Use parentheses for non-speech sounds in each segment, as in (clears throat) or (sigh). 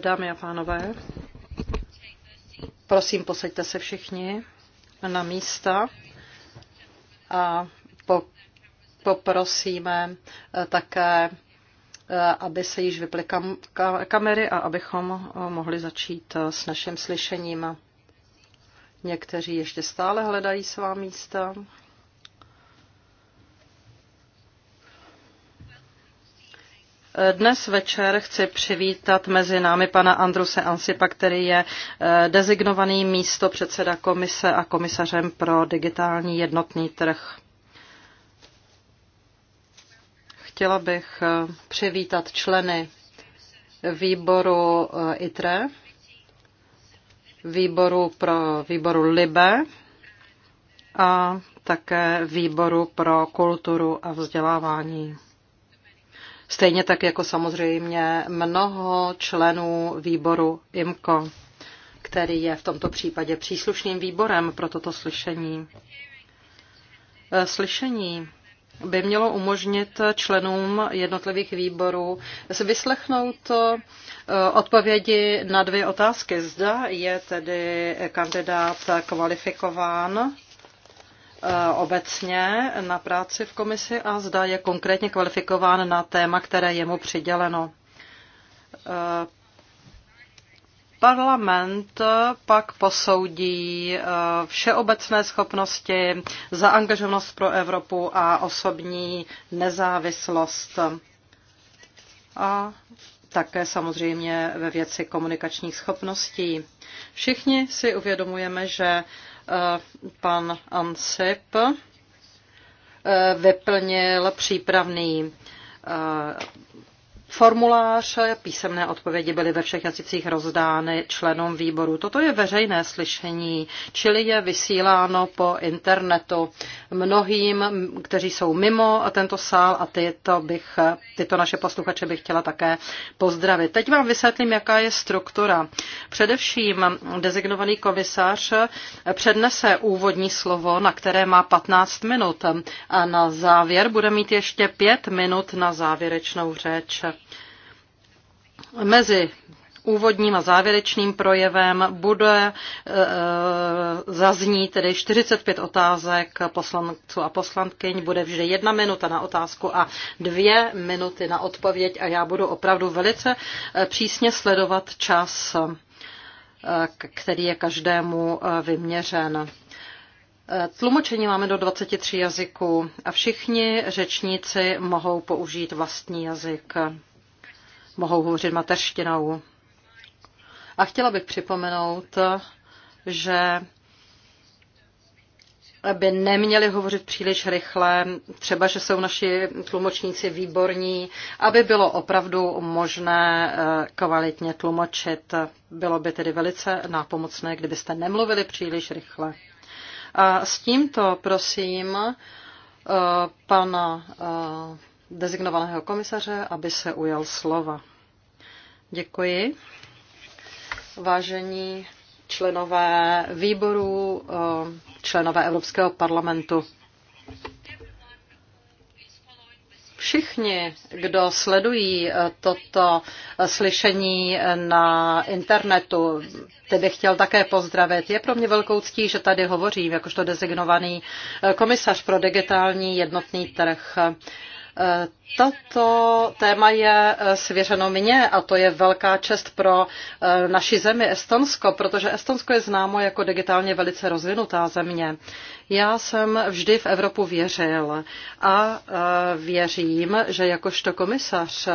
Dámy a pánové, prosím, posaďte se všichni na místa a po, poprosíme eh, také, eh, aby se již vyply kam, kamery a abychom eh, mohli začít s naším slyšením. Někteří ještě stále hledají svá místa. Dnes večer chci přivítat mezi námi pana Andruse Ansipa, který je eh, dezignovaný místo předseda komise a komisařem pro digitální jednotný trh. Chtěla bych eh, přivítat členy výboru eh, ITRE, výboru pro výboru LIBE a také výboru pro kulturu a vzdělávání. Stejně tak jako samozřejmě mnoho členů výboru IMCO, který je v tomto případě příslušným výborem pro toto slyšení. E, slyšení by mělo umožnit členům jednotlivých výborů si vyslechnout e, odpovědi na dvě otázky. Zda je tedy kandidát kvalifikován Eh, obecně na práci v komisi a zda je konkrétně kvalifikován na téma, které je mu přiděleno. Eh, parlament pak posoudí eh, všeobecné schopnosti, zaangažovanost pro Evropu a osobní nezávislost. A také samozřejmě ve věci komunikačních schopností. Všichni si uvědomujeme, že Eh, pan Ansep eh, vyplnil přípravný eh, Formulář písemné odpovědi byly ve všech jazycích rozdány členům výboru. Toto je veřejné slyšení, čili je vysíláno po internetu mnohým, kteří jsou mimo tento sál a tyto, bych, tyto naše posluchače bych chtěla také pozdravit. Teď vám vysvětlím, jaká je struktura. Především dezignovaný komisař přednese úvodní slovo, na které má 15 minut a na závěr bude mít ještě 5 minut na závěrečnou řeč mezi úvodním a závěrečným projevem bude e, e, zazní tedy 45 otázek poslanců a poslankyň. Bude vždy jedna minuta na otázku a dvě minuty na odpověď a já budu opravdu velice e, přísně sledovat čas, který je každému vyměřen. Tlumočení máme do 23 jazyků a všichni řečníci mohou použít vlastní jazyk mohou hovořit mateřštinou. A chtěla bych připomenout, že aby neměli hovořit příliš rychle, třeba, že jsou naši tlumočníci výborní, aby bylo opravdu možné eh, kvalitně tlumočit. Bylo by tedy velice nápomocné, kdybyste nemluvili příliš rychle. A s tímto prosím eh, pana eh, designovaného komisaře, aby se ujal slova. Děkuji. Vážení členové výboru, eh, členové Evropského parlamentu. Všichni, kdo sledují eh, toto eh, slyšení na internetu, tedy chtěl také pozdravit. Je pro mě velkou ctí, že tady hovořím jakožto designovaný komisař pro digitální jednotný trh. Tato téma je svěřeno mně a to je velká čest pro eh, naši zemi Estonsko, protože Estonsko je známo jako digitálně velice rozvinutá země. Já jsem vždy v Evropu věřil a eh, věřím, že jakožto komisař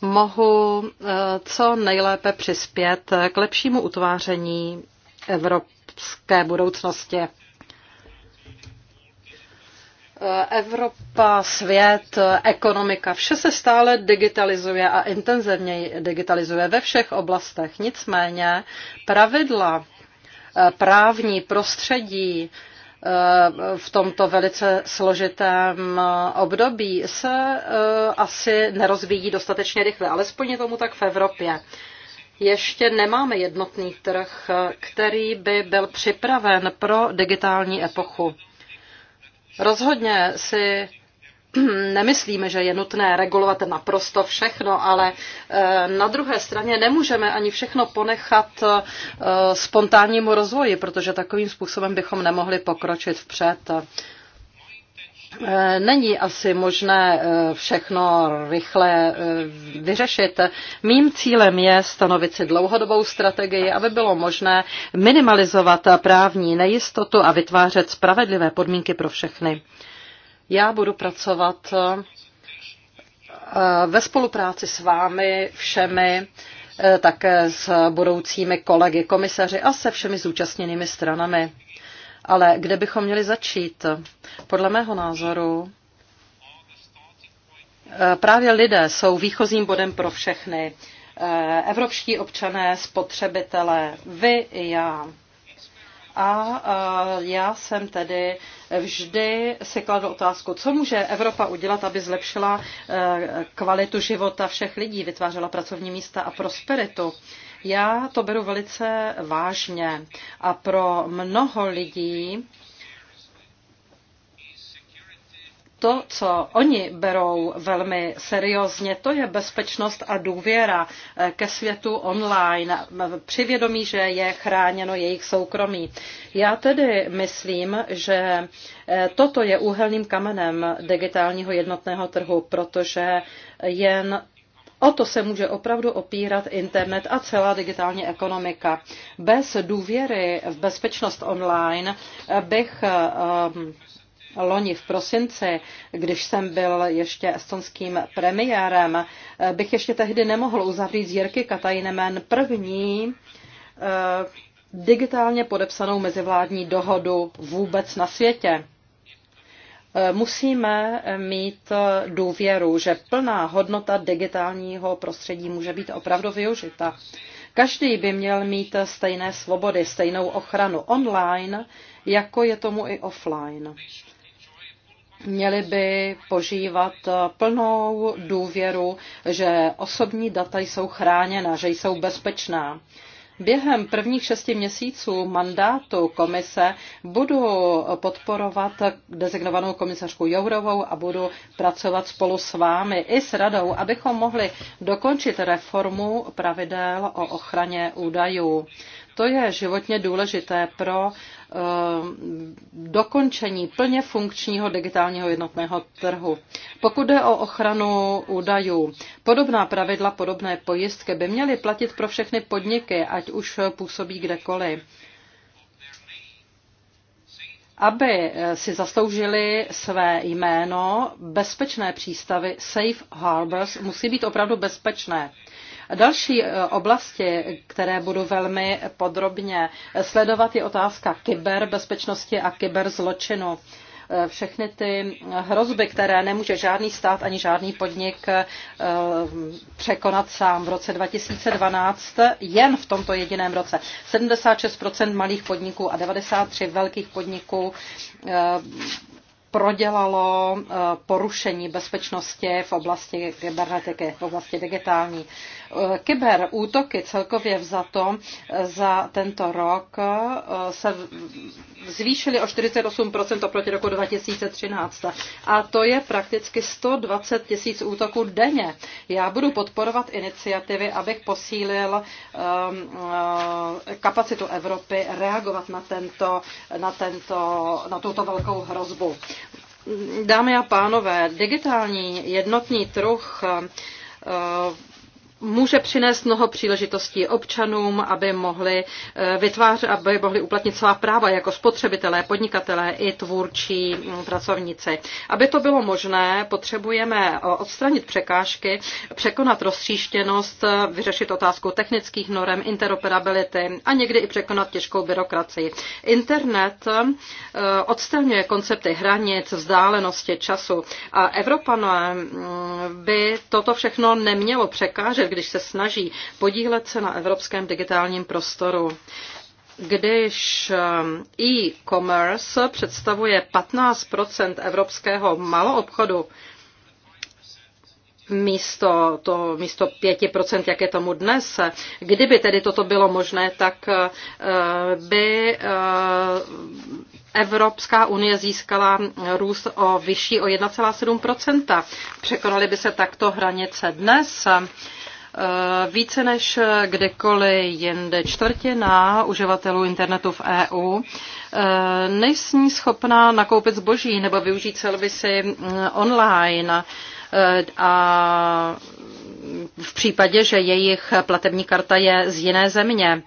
mohu eh, co nejlépe přispět k lepšímu utváření Evropské budoucnosti. Evropa, svět, ekonomika, vše se stále digitalizuje a intenzivně digitalizuje ve všech oblastech. Nicméně pravidla, eh, právní prostředí eh, v tomto velice složitém eh, období se asi nerozvíjí dostatečně rychle, alespoň je tomu tak v Evropě. Ještě nemáme jednotný trh, který by byl připraven pro digitální epochu. Rozhodně si (clears throat) nemyslíme, že je nutné regulovat naprosto všechno, ale eh, na druhé straně nemůžeme ani všechno ponechat eh, spontánnímu rozvoji, protože takovým způsobem bychom nemohli pokročit vpřed. Eh, není asi možné eh, všechno rychle eh, vyřešit. Mým cílem je stanovit si dlouhodobou strategii, aby bylo možné minimalizovat právní nejistotu a vytvářet spravedlivé podmínky pro všechny. Já budu pracovat ve spolupráci s vámi všemi, také s budoucími kolegy komisaři a se všemi zúčastněnými stranami. Ale kde bychom měli začít? Podle mého názoru eh, právě lidé jsou výchozím bodem pro všechny. Eh, evropští občané, spotřebitelé, vy i já. A eh, já jsem tedy vždy si kladl otázku, co může Evropa udělat, aby zlepšila kvalitu života všech lidí, vytvářela pracovní místa a prosperitu. Já to beru velice vážně a pro mnoho lidí to, co oni berou velmi seriózně, to je bezpečnost a důvěra eh, ke světu online, eh, při vědomí, že je chráněno jejich soukromí. Já tedy myslím, že eh, toto je úhelným kamenem digitálního jednotného trhu, protože jen O to se může opravdu opírat internet a celá digitální ekonomika. Bez důvěry v bezpečnost online bych ehm, loni v prosinci, když jsem byl ještě estonským premiérem, eh, bych ještě tehdy nemohl uzavřít z Jirky Katajnemen první eh, digitálně podepsanou mezivládní dohodu vůbec na světě. Eh, musíme mít důvěru, že plná hodnota digitálního prostředí může být opravdu využita. Každý by měl mít stejné svobody, stejnou ochranu online, jako je tomu i offline. Měli by požívat plnou důvěru, že osobní data jsou chráněna, že jsou bezpečná. Během prvních šesti měsíců mandátu komise budu podporovat dezignovanou komisařku Jourovou a budu pracovat spolu s vámi i s radou, abychom mohli dokončit reformu pravidel o ochraně údajů. To je životně důležité pro Eh, dokončení plně funkčního digitálního jednotného trhu. Pokud jde o ochranu údajů, podobná pravidla, podobné pojistky by měly platit pro všechny podniky, ať už působí kdekoliv aby eh, si zasloužili své jméno, bezpečné přístavy, safe harbors, musí být opravdu bezpečné. Další e, oblasti, které budu velmi podrobně sledovat, je otázka kyberbezpečnosti a kyberzločinu e, všechny ty hrozby, které nemůže žádný stát ani žádný podnik e, překonat sám. V roce 2012, jen v tomto jediném roce, 76% malých podniků a 93 velkých podniků prodělalo porušení bezpečnosti v oblasti kybernetiky, v oblasti digitální. Kyberútoky celkově vzato za tento rok eh, se zvýšily o 48% oproti roku 2013. A to je prakticky 120 tisíc útoků denně. Já budu podporovat iniciativy, abych posílil ehm, eh, kapacitu Evropy reagovat na, tento, na, tento, na tuto velkou hrozbu. Dámy a pánové, digitální jednotný trh eh, může přinést mnoho příležitostí občanům, aby mohli eh, vytvářet, aby mohli uplatnit svá práva jako spotřebitelé, podnikatelé i tvůrčí mm, pracovníci. Aby to bylo možné, potřebujeme eh, odstranit překážky, překonat roztříštěnost, eh, vyřešit otázku technických norem, interoperability a někdy i překonat těžkou byrokracii. Internet odstraňuje koncepty hranic, vzdálenosti, času a Evropané mm, by toto všechno nemělo překážet když se snaží podílet se na evropském digitálním prostoru když eh, e-commerce představuje 15 evropského maloobchodu, místo, to, místo 5%, jak je tomu dnes. Kdyby tedy toto bylo možné, tak eh, by eh, Evropská unie získala růst o vyšší o 1,7%. Překonaly by se takto hranice dnes. Eh, více než eh, kdekoliv jinde čtvrtina uživatelů internetu v EU eh, nejsní schopná nakoupit zboží nebo využít servisy mm, online a v případě, že jejich platební karta je z jiné země.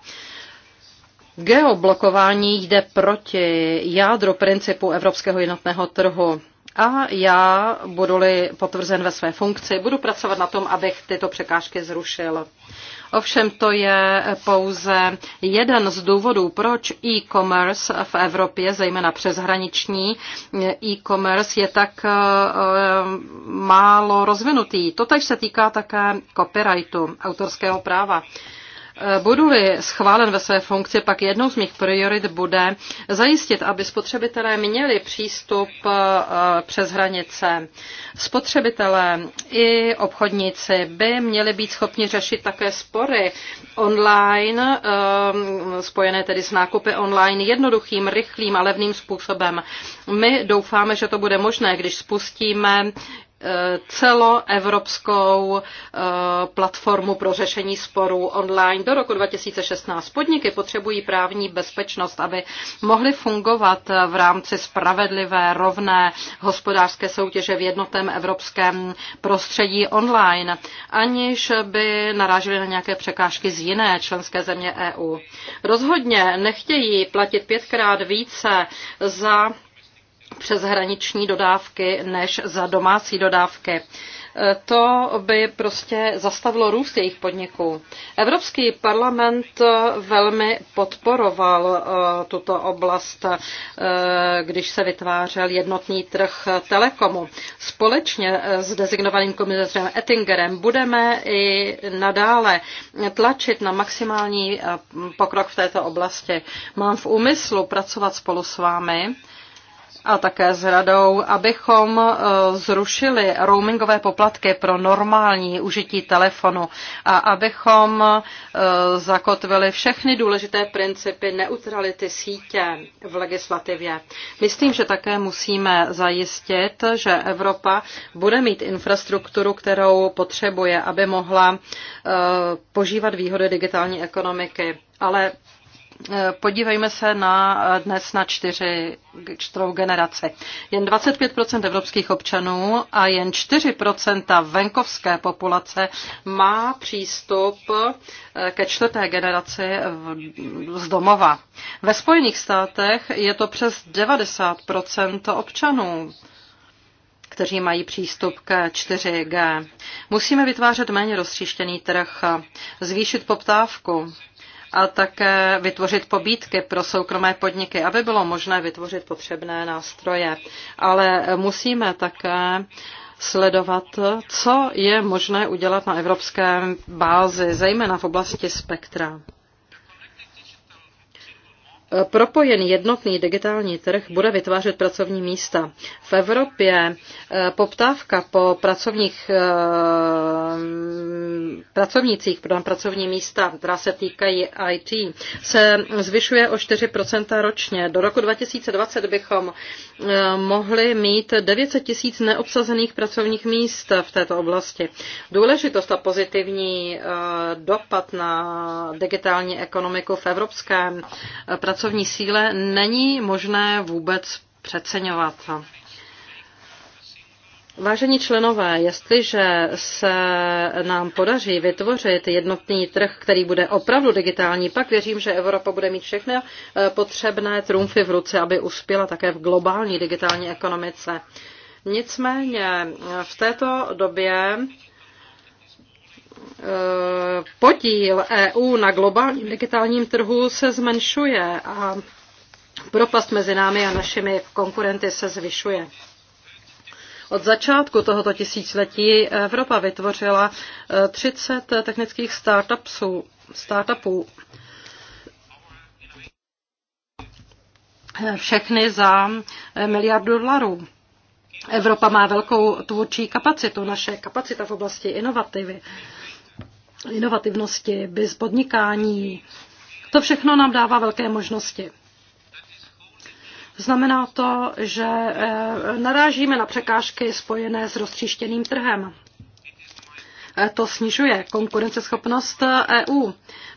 Geoblokování jde proti jádru principu evropského jednotného trhu. A já, budu-li potvrzen ve své funkci, budu pracovat na tom, abych tyto překážky zrušil. Ovšem to je pouze jeden z důvodů, proč e-commerce v Evropě, zejména přeshraniční e-commerce, je tak eh, málo rozvinutý. Totež se týká také copyrightu, autorského práva. Budu-li schválen ve své funkci, pak jednou z mých priorit bude zajistit, aby spotřebitelé měli přístup eh, přes hranice. Spotřebitelé i obchodníci by měli být schopni řešit také spory online, eh, spojené tedy s nákupy online, jednoduchým, rychlým a levným způsobem. My doufáme, že to bude možné, když spustíme celoevropskou eh, platformu pro řešení sporů online do roku 2016. Podniky potřebují právní bezpečnost, aby mohly fungovat v rámci spravedlivé, rovné hospodářské soutěže v jednotném evropském prostředí online, aniž by narážely na nějaké překážky z jiné členské země EU. Rozhodně nechtějí platit pětkrát více za přeshraniční dodávky než za domácí dodávky. E, to by prostě zastavilo růst jejich podniků. Evropský parlament velmi podporoval e, tuto oblast, e, když se vytvářel jednotný trh telekomu. Společně s designovaným komisařem Ettingerem budeme i nadále tlačit na maximální pokrok v této oblasti. Mám v úmyslu pracovat spolu s vámi a také s radou, abychom e, zrušili roamingové poplatky pro normální užití telefonu a abychom e, zakotvili všechny důležité principy neutrality sítě v legislativě. Myslím, že také musíme zajistit, že Evropa bude mít infrastrukturu, kterou potřebuje, aby mohla e, požívat výhody digitální ekonomiky. Ale Eh, podívejme se na eh, dnes na čtyři, čtyřou generaci. Jen 25% evropských občanů a jen 4% venkovské populace má přístup eh, ke čtvrté generaci z domova. Ve Spojených státech je to přes 90% občanů kteří mají přístup k 4G. Musíme vytvářet méně roztříštěný trh, zvýšit poptávku, a také vytvořit pobídky pro soukromé podniky, aby bylo možné vytvořit potřebné nástroje. Ale musíme také sledovat, co je možné udělat na evropské bázi, zejména v oblasti spektra. Propojen jednotný digitální trh bude vytvářet pracovní místa. V Evropě eh, poptávka po pracovních eh, pracovnících pro pracovní místa, která se týkají IT, se zvyšuje o 4% ročně. Do roku 2020 bychom eh, mohli mít 900 tisíc neobsazených pracovních míst v této oblasti. Důležitost a pozitivní dopad na digitální ekonomiku v evropském pracovní pracovní síle není možné vůbec přeceňovat. Vážení členové, jestliže se nám podaří vytvořit jednotný trh, který bude opravdu digitální, pak věřím, že Evropa bude mít všechny eh, potřebné trumfy v ruce, aby uspěla také v globální digitální ekonomice. Nicméně eh, v této době Eh, podíl EU na globálním digitálním trhu se zmenšuje a propast mezi námi a našimi konkurenty se zvyšuje. Od začátku tohoto tisíciletí Evropa vytvořila 30 eh, technických startupsů, startupů. Eh, všechny za miliardu dolarů. Evropa má velkou tvůrčí kapacitu, naše kapacita v oblasti inovativy inovativnosti, bez podnikání. To všechno nám dává velké možnosti. Znamená to, že eh, narážíme na překážky spojené s roztříštěným trhem. Eh, to snižuje konkurenceschopnost EU.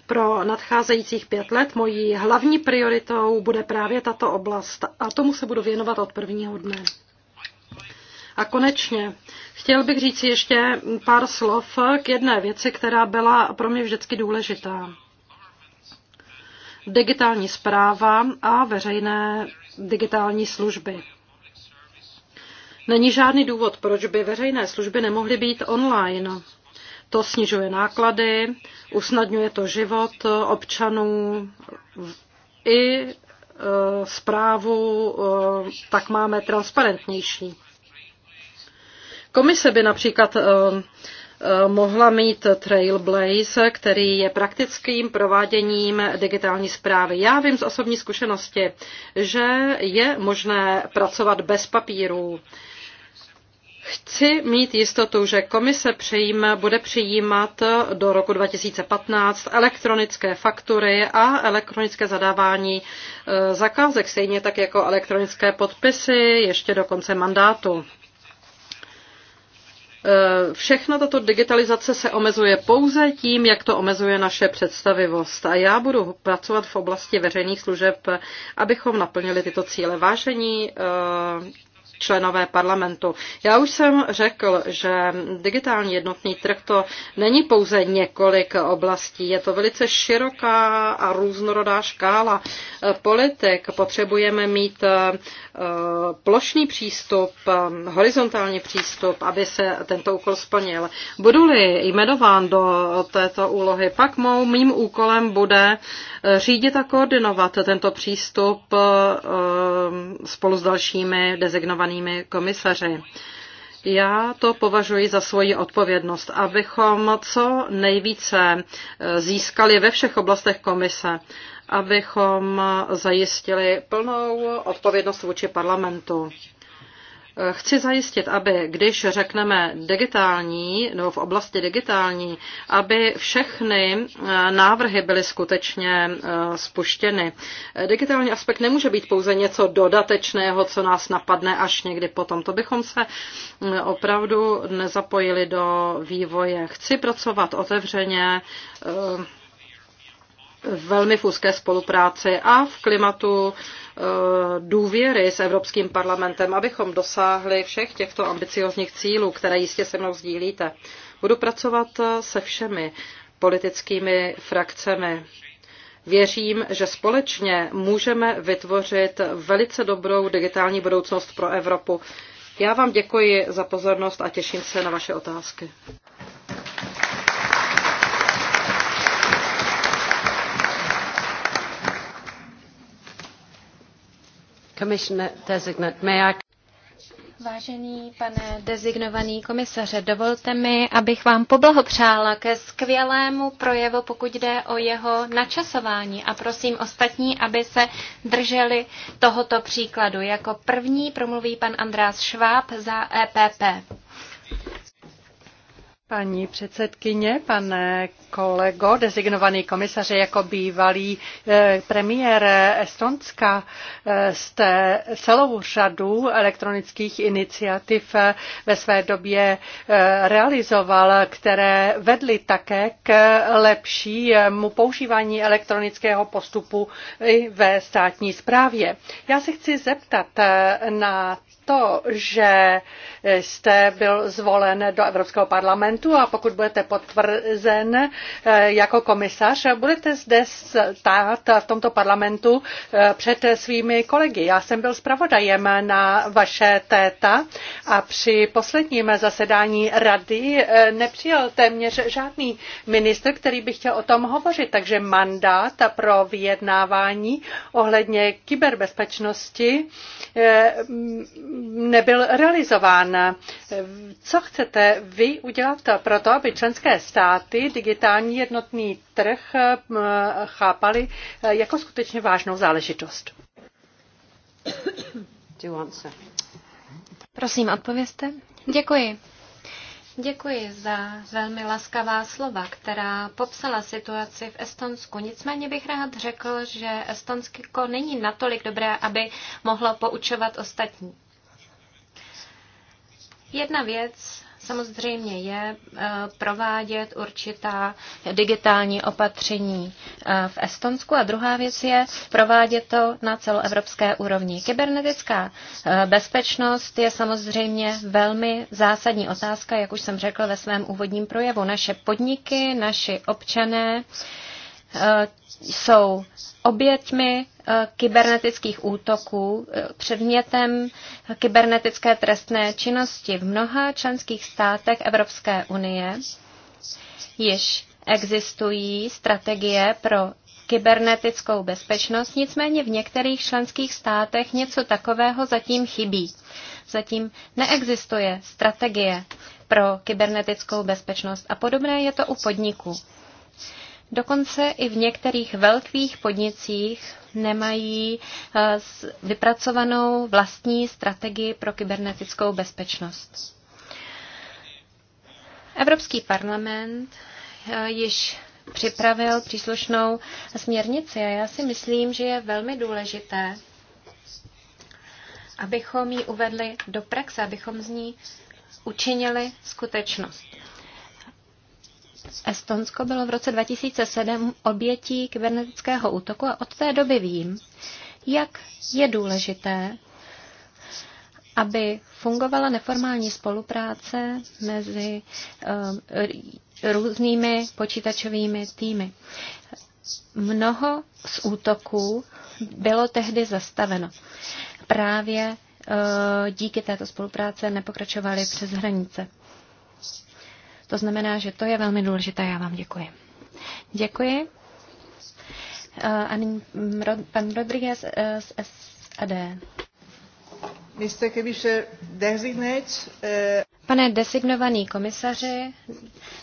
Pro nadcházejících pět let mojí hlavní prioritou bude právě tato oblast a tomu se budu věnovat od prvního dne. A konečně chtěl bych říct ještě pár slov k jedné věci, která byla pro mě vždycky důležitá. Digitální zpráva a veřejné digitální služby. Není žádný důvod, proč by veřejné služby nemohly být online. To snižuje náklady, usnadňuje to život občanů i zprávu, e, e, tak máme transparentnější. Komise by například eh, eh, mohla mít Trailblaze, který je praktickým prováděním digitální zprávy. Já vím z osobní zkušenosti, že je možné pracovat bez papírů. Chci mít jistotu, že komise přijím, bude přijímat do roku 2015 elektronické faktury a elektronické zadávání eh, zakázek, stejně tak jako elektronické podpisy ještě do konce mandátu. Eh, všechna tato digitalizace se omezuje pouze tím, jak to omezuje naše představivost. A já budu pracovat v oblasti veřejných služeb, abychom naplnili tyto cíle. Vážení eh, členové parlamentu. Já už jsem řekl, že digitální jednotný trh to není pouze několik oblastí, je to velice široká a různorodá škála politik. Potřebujeme mít eh, plošný přístup, eh, horizontální přístup, aby se tento úkol splnil. Budu-li jmenován do této úlohy, pak mou, mým úkolem bude eh, řídit a koordinovat tento přístup spolu s dalšími dezignovanými jmenovanými komisaři. Já to považuji za svoji odpovědnost, abychom co nejvíce eh, získali ve všech oblastech komise, abychom zajistili plnou odpovědnost vůči parlamentu. Chci zajistit, aby když řekneme digitální nebo v oblasti digitální, aby všechny eh, návrhy byly skutečně eh, spuštěny. Digitální aspekt nemůže být pouze něco dodatečného, co nás napadne až někdy potom. To bychom se eh, opravdu nezapojili do vývoje. Chci pracovat otevřeně velmi v úzké spolupráci a v klimatu eh, důvěry s Evropským parlamentem, abychom dosáhli všech těchto ambiciozních cílů, které jistě se mnou sdílíte. Budu pracovat eh, se všemi politickými frakcemi. Věřím, že společně můžeme vytvořit velice dobrou digitální budoucnost pro Evropu. Já vám děkuji za pozornost a těším se na vaše otázky. Vážený pane dezignovaný komisaře, dovolte mi, abych vám poblahopřála ke skvělému projevu, pokud jde o jeho načasování a prosím ostatní, aby se drželi tohoto příkladu. Jako první promluví pan András Šváb za EPP. Paní předsedkyně, pane kolego, designovaný komisaře jako bývalý eh, premiér Estonska, eh, jste celou řadu elektronických iniciativ eh, ve své době realizoval, které vedly také k lepšímu používání elektronického postupu i ve státní správě. Já se chci zeptat na to, že jste byl zvolen do Evropského parlamentu a pokud budete potvrzen eh, jako komisař, budete zde stát v tomto parlamentu eh, před svými kolegy. Já jsem byl zpravodajem na vaše téta a při posledním zasedání rady eh, nepřijel téměř žádný ministr, který by chtěl o tom hovořit, takže mandát pro vyjednávání ohledně kyberbezpečnosti nebyl realizován. Co chcete vy udělat pro to, aby členské státy digitální jednotný trh chápali jako skutečně vážnou záležitost? Prosím, odpovězte. Děkuji. Děkuji za velmi laskavá slova, která popsala situaci v Estonsku. Nicméně bych rád řekl, že Estonsko není natolik dobré, aby mohlo poučovat ostatní. Jedna věc samozřejmě je eh, provádět určitá digitální opatření eh, v Estonsku a druhá věc je provádět to na celoevropské úrovni. Kybernetická eh, bezpečnost je samozřejmě velmi zásadní otázka, jak už jsem řekl ve svém úvodním projevu. Naše podniky, naši občané, Eh, jsou oběťmi eh, kybernetických útoků, eh, předmětem kybernetické trestné činnosti v mnoha členských státech Evropské unie. Již existují strategie pro kybernetickou bezpečnost, nicméně v některých členských státech něco takového zatím chybí. Zatím neexistuje strategie pro kybernetickou bezpečnost a podobné je to u podniků. Dokonce i v některých velkých podnicích nemají eh, vypracovanou vlastní strategii pro kybernetickou bezpečnost. Evropský parlament eh, již připravil příslušnou směrnici a já si myslím, že je velmi důležité, abychom ji uvedli do praxe, abychom z ní učinili skutečnost. Estonsko bylo v roce 2007 obětí kybernetického útoku a od té doby vím, jak je důležité, aby fungovala neformální spolupráce mezi eh, různými počítačovými týmy. Mnoho z útoků bylo tehdy zastaveno. Právě eh, díky této spolupráce nepokračovaly přes hranice. To znamená, že to je velmi důležité. Já vám děkuji. Děkuji. Eh, a nyní pan Rodriguez eh, z SAD. Mr. Kebischer, designate, eh, Pane designovaný komisaři,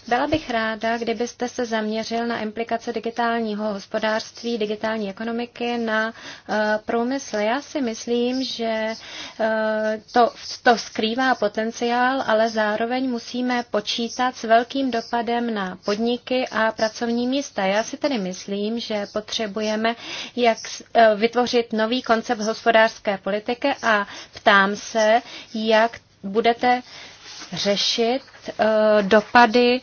byla bych ráda, kdybyste se zaměřil na implikace digitálního hospodářství, digitální ekonomiky na eh, průmysl. Já si myslím, že eh, to, to skrývá potenciál, ale zároveň musíme počítat s velkým dopadem na podniky a pracovní místa. Já si tedy myslím, že potřebujeme jak eh, vytvořit nový koncept hospodářské politiky a ptám se, jak budete uh, řešit eh, dopady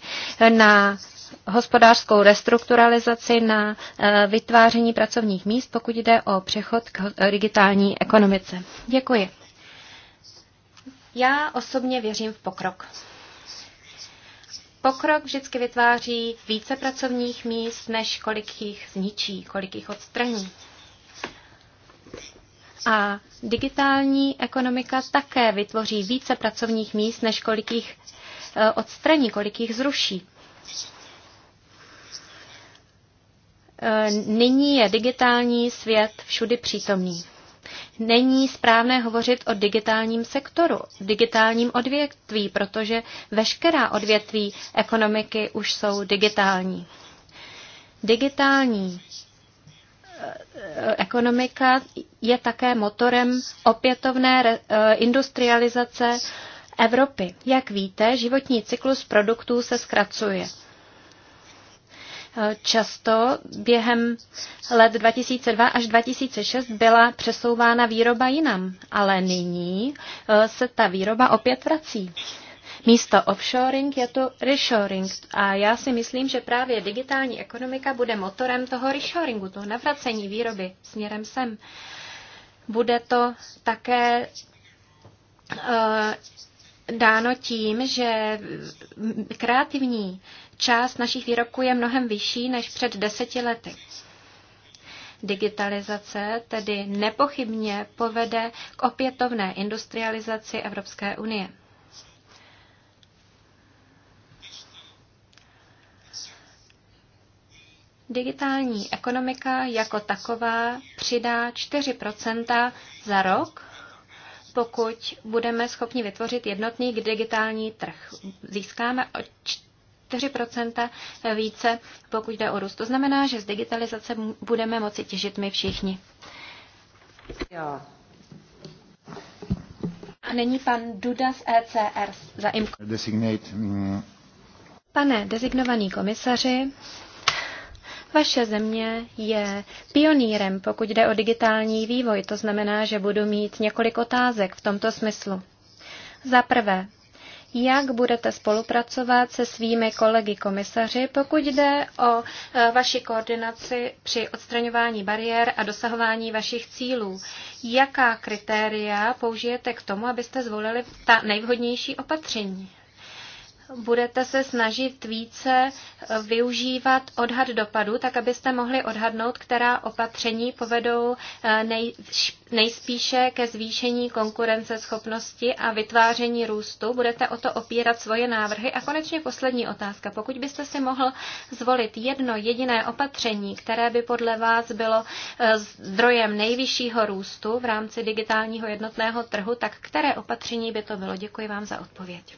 na hospodářskou restrukturalizaci, na eh, vytváření pracovních míst, pokud jde o přechod k digitální ekonomice. Děkuji. Já osobně věřím v pokrok. Pokrok vždycky vytváří více pracovních míst, než kolik jich zničí, kolik jich odstraní. A digitální ekonomika také vytvoří více pracovních míst, než kolik jich eh, odstraní, kolik jich zruší. Eh, nyní je digitální svět všudy přítomný. Není správné hovořit o digitálním sektoru, digitálním odvětví, protože veškerá odvětví ekonomiky už jsou digitální. Digitální ekonomika je také motorem opětovné eh, industrializace Evropy. Jak víte, životní cyklus produktů se zkracuje. Eh, často během let 2002 až 2006 byla přesouvána výroba jinam, ale nyní eh, se ta výroba opět vrací. Místo offshoring je tu reshoring. A já si myslím, že právě digitální ekonomika bude motorem toho reshoringu, toho navracení výroby směrem sem. Bude to také eh, dáno tím, že kreativní část našich výrobků je mnohem vyšší než před deseti lety. Digitalizace tedy nepochybně povede k opětovné industrializaci Evropské unie. digitální ekonomika jako taková přidá 4 za rok, pokud budeme schopni vytvořit jednotný digitální trh. Získáme o 4 více, pokud jde o růst. To znamená, že z digitalizace budeme moci těžit my všichni. Jo. A nyní pan Duda z ECR za IMCO. Designate. Mm, Pane designovaný komisaři, vaše země je pionýrem, pokud jde o digitální vývoj. To znamená, že budu mít několik otázek v tomto smyslu. Za prvé, jak budete spolupracovat se svými kolegy komisaři, pokud jde o e, vaši koordinaci při odstraňování bariér a dosahování vašich cílů. Jaká kritéria použijete k tomu, abyste zvolili ta nejvhodnější opatření? budete se snažit více eh, využívat odhad dopadu, tak abyste mohli odhadnout, která opatření povedou eh, nej, nejspíše ke zvýšení konkurenceschopnosti a vytváření růstu. Budete o to opírat svoje návrhy. A konečně poslední otázka. Pokud byste si mohl zvolit jedno jediné opatření, které by podle vás bylo eh, zdrojem nejvyššího růstu v rámci digitálního jednotného trhu, tak které opatření by to bylo? Děkuji vám za odpověď.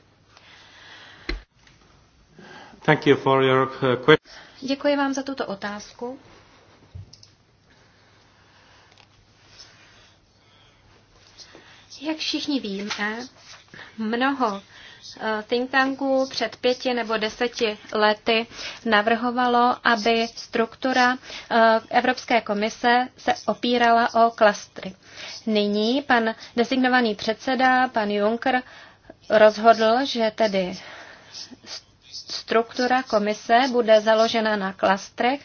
Thank you for your uh, Děkuji vám za tuto otázku. Jak všichni víme, mnoho eh, think tanků před pěti nebo deseti lety navrhovalo, aby struktura eh, Evropské komise se opírala o klastry. Nyní pan designovaný předseda, pan Juncker, rozhodl, že tedy struktura komise bude založena na klastrech.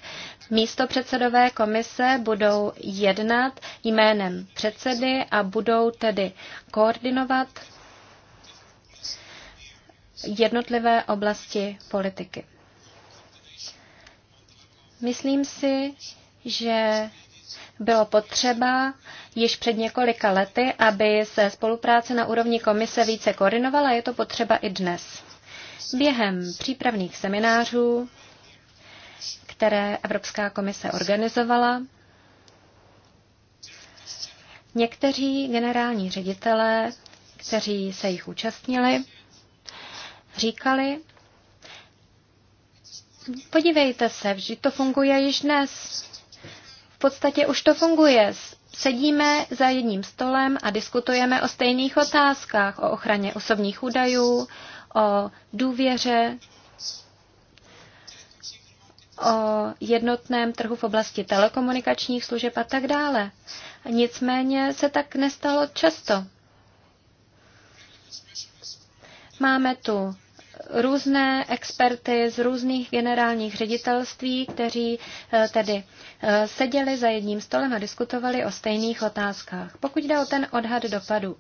Místo předsedové komise budou jednat jménem předsedy a budou tedy koordinovat jednotlivé oblasti politiky. Myslím si, že bylo potřeba již před několika lety, aby se spolupráce na úrovni komise více koordinovala, je to potřeba i dnes. Během přípravných seminářů, které Evropská komise organizovala, někteří generální ředitelé, kteří se jich účastnili, říkali, podívejte se, že to funguje již dnes. V podstatě už to funguje. Sedíme za jedním stolem a diskutujeme o stejných otázkách, o ochraně osobních údajů, o důvěře, o jednotném trhu v oblasti telekomunikačních služeb a tak dále. Nicméně se tak nestalo často. Máme tu různé experty z různých generálních ředitelství, kteří eh, tedy eh, seděli za jedním stolem a diskutovali o stejných otázkách. Pokud jde o ten odhad dopadu,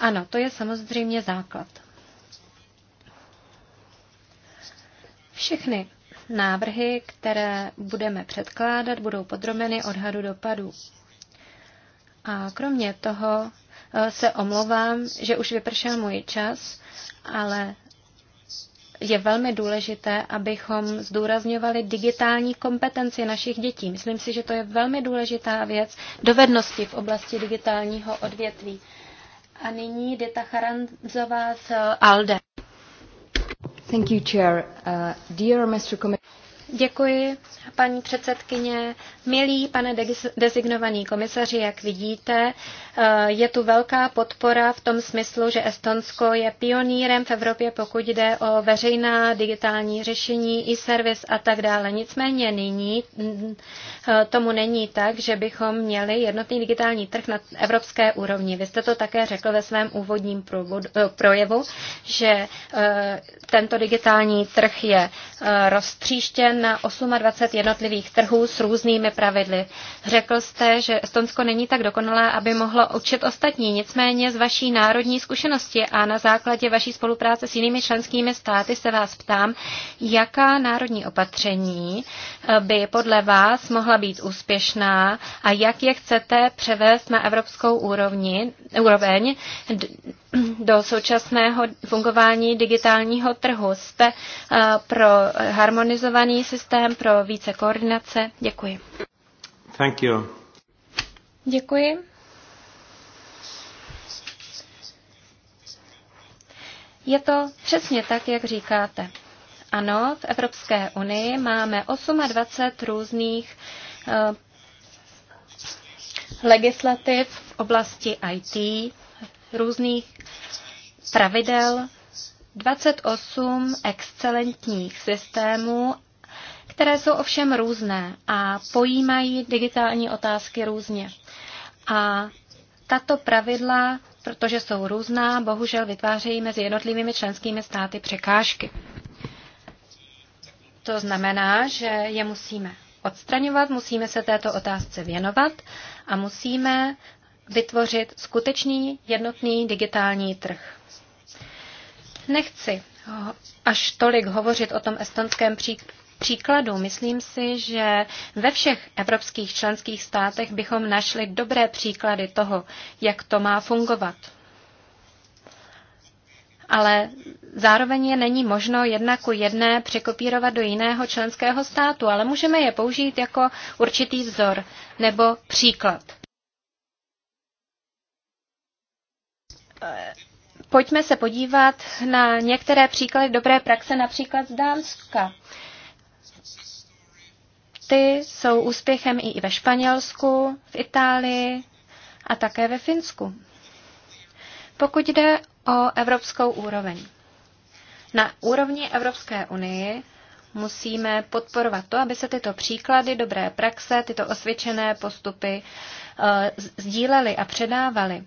ano, to je samozřejmě základ. Všechny návrhy, které budeme předkládat, budou podrobeny odhadu dopadů. A kromě toho eh, se omlouvám, že už vypršel můj čas, ale je velmi důležité, abychom zdůrazňovali digitální kompetenci našich dětí. Myslím si, že to je velmi důležitá věc, dovednosti v oblasti digitálního odvětví. A nyní Dita Charanzová z ALDE. Thank you, Chair. Uh, dear Děkuji, paní předsedkyně. Milý pane designovaný komisaři, jak vidíte, eh, je tu velká podpora v tom smyslu, že Estonsko je pionýrem v Evropě, pokud jde o veřejná digitální řešení, i e servis a tak dále. Nicméně nyní mm, eh, tomu není tak, že bychom měli jednotný digitální trh na evropské úrovni. Vy jste to také řekl ve svém úvodním eh, projevu, že tento digitální trh je roztříštěn na 28 jednotlivých trhů s různými pravidly. Řekl jste, že Estonsko není tak dokonalé, aby mohlo učit ostatní. Nicméně z vaší národní zkušenosti a na základě vaší spolupráce s jinými členskými státy se vás ptám, jaká národní opatření eh, by podle vás mohla být úspěšná a jak je chcete převést na evropskou úrovni, úroveň do současného fungování digitálního trhu. Jste eh, pro harmonizovaný systém, pro více koordinace. Děkuji. Thank you. Děkuji. Je to přesně tak, jak říkáte. Ano, v Evropské unii máme 28 různých eh, legislativ v oblasti IT, různých pravidel, 28 excelentních systémů které jsou ovšem různé a pojímají digitální otázky různě. A tato pravidla, protože jsou různá, bohužel vytvářejí mezi jednotlivými členskými státy překážky. To znamená, že je musíme odstraňovat, musíme se této otázce věnovat a musíme vytvořit skutečný jednotný digitální trh. Nechci až tolik hovořit o tom estonském příkladů. Myslím si, že ve všech evropských členských státech bychom našli dobré příklady toho, jak to má fungovat. Ale zároveň je není možno jedna ku jedné překopírovat do jiného členského státu, ale můžeme je použít jako určitý vzor nebo příklad. Pojďme se podívat na některé příklady dobré praxe, například z Dánska. Ty jsou úspěchem i ve Španělsku, v Itálii a také ve Finsku. Pokud jde o evropskou úroveň. Na úrovni Evropské unie musíme podporovat to, aby se tyto příklady, dobré praxe, tyto osvědčené postupy eh, sdílely a předávaly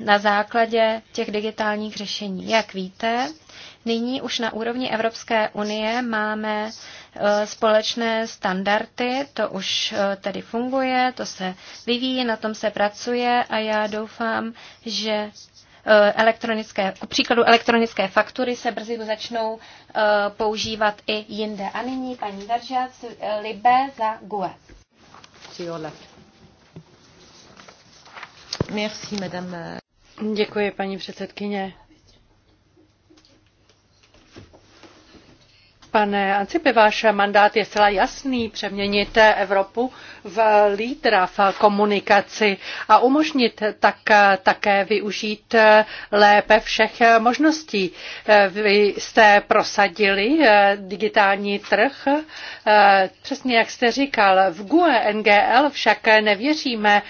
na základě těch digitálních řešení. Jak víte, nyní už na úrovni Evropské unie máme e, společné standardy, to už e, tedy funguje, to se vyvíjí, na tom se pracuje a já doufám, že e, elektronické, ku příkladu elektronické faktury se brzy začnou používat i jinde. A nyní paní Daržac Libe za GUE. Merci, madame. Děkuji, paní předsedkyně. Pane Ancipi, váš mandát je zcela jasný přeměnit Evropu v lídra v komunikaci a umožnit tak také využít lépe všech možností. Vy jste prosadili digitální trh, přesně jak jste říkal. V GUE NGL však nevěříme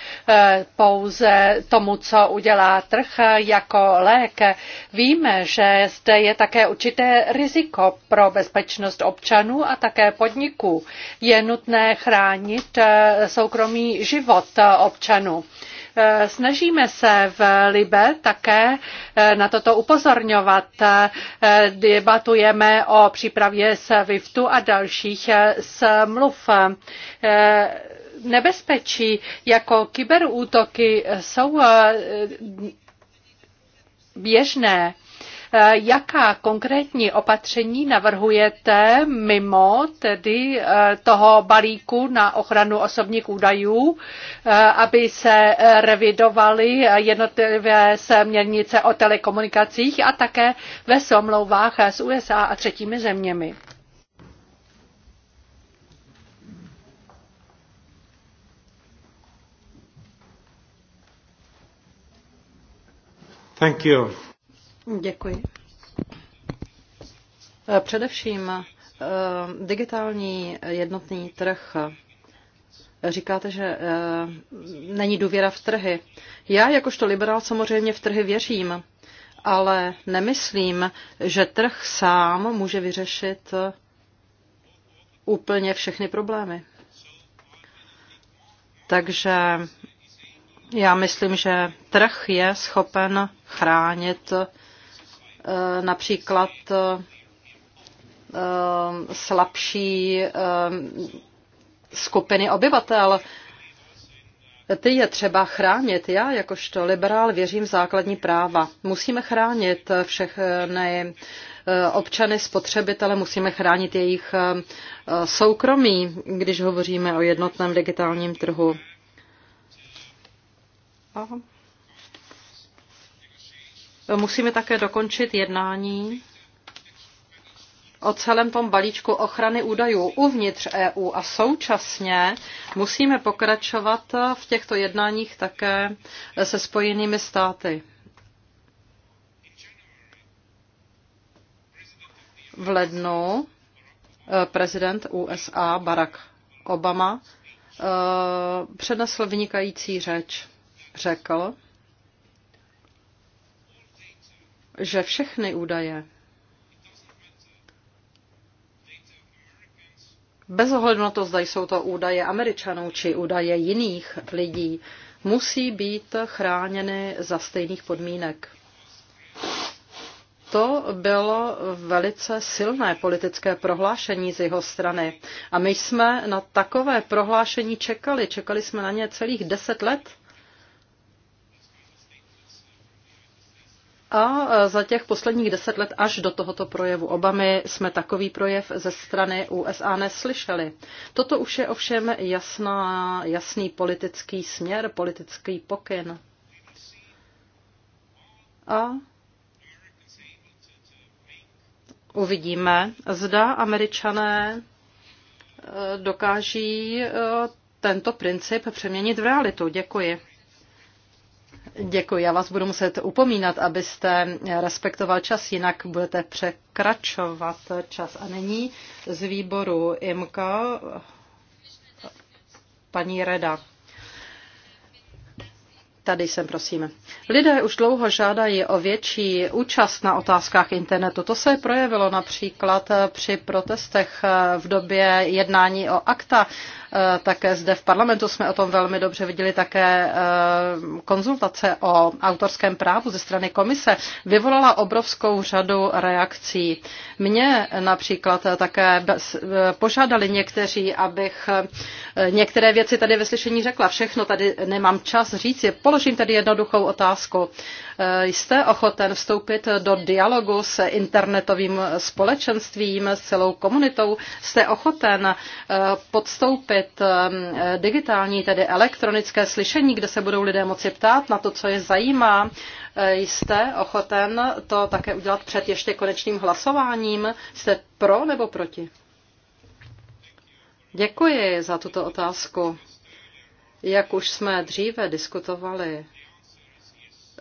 pouze tomu, co udělá trh jako lék. Víme, že zde je také určité riziko pro bezpečnost bezpečnost občanů a také podniků. Je nutné chránit eh, soukromý život eh, občanů. Eh, snažíme se v Libe také na toto upozorňovat. Debatujeme o přípravě SWIFTu a dalších smluv nebezpečí jako kyberútoky jsou běžné. Eh, jaká konkrétní opatření navrhujete mimo tedy eh, toho balíku na ochranu osobních údajů, eh, aby se revidovaly jednotlivé směrnice o telekomunikacích a také ve somlouvách s USA a třetími zeměmi? Thank you. Děkuji. Eh, především eh, digitální jednotný trh. Říkáte, že eh, není důvěra v trhy. Já jakožto liberál samozřejmě v trhy věřím, ale nemyslím, že trh sám může vyřešit úplně všechny problémy. Takže já myslím, že trh je schopen chránit Eh, například eh, slabší eh, skupiny obyvatel. Ty je třeba chránit. Já jakožto liberál věřím v základní práva. Musíme chránit všechny občany, spotřebitele, musíme chránit jejich soukromí, když hovoříme o jednotném digitálním trhu. Aha. Musíme také dokončit jednání o celém tom balíčku ochrany údajů uvnitř EU a současně musíme pokračovat v těchto jednáních také se spojenými státy. V lednu eh, prezident USA Barack Obama eh, přednesl vynikající řeč. Řekl, že všechny údaje bez ohledu na to, zda jsou to údaje Američanů či údaje jiných lidí, musí být chráněny za stejných podmínek. To bylo velice silné politické prohlášení z jeho strany. A my jsme na takové prohlášení čekali. Čekali jsme na ně celých deset let. A e, za těch posledních deset let až do tohoto projevu Obamy jsme takový projev ze strany USA neslyšeli. Toto už je ovšem jasná, jasný politický směr, politický pokyn. A uvidíme, zda američané e, dokáží e, tento princip přeměnit v realitu. Děkuji. Děkuji, já vás budu muset upomínat, abyste respektoval čas, jinak budete překračovat čas. A nyní z výboru IMKA paní Reda. Tady jsem, prosím. Lidé už dlouho žádají o větší účast na otázkách internetu. To se projevilo například při protestech v době jednání o akta Eh, také zde v parlamentu jsme o tom velmi dobře viděli také eh, konzultace o autorském právu ze strany komise. Vyvolala obrovskou řadu reakcí. Mně například také eh, požádali někteří, abych některé věci tady ve slyšení řekla. Všechno tady nemám čas říct. Položím tady jednoduchou otázku. Jste ochoten vstoupit do dialogu s internetovým společenstvím, s celou komunitou? Jste ochoten podstoupit zavádět ehm, digitální, tedy elektronické slyšení, kde se budou lidé moci ptát na to, co je zajímá. Eh, jste ochoten to také udělat před ještě konečným hlasováním? Jste pro nebo proti? Děkuji za tuto otázku. Jak už jsme dříve diskutovali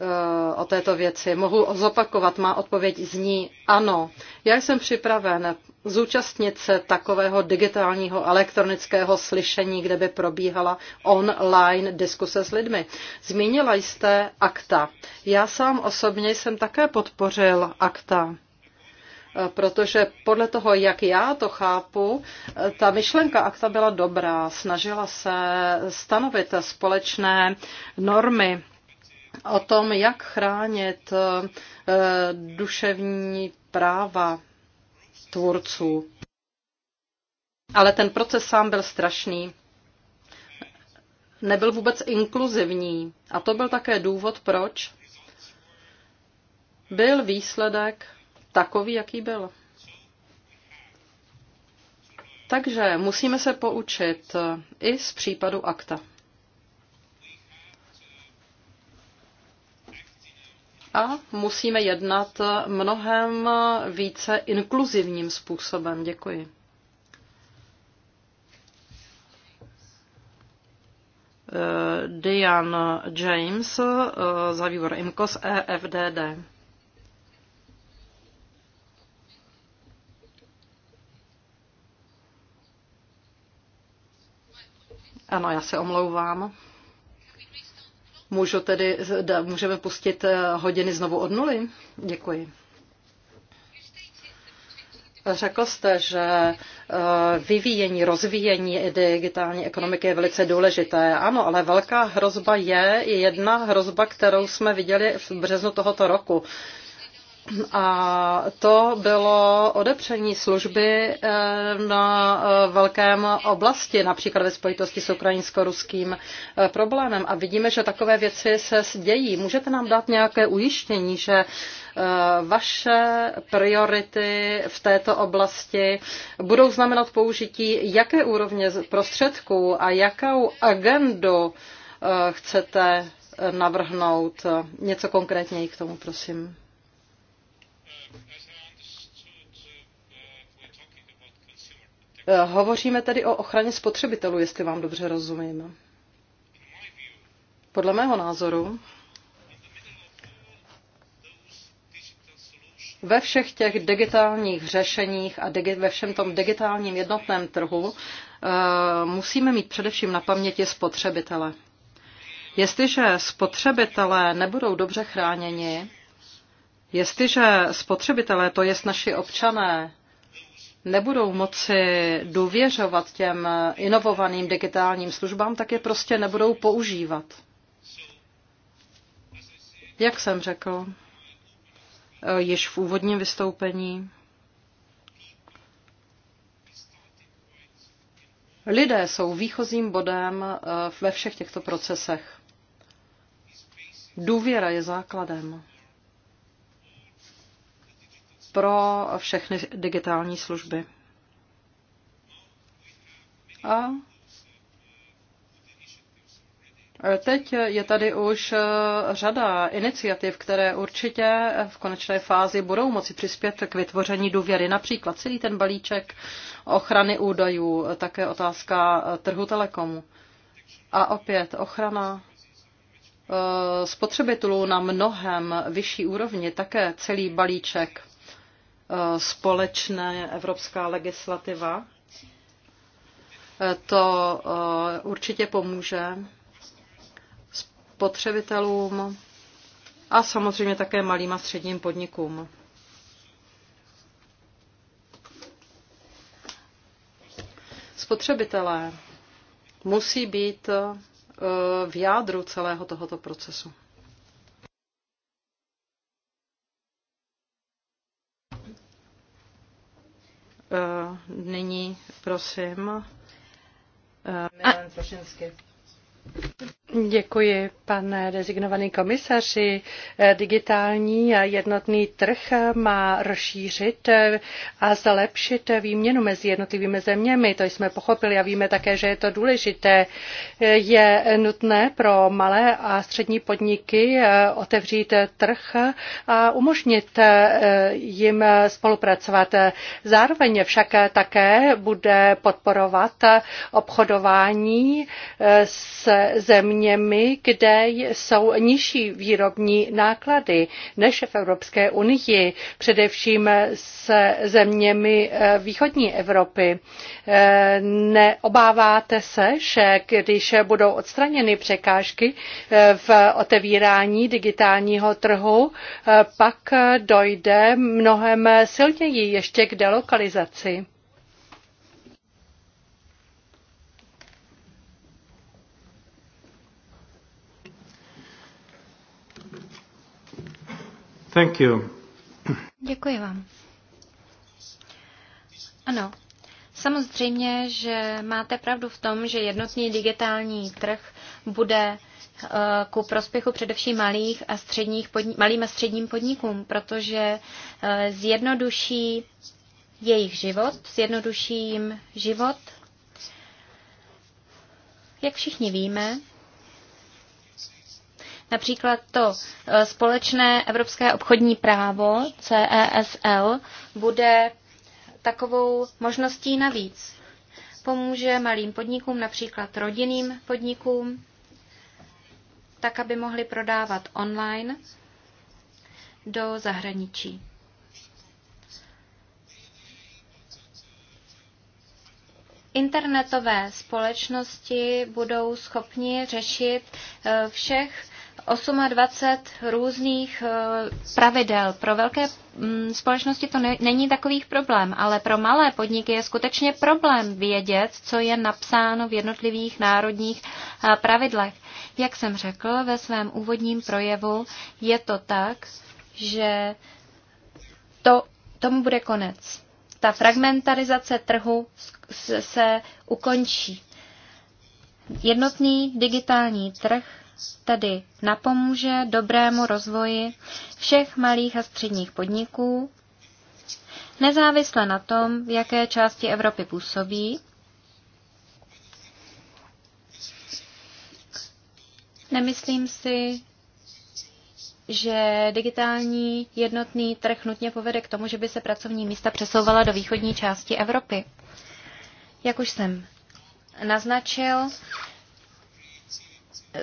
Eh, o této věci. Mohu zopakovat, má odpověď zní ano. Já jsem připraven zúčastnit se takového digitálního elektronického slyšení, kde by probíhala online diskuse s lidmi. Zmínila jste akta. Já sám osobně jsem také podpořil akta eh, protože podle toho, jak já to chápu, eh, ta myšlenka akta byla dobrá. Snažila se stanovit společné normy o tom, jak chránit eh, duševní práva tvůrců. Ale ten proces sám byl strašný. Nebyl vůbec inkluzivní. A to byl také důvod, proč byl výsledek takový, jaký byl. Takže musíme se poučit eh, i z případu akta. a musíme jednat mnohem více inkluzivním způsobem. Děkuji. Dian James za výbor IMCOS EFDD. Ano, já se omlouvám. Můžu tedy, můžeme pustit eh, hodiny znovu od nuly? Děkuji. Řekl jste, že eh, vyvíjení, rozvíjení digitální ekonomiky je velice důležité. Ano, ale velká hrozba je jedna hrozba, kterou jsme viděli v březnu tohoto roku. A to bylo odepření služby eh, na eh, velkém oblasti, například ve spojitosti s ukrajinsko-ruským eh, problémem. A vidíme, že takové věci se dějí. Můžete nám dát nějaké ujištění, že vaše priority v této oblasti budou znamenat použití jaké úrovně prostředků a jakou agendu chcete navrhnout? Něco konkrétněji k tomu, prosím. Eh, hovoříme tedy o ochraně spotřebitelů, jestli vám dobře rozumím. Podle mého názoru ve všech těch digitálních řešeních a digi- ve všem tom digitálním jednotném trhu eh, musíme mít především na paměti spotřebitele. Jestliže spotřebitelé nebudou dobře chráněni, jestliže spotřebitelé, to jest naši občané, nebudou moci důvěřovat těm inovovaným digitálním službám, tak je prostě nebudou používat. Jak jsem řekl eh, již v úvodním vystoupení, lidé jsou výchozím bodem eh, ve všech těchto procesech. Důvěra je základem pro všechny digitální služby. A Teď je tady už eh, řada iniciativ, které určitě v konečné fázi budou moci přispět k vytvoření důvěry. Například celý ten balíček ochrany údajů, také otázka eh, trhu telekomu. A opět ochrana eh, spotřebitelů na mnohem vyšší úrovni, také celý balíček společná evropská legislativa. To eh, určitě pomůže spotřebitelům a samozřejmě také malým a středním podnikům. Spotřebitelé musí být eh, v jádru celého tohoto procesu. Eh, nyní prosím. Eh, Milan Cošinsky. Děkuji, pane designovaný komisaři. Digitální a jednotný trh má rozšířit a zlepšit výměnu mezi jednotlivými zeměmi. To jsme pochopili a víme také, že je to důležité. Je nutné pro malé a střední podniky otevřít trh a umožnit jim spolupracovat. Zároveň však také bude podporovat obchodování s se zeměmi, kde jsou nižší výrobní náklady než v Evropské unii, především se zeměmi eh, východní Evropy. Eh, neobáváte se, že když budou odstraněny překážky eh, v otevírání digitálního trhu, pak dojde mnohem silněji ještě k delokalizaci? Thank you. Děkuji vám. Ano, samozřejmě, že máte pravdu v tom, že jednotný digitální trh bude eh, ku prospěchu především malých a středních podnik, malým a středním podnikům, protože eh, zjednoduší jejich život, zjednoduší jim život. Jak všichni víme, Například to e, společné evropské obchodní právo CESL bude takovou možností navíc. Pomůže malým podnikům, například rodinným podnikům, tak, aby mohli prodávat online do zahraničí. Internetové společnosti budou schopni řešit e, všech 28 různých eh, pravidel. Pro velké mm, společnosti to není takových problém, ale pro malé podniky je skutečně problém vědět, co je napsáno v jednotlivých národních eh, pravidlech. Jak jsem řekl ve svém úvodním projevu, je to tak, že to, tomu bude konec. Ta fragmentarizace trhu se ukončí. Jednotný digitální trh tedy napomůže dobrému rozvoji všech malých a středních podniků, nezávisle na tom, v jaké části Evropy působí, Nemyslím si, že digitální jednotný trh nutně povede k tomu, že by se pracovní místa přesouvala do východní části Evropy. Jak už jsem naznačil,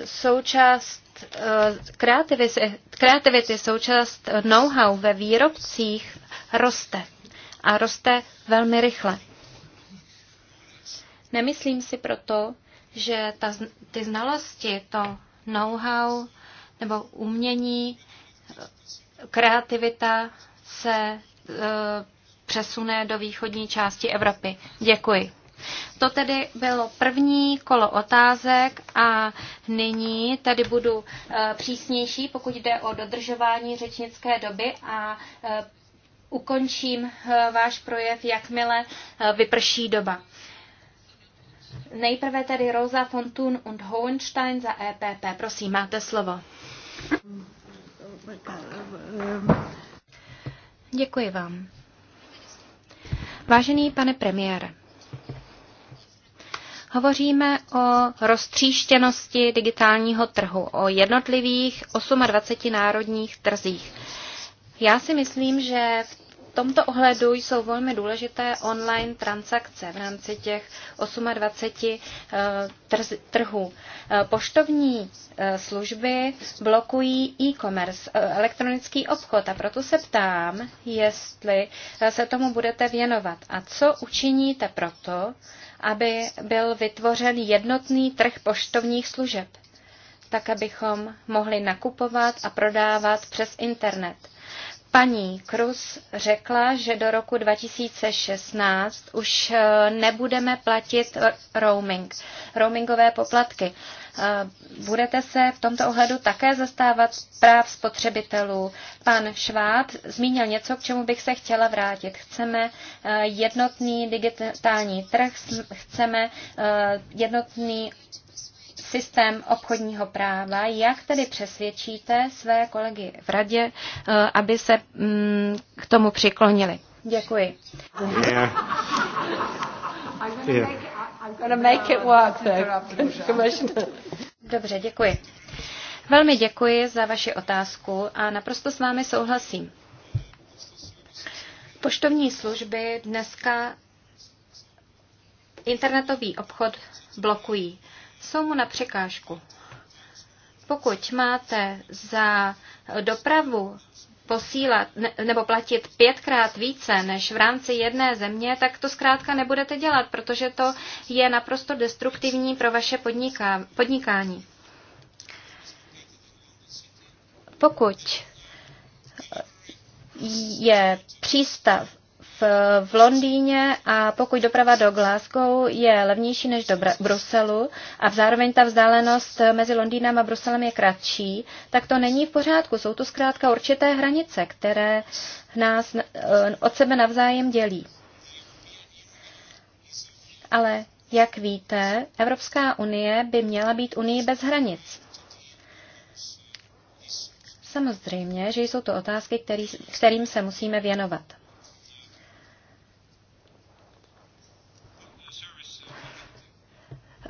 součást eh, kreativity, kreativity součást know-how ve výrobcích roste. A roste velmi rychle. Nemyslím si proto, že ta, ty znalosti, to know-how nebo umění, eh, kreativita se e, přesune do východní části Evropy. Děkuji. To tedy bylo první kolo otázek a nyní tady budu eh, přísnější, pokud jde o dodržování řečnické doby a eh, ukončím eh, váš projev, jakmile vyprší doba. Nejprve tedy Rosa von Thun und Hohenstein za EPP. Prosím, máte slovo. Děkuji vám. Vážený pane premiére, Hovoříme o roztříštěnosti digitálního trhu, o jednotlivých 28 národních trzích. Já si myslím, že v tomto ohledu jsou velmi důležité online transakce v rámci těch 28 eh, trhů. Eh, poštovní eh, služby blokují e-commerce, elektronický obchod a proto se ptám, jestli se tomu budete věnovat a co učiníte proto, aby byl vytvořen jednotný trh poštovních služeb, tak abychom mohli nakupovat a prodávat přes internet. Paní Krus řekla, že do roku 2016 už eh, nebudeme platit roaming, roamingové poplatky. Eh, budete se v tomto ohledu také zastávat práv spotřebitelů. Pan Šváb zmínil něco, k čemu bych se chtěla vrátit. Chceme eh, jednotný digitální trh, chceme jednotný systém obchodního práva, jak tedy přesvědčíte své kolegy v radě, eh, aby se mm, k tomu přiklonili. Děkuji. (laughs) Dobře, děkuji. Velmi děkuji za vaši otázku a naprosto s vámi souhlasím. Poštovní služby dneska internetový obchod blokují jsou mu na překážku. Pokud máte za dopravu posílat nebo platit pětkrát více než v rámci jedné země, tak to zkrátka nebudete dělat, protože to je naprosto destruktivní pro vaše podniká, podnikání. Pokud je přístav v Londýně a pokud doprava do Glasgow je levnější než do Bruselu a zároveň ta vzdálenost mezi Londýnem a Bruselem je kratší, tak to není v pořádku. Jsou tu zkrátka určité hranice, které nás eh, od sebe navzájem dělí. Ale jak víte, Evropská unie by měla být unii bez hranic. Samozřejmě, že jsou to otázky, který, kterým se musíme věnovat.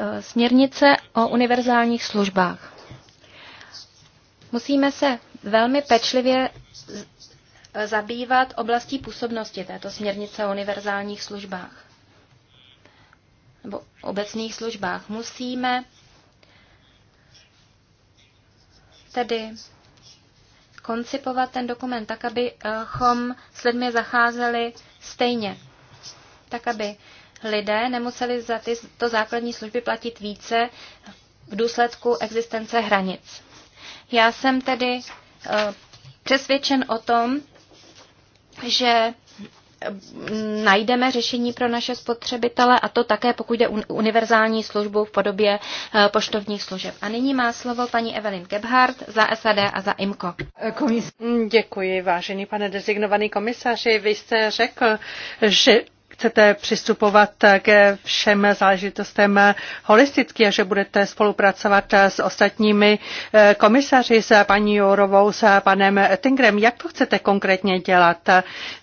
Eh, směrnice o univerzálních službách. Musíme se velmi pečlivě zabývat oblastí působnosti této směrnice o univerzálních službách nebo obecných službách. Musíme tedy koncipovat ten dokument tak, abychom s lidmi zacházeli stejně. Tak, aby lidé nemuseli za tyto základní služby platit více v důsledku existence hranic. Já jsem tedy eh, přesvědčen o tom, že mm, najdeme řešení pro naše spotřebitele a to také, pokud jde univerzální službu v podobě eh, poštovních služeb. A nyní má slovo paní Evelyn Gebhardt za SAD a za IMCO. Komis- Děkuji, vážený pane designovaný komisaři. Vy jste řekl, že chcete přistupovat ke všem záležitostem holisticky a že budete spolupracovat s ostatními eh, komisaři, s paní Jourovou, s panem Ettingrem. Jak to chcete konkrétně dělat?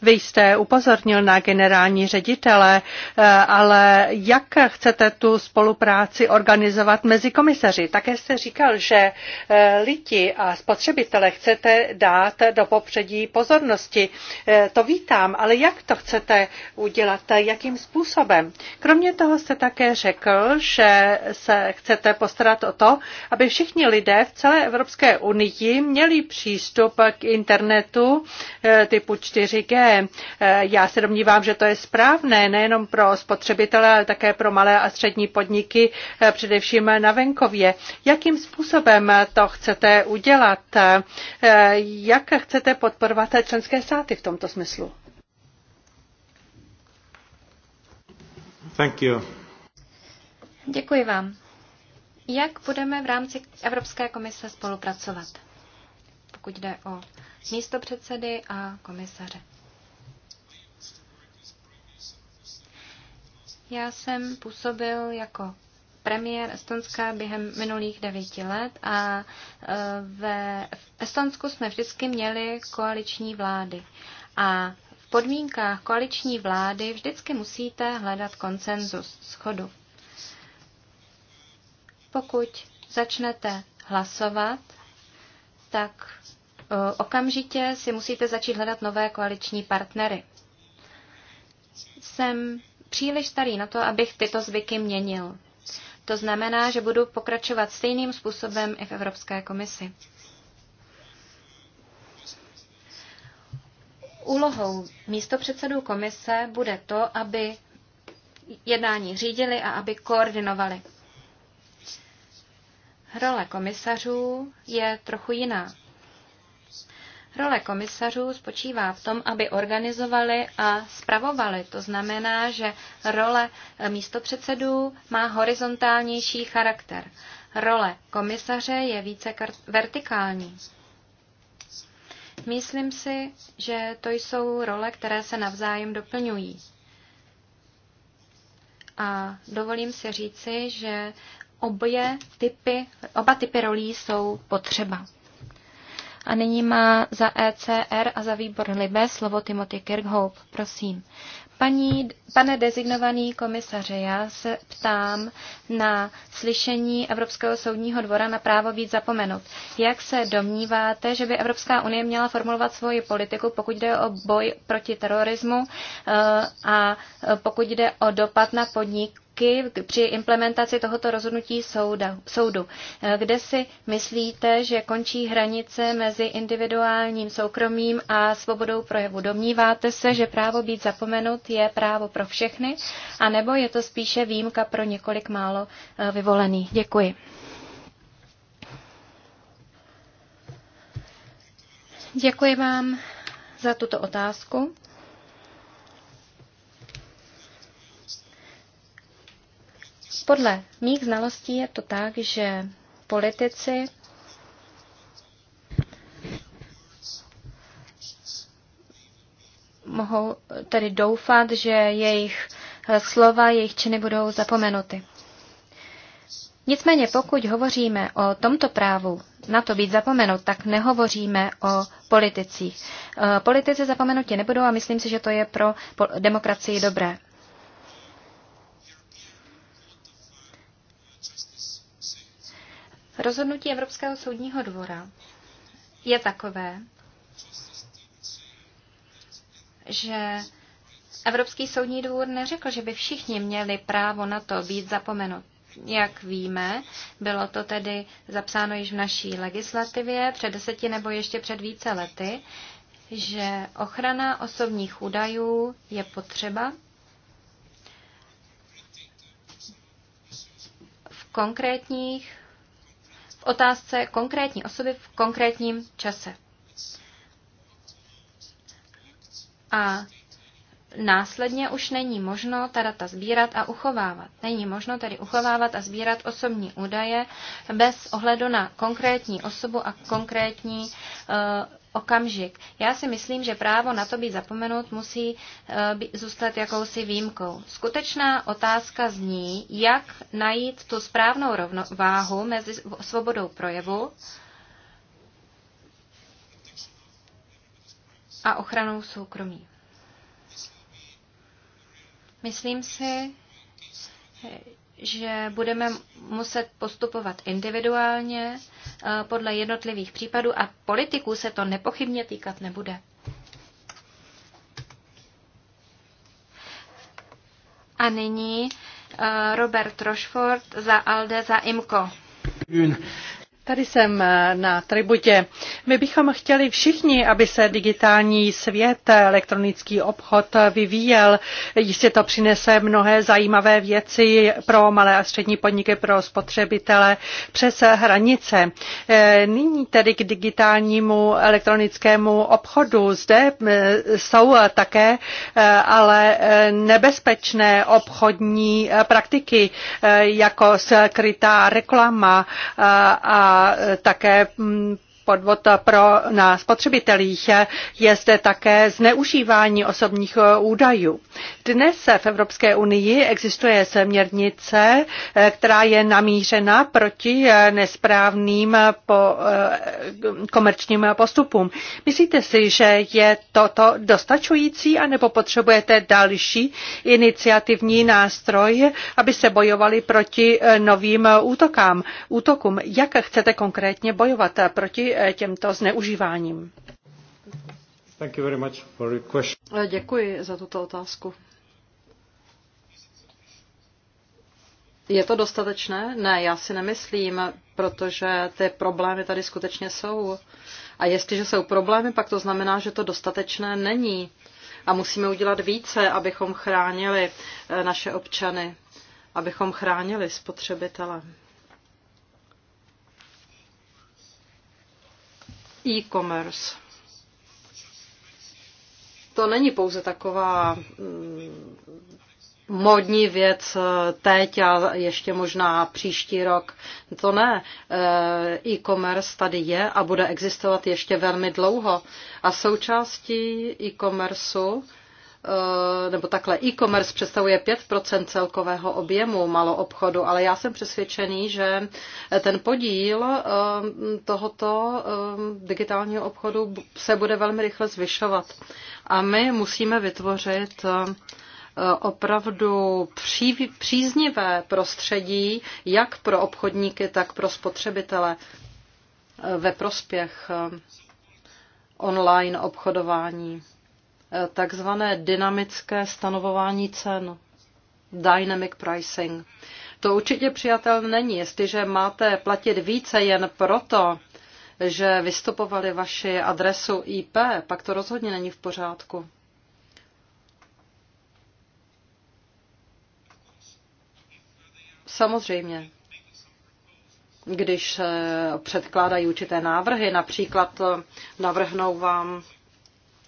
Vy jste upozornil na generální ředitele, eh, ale jak chcete tu spolupráci organizovat mezi komisaři? Také jste říkal, že eh, lidi a spotřebitele chcete dát do popředí pozornosti. To vítám, ale jak to chcete udělat jakým způsobem. Kromě toho jste také řekl, že se chcete postarat o to, aby všichni lidé v celé Evropské unii měli přístup k internetu eh, typu 4G. Eh, já se domnívám, že to je správné nejenom pro spotřebitele, ale také pro malé a střední podniky, eh, především na venkově. Jakým způsobem to chcete udělat? Jak chcete podporovat členské státy v tomto smyslu? Thank you. Děkuji vám. Jak budeme v rámci Evropské komise spolupracovat, pokud jde o místo předsedy a komisaře? Já jsem působil jako premiér Estonska během minulých devíti let a e, ve, v Estonsku jsme vždycky měli koaliční vlády. A podmínkách koaliční vlády vždycky musíte hledat konsenzus, schodu. Pokud začnete hlasovat, tak eh, okamžitě si musíte začít hledat nové koaliční partnery. Jsem příliš starý na to, abych tyto zvyky měnil. To znamená, že budu pokračovat stejným způsobem i v Evropské komisi. Úlohou místopředsedů komise bude to, aby jednání řídili a aby koordinovali. Role komisařů je trochu jiná. Role komisařů spočívá v tom, aby organizovali a spravovali. To znamená, že role místopředsedů má horizontálnější charakter. Role komisaře je více vertikální. Myslím si, že to jsou role, které se navzájem doplňují. A dovolím si říci, že obě typy, oba typy rolí jsou potřeba. A nyní má za ECR a za výbor Libe slovo Timothy Kirkhope. Prosím. Paní, pane dezignovaný komisaře, já se ptám na slyšení Evropského soudního dvora na právo být zapomenut. Jak se domníváte, že by Evropská unie měla formulovat svoji politiku, pokud jde o boj proti terorismu eh, a pokud jde o dopad na podnik, kroky při implementaci tohoto rozhodnutí souda, soudu. Eh, kde si myslíte, že končí hranice mezi individuálním soukromím a svobodou projevu? Domníváte se, že právo být zapomenut je právo pro všechny, anebo je to spíše výjimka pro několik málo eh, vyvolených? Děkuji. Děkuji vám za tuto otázku. Podle mých znalostí je to tak, že politici mohou tedy doufat, že jejich slova, jejich činy budou zapomenuty. Nicméně pokud hovoříme o tomto právu na to být zapomenut, tak nehovoříme o politicích. E, politici zapomenutí nebudou a myslím si, že to je pro demokracii dobré. Rozhodnutí Evropského soudního dvora je takové, že Evropský soudní dvůr neřekl, že by všichni měli právo na to být zapomenut. Jak víme, bylo to tedy zapsáno již v naší legislativě před deseti nebo ještě před více lety, že ochrana osobních údajů je potřeba v konkrétních otázce konkrétní osoby v konkrétním čase. A Následně už není možno ta data sbírat a uchovávat. Není možno tedy uchovávat a sbírat osobní údaje bez ohledu na konkrétní osobu a konkrétní uh, okamžik. Já si myslím, že právo na to být zapomenut musí eh, zůstat jakousi výjimkou. Skutečná otázka zní, jak najít tu správnou rovnováhu mezi svobodou projevu a ochranou soukromí. Myslím si, že budeme muset postupovat individuálně eh, podle jednotlivých případů a politiků se to nepochybně týkat nebude. A nyní eh, Robert Rochford za ALDE za IMCO. Tady jsem eh, na tributě. My bychom chtěli všichni, aby se digitální svět, eh, elektronický obchod eh, vyvíjel. Jistě to přinese mnohé zajímavé věci pro malé a střední podniky, pro spotřebitele přes hranice. Nyní tedy k digitálnímu elektronickému obchodu. Zde jsou také ale nebezpečné obchodní praktiky, jako skrytá reklama a a e, také mm, podvod pro, na spotřebitelích. Je zde také zneužívání osobních údajů. Dnes v Evropské unii existuje směrnice, eh, která je namířena proti eh, nesprávným po, eh, komerčním postupům. Myslíte si, že je toto dostačující, anebo potřebujete další iniciativní nástroj, aby se bojovali proti novým útokám? útokům? Jak chcete konkrétně bojovat proti Eh, těmto zneužíváním. Thank you very much for your question. Eh, děkuji za tuto otázku. Je to dostatečné? Ne, já si nemyslím, protože ty problémy tady skutečně jsou. A jestliže jsou problémy, pak to znamená, že to dostatečné není. A musíme udělat více, abychom chránili eh, naše občany, abychom chránili spotřebitele. e-commerce. To není pouze taková mm, modní věc eh, teď a ještě možná příští rok. To ne. Eh, e-commerce tady je a bude existovat ještě velmi dlouho. A součástí e-commerceu Eh, nebo takhle e-commerce představuje 5% celkového objemu malou obchodu, ale já jsem přesvědčený, že ten podíl eh, tohoto eh, digitálního obchodu se bude velmi rychle zvyšovat. A my musíme vytvořit opravdu pří, příznivé prostředí jak pro obchodníky, tak pro spotřebitele ve prospěch online obchodování takzvané dynamické stanovování cen, dynamic pricing. To určitě přijatel není, jestliže máte platit více jen proto, že vystupovali vaši adresu IP, pak to rozhodně není v pořádku. Samozřejmě, když předkládají určité návrhy, například navrhnou vám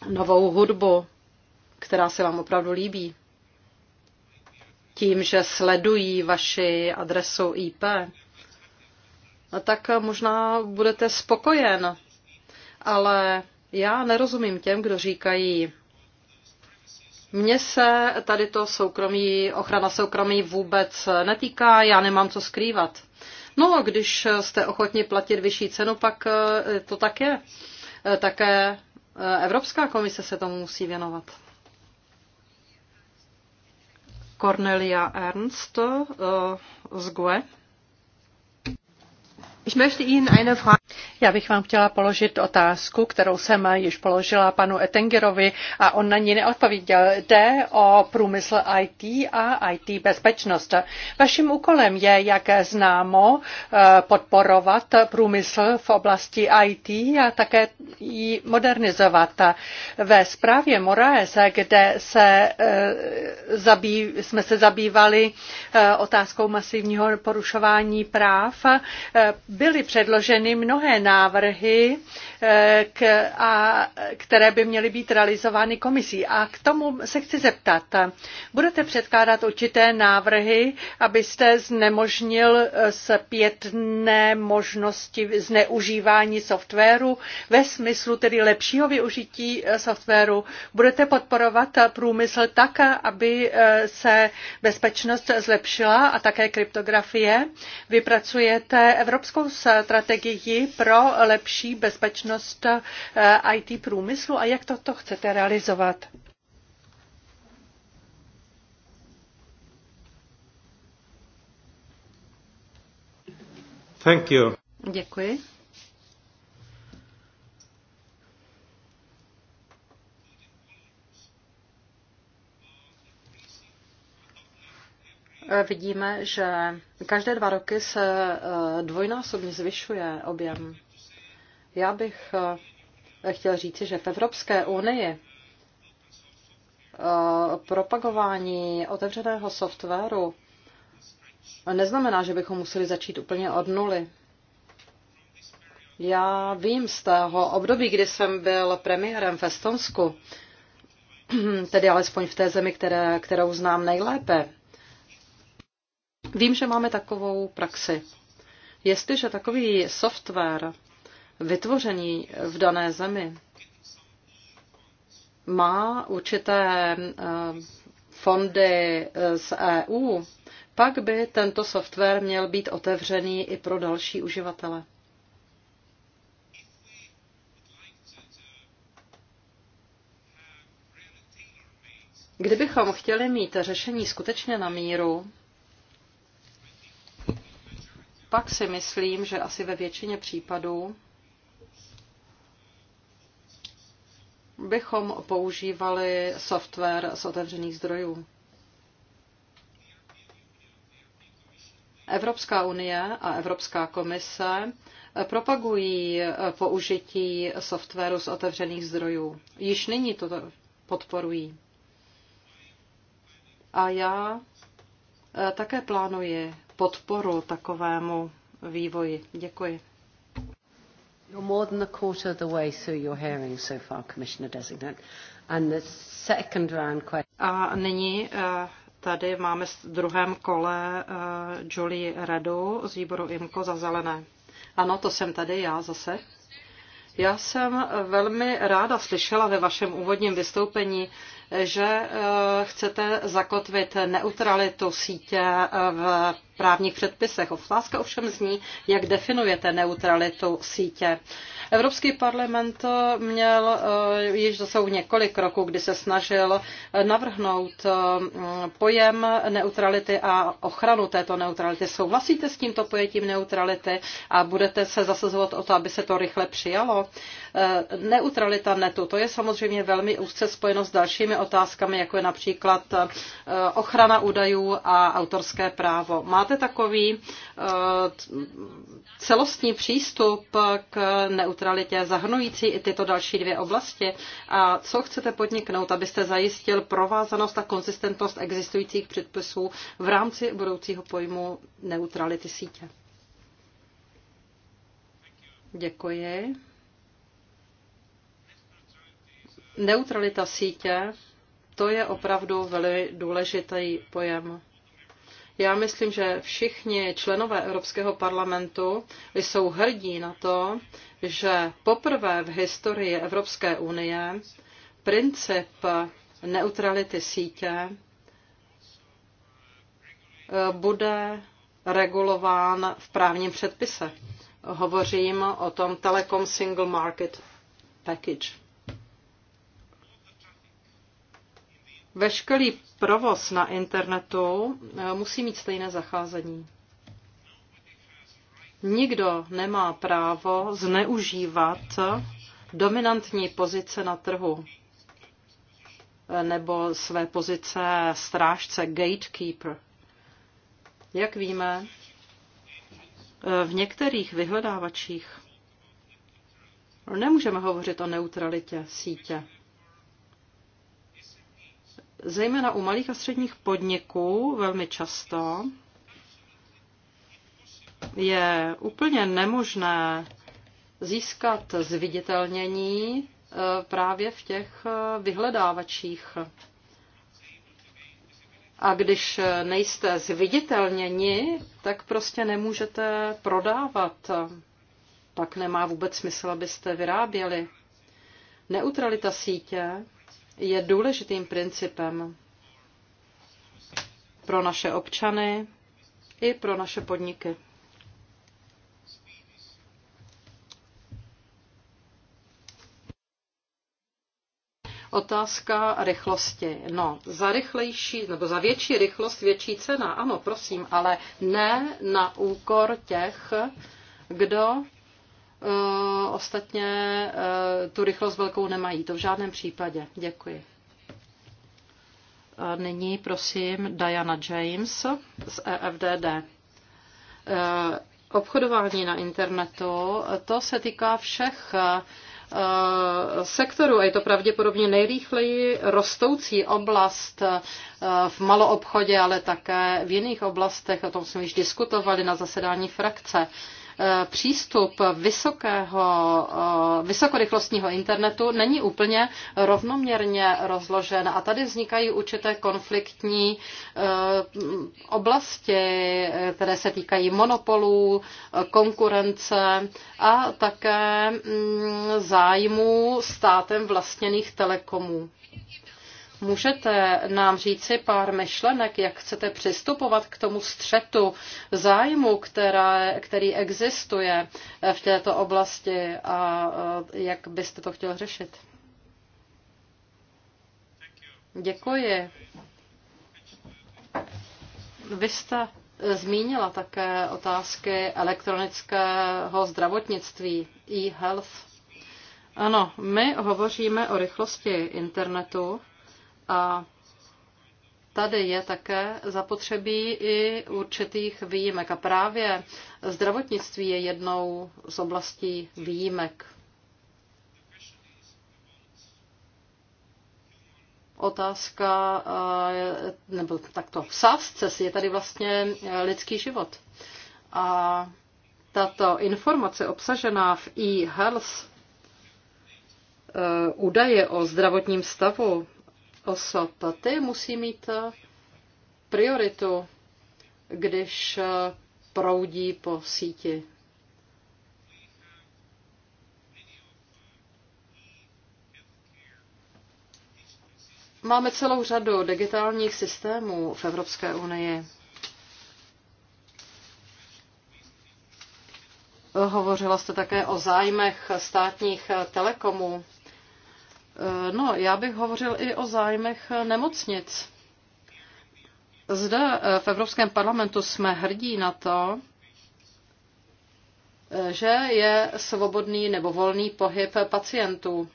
novou hudbu, která se vám opravdu líbí. Tím, že sledují vaši adresu IP, no tak možná budete spokojen. Ale já nerozumím těm, kdo říkají, mně se tady to soukromí, ochrana soukromí vůbec netýká, já nemám co skrývat. No a když jste ochotni platit vyšší cenu, pak eh, to tak je. Eh, také Eh, Evropská komise se tomu musí věnovat. Cornelia Ernst eh, z GUE já bych vám chtěla položit otázku, kterou jsem již položila panu Etengerovi a on na ní neodpověděl. Jde o průmysl IT a IT bezpečnost. Vaším úkolem je, jak známo, eh, podporovat průmysl v oblasti IT a také ji modernizovat. Ve zprávě Moraes, kde se, eh, zabý, jsme se zabývali eh, otázkou masivního porušování práv, byly předloženy mnohé návrhy, eh, k, a, které by měly být realizovány komisí. A k tomu se chci zeptat. Budete předkládat určité návrhy, abyste znemožnil eh, zpětné možnosti zneužívání softwaru ve smyslu tedy lepšího využití eh, softwaru. Budete podporovat průmysl tak, aby se bezpečnost zlepšila a také kryptografie. Vypracujete evropskou strategii pro lepší bezpečnost eh, IT průmyslu a jak toto chcete realizovat? Thank you. Děkuji. vidíme, že každé dva roky se eh, dvojnásobně zvyšuje objem. Já bych eh, chtěl říci, že v Evropské unii eh, propagování otevřeného softwaru neznamená, že bychom museli začít úplně od nuly. Já vím z toho období, kdy jsem byl premiérem v Estonsku, (clears throat) tedy alespoň v té zemi, které, kterou znám nejlépe, Vím, že máme takovou praxi. Jestliže takový software vytvořený v dané zemi má určité eh, fondy eh, z EU, pak by tento software měl být otevřený i pro další uživatele. Kdybychom chtěli mít řešení skutečně na míru, pak si myslím, že asi ve většině případů bychom používali software z otevřených zdrojů. Evropská unie a Evropská komise propagují použití softwaru z otevřených zdrojů. Již nyní to podporují. A já eh, také plánuji podporu takovému vývoji. Děkuji. You're more than a quarter of the way through your hearing so far, Commissioner Designate. And the second round question. A nyní eh, tady máme v druhém kole eh, Julie Redu z výboru IMCO za zelené. Ano, to jsem tady já zase. Já jsem velmi ráda slyšela ve vašem úvodním vystoupení, že eh, chcete zakotvit neutralitu sítě v právních předpisech. Otázka ovšem zní, jak definujete neutralitu sítě. Evropský parlament měl eh, již zase několik roků, kdy se snažil navrhnout eh, pojem neutrality a ochranu této neutrality. Souhlasíte s tímto pojetím neutrality a budete se zasazovat o to, aby se to rychle přijalo? Eh, neutralita netu, to je samozřejmě velmi úzce spojeno s dalšími otázkami, jako je například ochrana údajů a autorské právo. Máte máte takový eh, celostní přístup k neutralitě zahrnující i tyto další dvě oblasti a co chcete podniknout, abyste zajistil provázanost a konzistentnost existujících předpisů v rámci budoucího pojmu neutrality sítě? Děkuji. Neutralita sítě, to je opravdu velmi důležitý pojem. Já myslím, že všichni členové Evropského parlamentu jsou hrdí na to, že poprvé v historii Evropské unie princip neutrality sítě eh, bude regulován v právním předpise. Hovořím o tom Telecom Single Market Package. veškerý provoz na internetu eh, musí mít stejné zacházení. Nikdo nemá právo zneužívat dominantní pozice na trhu eh, nebo své pozice strážce, gatekeeper. Jak víme, eh, v některých vyhledávačích nemůžeme hovořit o neutralitě sítě zejména u malých a středních podniků velmi často je úplně nemožné získat zviditelnění e, právě v těch e, vyhledávačích. A když nejste zviditelněni, tak prostě nemůžete prodávat. Pak nemá vůbec smysl, abyste vyráběli. Neutralita sítě je důležitým principem pro naše občany i pro naše podniky. Otázka rychlosti. No, za rychlejší, nebo za větší rychlost větší cena, ano, prosím, ale ne na úkor těch, kdo Eh, ostatně eh, tu rychlost velkou nemají, to v žádném případě. Děkuji. A nyní prosím Diana James z EFDD. Eh, obchodování na internetu, to se týká všech sektoru a je to pravděpodobně nejrychleji rostoucí oblast v maloobchodě, ale také v jiných oblastech. O tom jsme již diskutovali na zasedání frakce. Eh, přístup vysokého, eh, vysokorychlostního internetu není úplně rovnoměrně rozložen a tady vznikají určité konfliktní eh, oblasti, které se týkají monopolů, konkurence a také mm, zájmů státem vlastněných telekomů. Můžete nám říci pár myšlenek, jak chcete přistupovat k tomu střetu zájmu, která, který existuje v této oblasti a eh, jak byste to chtěl řešit? Děkuji. Vy jste zmínila také otázky elektronického zdravotnictví, e-health. Ano, my hovoříme o rychlosti internetu a tady je také zapotřebí i určitých výjimek. A právě zdravotnictví je jednou z oblastí výjimek. Otázka, eh, nebo takto, v sázce je tady vlastně eh, lidský život. A tato informace obsažená v e-health, eh, údaje o zdravotním stavu osob, ty musí mít prioritu, když proudí po síti. Máme celou řadu digitálních systémů v Evropské unii. Hovořila jste také o zájmech státních telekomů. Eh, no, já bych hovořil i o zájmech nemocnic. Zde eh, v Evropském parlamentu jsme hrdí na to, eh, že je svobodný nebo volný pohyb pacientů.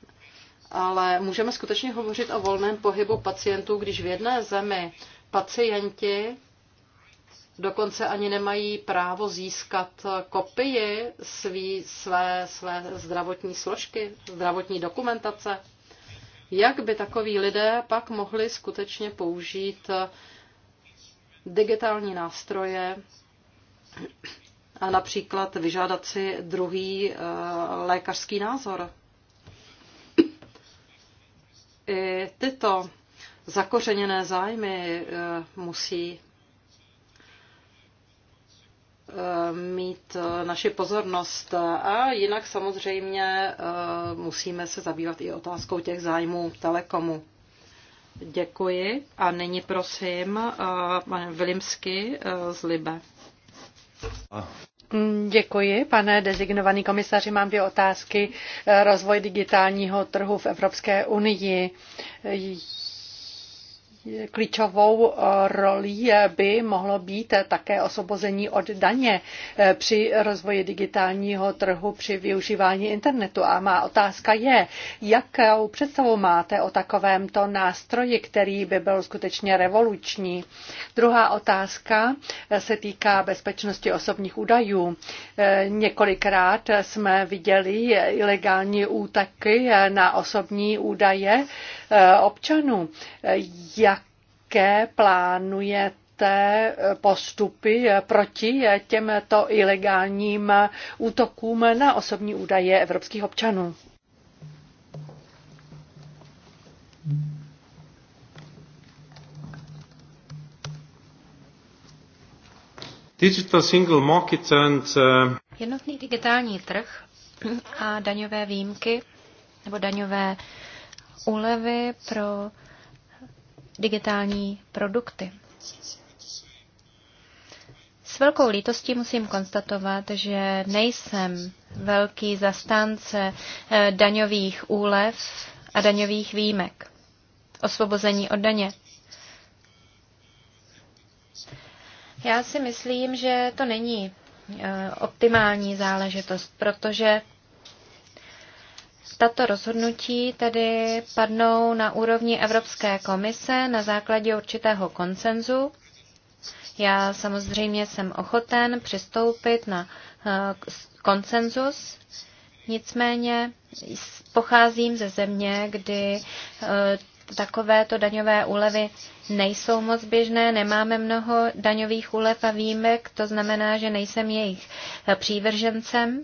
Ale můžeme skutečně hovořit o volném pohybu pacientů, když v jedné zemi pacienti dokonce ani nemají právo získat kopii svý, své, své zdravotní složky, zdravotní dokumentace jak by takoví lidé pak mohli skutečně použít eh, digitální nástroje a například vyžádat si druhý eh, lékařský názor. I tyto zakořeněné zájmy eh, musí Eh, mít eh, naši pozornost. A jinak samozřejmě eh, musíme se zabývat i otázkou těch zájmů telekomu. Děkuji. A nyní prosím pane Vilimsky z Libe. Děkuji, pane dezignovaný komisaři. Mám dvě otázky. Rozvoj digitálního trhu v Evropské unii klíčovou eh, rolí eh, by mohlo být eh, také osvobození od daně při rozvoji digitálního trhu při využívání internetu. A má otázka je, jakou představu máte o takovémto nástroji, který by byl skutečně revoluční. Druhá otázka se týká bezpečnosti osobních údajů. Několikrát jsme viděli ilegální útaky na osobní údaje Eh, občanů. Jaké plánuje té postupy eh, proti eh, těmto ilegálním útokům na osobní údaje evropských občanů. Digital single market and, uh... Jednotný digitální trh a daňové výjimky nebo daňové uh, úlevy pro digitální produkty. S velkou lítostí musím konstatovat, že nejsem velký zastánce eh, daňových úlev a daňových výjimek, osvobození od daně. Já si myslím, že to není eh, optimální záležitost, protože tato rozhodnutí tedy padnou na úrovni Evropské komise na základě určitého koncenzu. Já samozřejmě jsem ochoten přistoupit na eh, koncenzus, nicméně pocházím ze země, kdy eh, takovéto daňové úlevy nejsou moc běžné, nemáme mnoho daňových úlev a výjimek, to znamená, že nejsem jejich eh, přívržencem.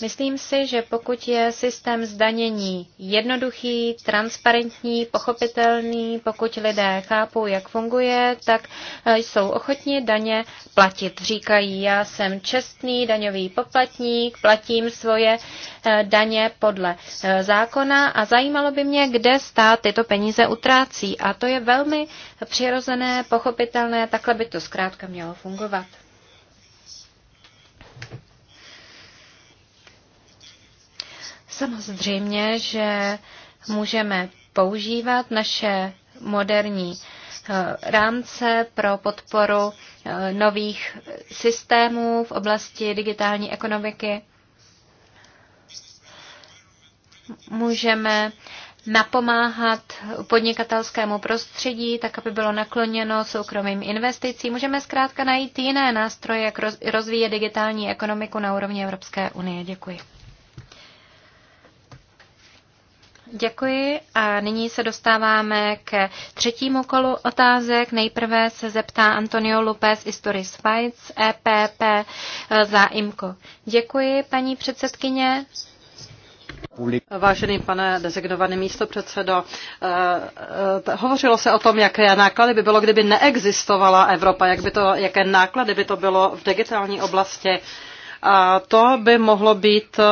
Myslím si, že pokud je systém zdanění jednoduchý, transparentní, pochopitelný, pokud lidé chápou, jak funguje, tak eh, jsou ochotni daně platit. Říkají, já jsem čestný daňový poplatník, platím svoje eh, daně podle eh, zákona a zajímalo by mě, kde stát tyto peníze utrácí. A to je velmi přirozené, pochopitelné, takhle by to zkrátka mělo fungovat. Samozřejmě, že můžeme používat naše moderní eh, rámce pro podporu eh, nových systémů v oblasti digitální ekonomiky. Můžeme napomáhat podnikatelskému prostředí, tak aby bylo nakloněno soukromým investicím. Můžeme zkrátka najít jiné nástroje, jak rozvíjet digitální ekonomiku na úrovni Evropské unie. Děkuji. Děkuji a nyní se dostáváme k třetímu kolu otázek. Nejprve se zeptá Antonio López Istoris Fights EPP eh, za IMCO. Děkuji, paní předsedkyně. Vážený pane dezignovaný předsedo, eh, eh, hovořilo se o tom, jaké náklady by bylo, kdyby neexistovala Evropa, jak by to, jaké náklady by to bylo v digitální oblasti. A to by mohlo být e,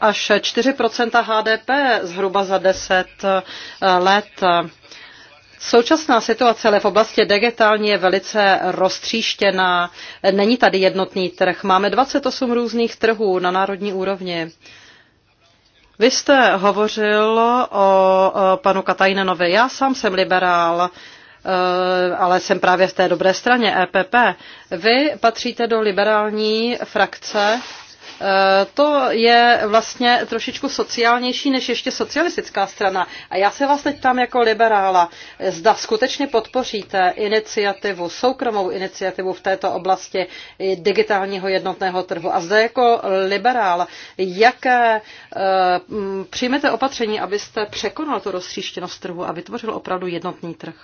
až 4 HDP zhruba za 10 e, let. Současná situace ale v oblasti digitální je velice roztříštěná. Není tady jednotný trh. Máme 28 různých trhů na národní úrovni. Vy jste hovořil o panu Katajnenovi. Já sám jsem liberál. Eh, ale jsem právě v té dobré straně EPP. Vy patříte do liberální frakce. Eh, to je vlastně trošičku sociálnější než ještě socialistická strana. A já se vás teď tam jako liberála. Zda skutečně podpoříte iniciativu, soukromou iniciativu v této oblasti digitálního jednotného trhu. A zda jako liberál, jaké eh, přijmete opatření, abyste překonal tu roztříštěnost trhu a vytvořil opravdu jednotný trh?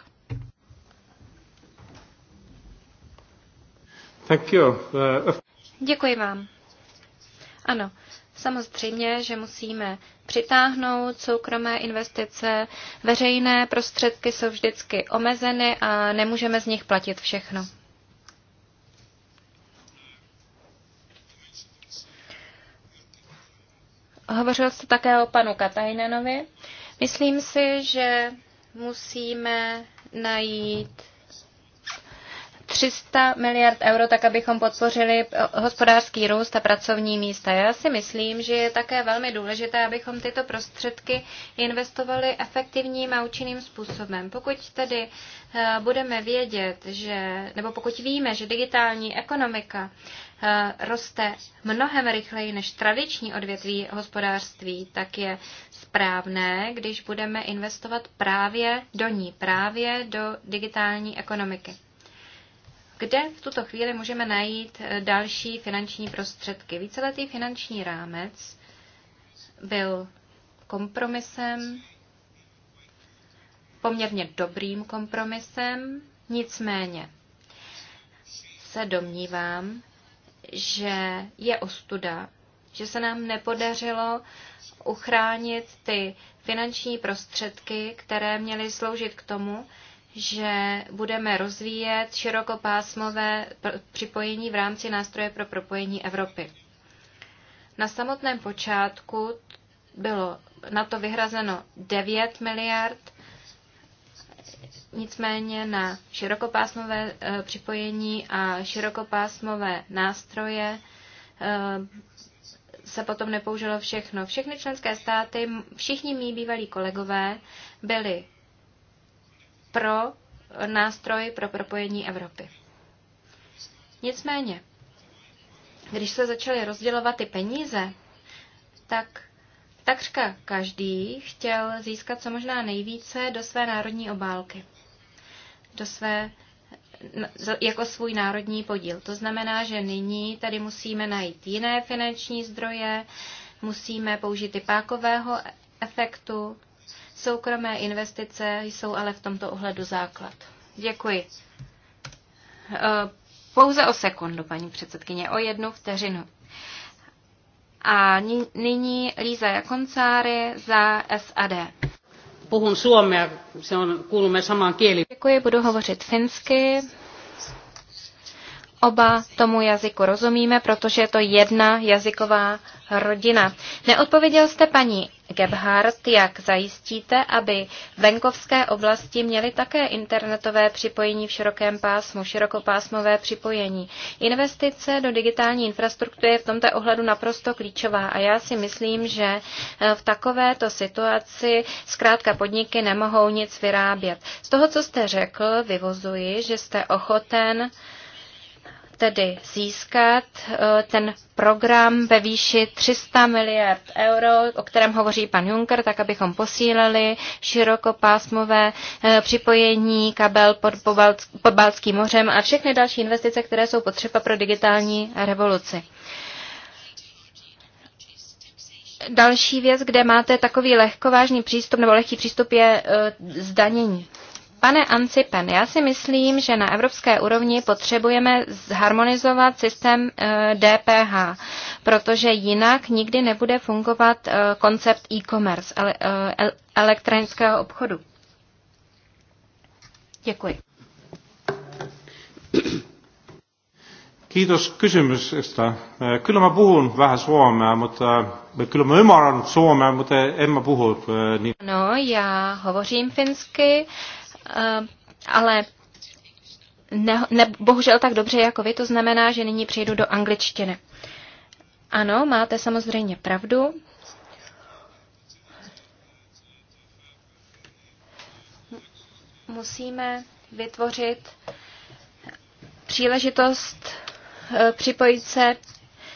Thank you. Uh, Děkuji vám. Ano, samozřejmě, že musíme přitáhnout soukromé investice. Veřejné prostředky jsou vždycky omezeny a nemůžeme z nich platit všechno. Hovořil jste také o panu Katajnenovi. Myslím si, že musíme najít 300 miliard euro, tak abychom podpořili eh, hospodářský růst a pracovní místa. Já si myslím, že je také velmi důležité, abychom tyto prostředky investovali efektivním a účinným způsobem. Pokud tedy eh, budeme vědět, že, nebo pokud víme, že digitální ekonomika eh, roste mnohem rychleji než tradiční odvětví hospodářství, tak je správné, když budeme investovat právě do ní, právě do digitální ekonomiky kde v tuto chvíli můžeme najít eh, další finanční prostředky. Víceletý finanční rámec byl kompromisem, poměrně dobrým kompromisem, nicméně se domnívám, že je ostuda, že se nám nepodařilo uchránit ty finanční prostředky, které měly sloužit k tomu, že budeme rozvíjet širokopásmové připojení v rámci nástroje pro propojení Evropy. Na samotném počátku bylo na to vyhrazeno 9 miliard, nicméně na širokopásmové eh, připojení a širokopásmové nástroje eh, se potom nepoužilo všechno. Všechny členské státy, všichni mý bývalí kolegové byli pro nástroj pro propojení Evropy. Nicméně, když se začaly rozdělovat ty peníze, tak takřka každý chtěl získat co možná nejvíce do své národní obálky, do své, jako svůj národní podíl. To znamená, že nyní tady musíme najít jiné finanční zdroje, musíme použít i pákového efektu, Soukromé investice jsou ale v tomto ohledu základ. Děkuji. E, pouze o sekundu, paní předsedkyně, o jednu vteřinu. A nyní Líza Jakoncáry za SAD. Puhun suomea, se on, kuulumme samaan kieli. Děkuji, budu hovořit finsky. Oba tomu jazyku rozumíme, protože je to jedna jazyková rodina. Neodpověděl jste paní Gebhardt, jak zajistíte, aby venkovské oblasti měly také internetové připojení v širokém pásmu, širokopásmové připojení. Investice do digitální infrastruktury je v tomto ohledu naprosto klíčová a já si myslím, že eh, v takovéto situaci zkrátka podniky nemohou nic vyrábět. Z toho, co jste řekl, vyvozuji, že jste ochoten tedy získat eh, ten program ve výši 300 miliard euro, o kterém hovoří pan Juncker, tak abychom posílili širokopásmové eh, připojení kabel pod, Pobalc- pod Balckým mořem a všechny další investice, které jsou potřeba pro digitální revoluci. Další věc, kde máte takový lehkovážný přístup nebo lehký přístup je eh, zdanění. Pane Ancipen, já si myslím, že na evropské úrovni potřebujeme zharmonizovat systém DPH, eh, protože jinak nikdy nebude fungovat eh, koncept e-commerce, eh, elektronického obchodu. Děkuji. Kiitos kysymyksestä. Kyllä mä puhun vähän suomea, mutta kyllä mä ymmärrän suomea, mutta en mä puhu niin. No, já hovořím finsky, Eh, ale ne, ne, bohužel tak dobře jako vy, to znamená, že nyní přejdu do angličtiny. Ano, máte samozřejmě pravdu. Musíme vytvořit příležitost eh, připojit se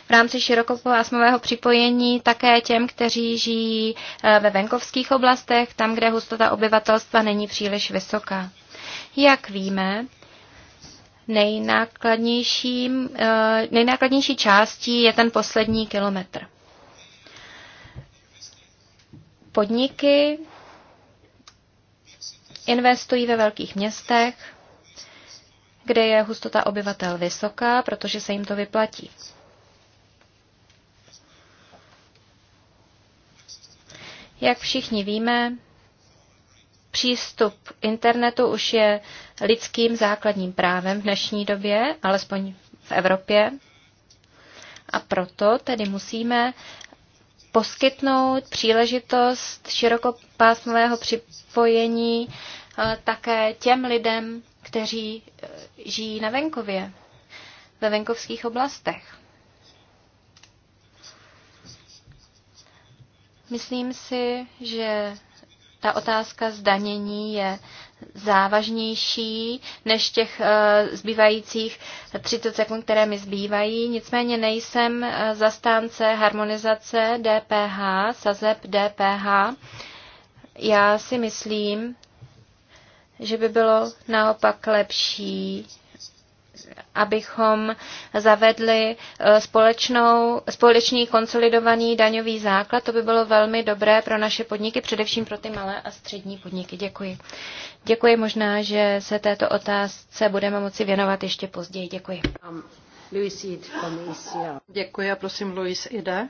v rámci širokopásmového připojení také těm, kteří žijí eh, ve venkovských oblastech, tam, kde hustota obyvatelstva není příliš vysoká. Jak víme, nejnákladnějším, eh, nejnákladnější částí je ten poslední kilometr. Podniky investují ve velkých městech, kde je hustota obyvatel vysoká, protože se jim to vyplatí. Jak všichni víme, přístup internetu už je lidským základním právem v dnešní době, alespoň v Evropě. A proto tedy musíme poskytnout příležitost širokopásmového připojení eh, také těm lidem, kteří eh, žijí na venkově, ve venkovských oblastech. Myslím si, že ta otázka zdanění je závažnější než těch eh, zbývajících 30 sekund, které mi zbývají. Nicméně nejsem eh, zastánce harmonizace DPH, sazeb DPH. Já si myslím, že by bylo naopak lepší, abychom zavedli eh, společnou, společný konsolidovaný daňový základ. To by bylo velmi dobré pro naše podniky, především pro ty malé a střední podniky. Děkuji. Děkuji možná, že se této otázce budeme moci věnovat ještě později. Děkuji. Um, e Děkuji a prosím, Luis jde.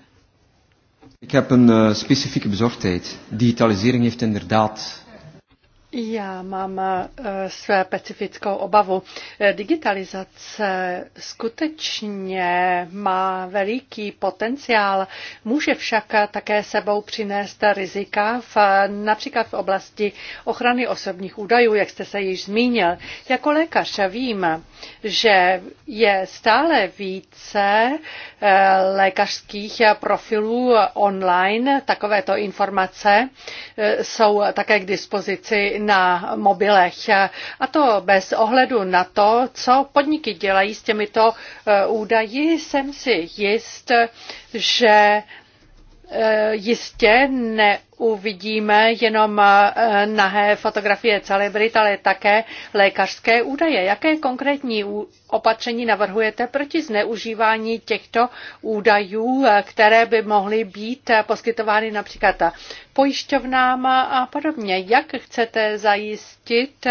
Ik heb een eh, specifieke bezorgdheid. Digitalisering heeft inderdaad já mám eh, své specifickou obavu. Eh, digitalizace skutečně má veliký potenciál, může však také sebou přinést rizika v, například v oblasti ochrany osobních údajů, jak jste se již zmínil. Jako lékař vím, že je stále více eh, lékařských profilů online. Takovéto informace jsou také k dispozici na mobilech. A to bez ohledu na to, co podniky dělají s těmito eh, údaji, jsem si jist, že E, jistě neuvidíme jenom e, nahé fotografie celebrit, ale také lékařské údaje. Jaké konkrétní opatření navrhujete proti zneužívání těchto údajů, e, které by mohly být poskytovány například pojišťovnám a podobně? Jak chcete zajistit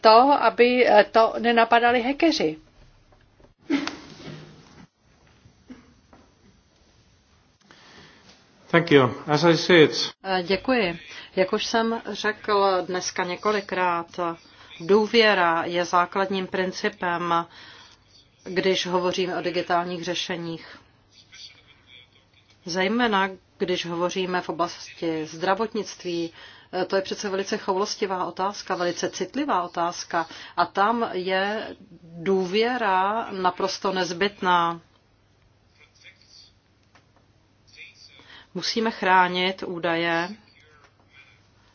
to, aby to nenapadali hekeři? Eh, děkuji. Jak už jsem řekl dneska několikrát, důvěra je základním principem, když hovoříme o digitálních řešeních. Zejména, když hovoříme v oblasti zdravotnictví, eh, to je přece velice choulostivá otázka, velice citlivá otázka. A tam je důvěra naprosto nezbytná. Musíme chránit údaje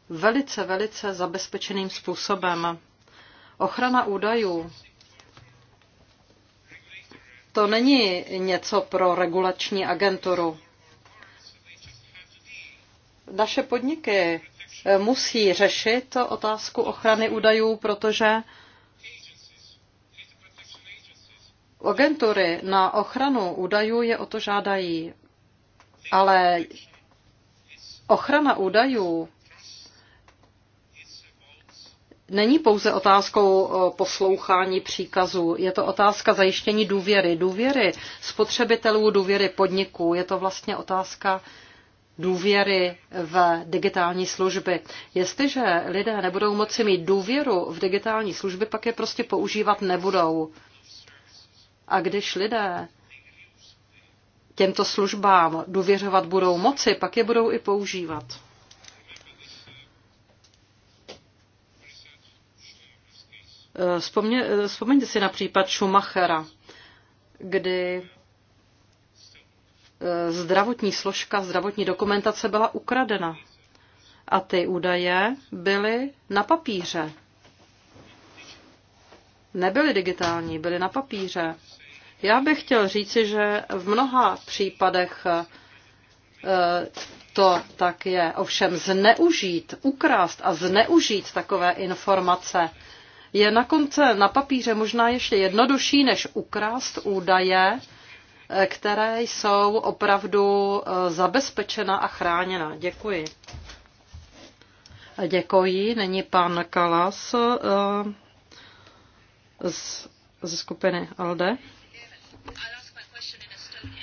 velice, velice zabezpečeným způsobem. Ochrana údajů to není něco pro regulační agenturu. Naše podniky eh, musí řešit otázku ochrany údajů, protože agentury na ochranu údajů je o to žádají. Ale ochrana údajů není pouze otázkou eh, poslouchání příkazů, je to otázka zajištění důvěry, důvěry spotřebitelů, důvěry podniků, je to vlastně otázka důvěry v digitální služby. Jestliže lidé nebudou moci mít důvěru v digitální služby, pak je prostě používat nebudou. A když lidé těmto službám důvěřovat budou moci, pak je budou i používat. Eh, vzpomně, eh, vzpomeňte si na případ Schumachera, kdy eh, zdravotní složka, zdravotní dokumentace byla ukradena. A ty údaje byly na papíře. Nebyly digitální, byly na papíře. Já bych chtěl říci, že v mnoha případech eh, to tak je. Ovšem zneužít, ukrást a zneužít takové informace je na konce na papíře možná ještě jednodušší, než ukrást údaje, eh, které jsou opravdu eh, zabezpečena a chráněna. Děkuji. Děkuji. Není pan Kalas z, z skupiny ALDE.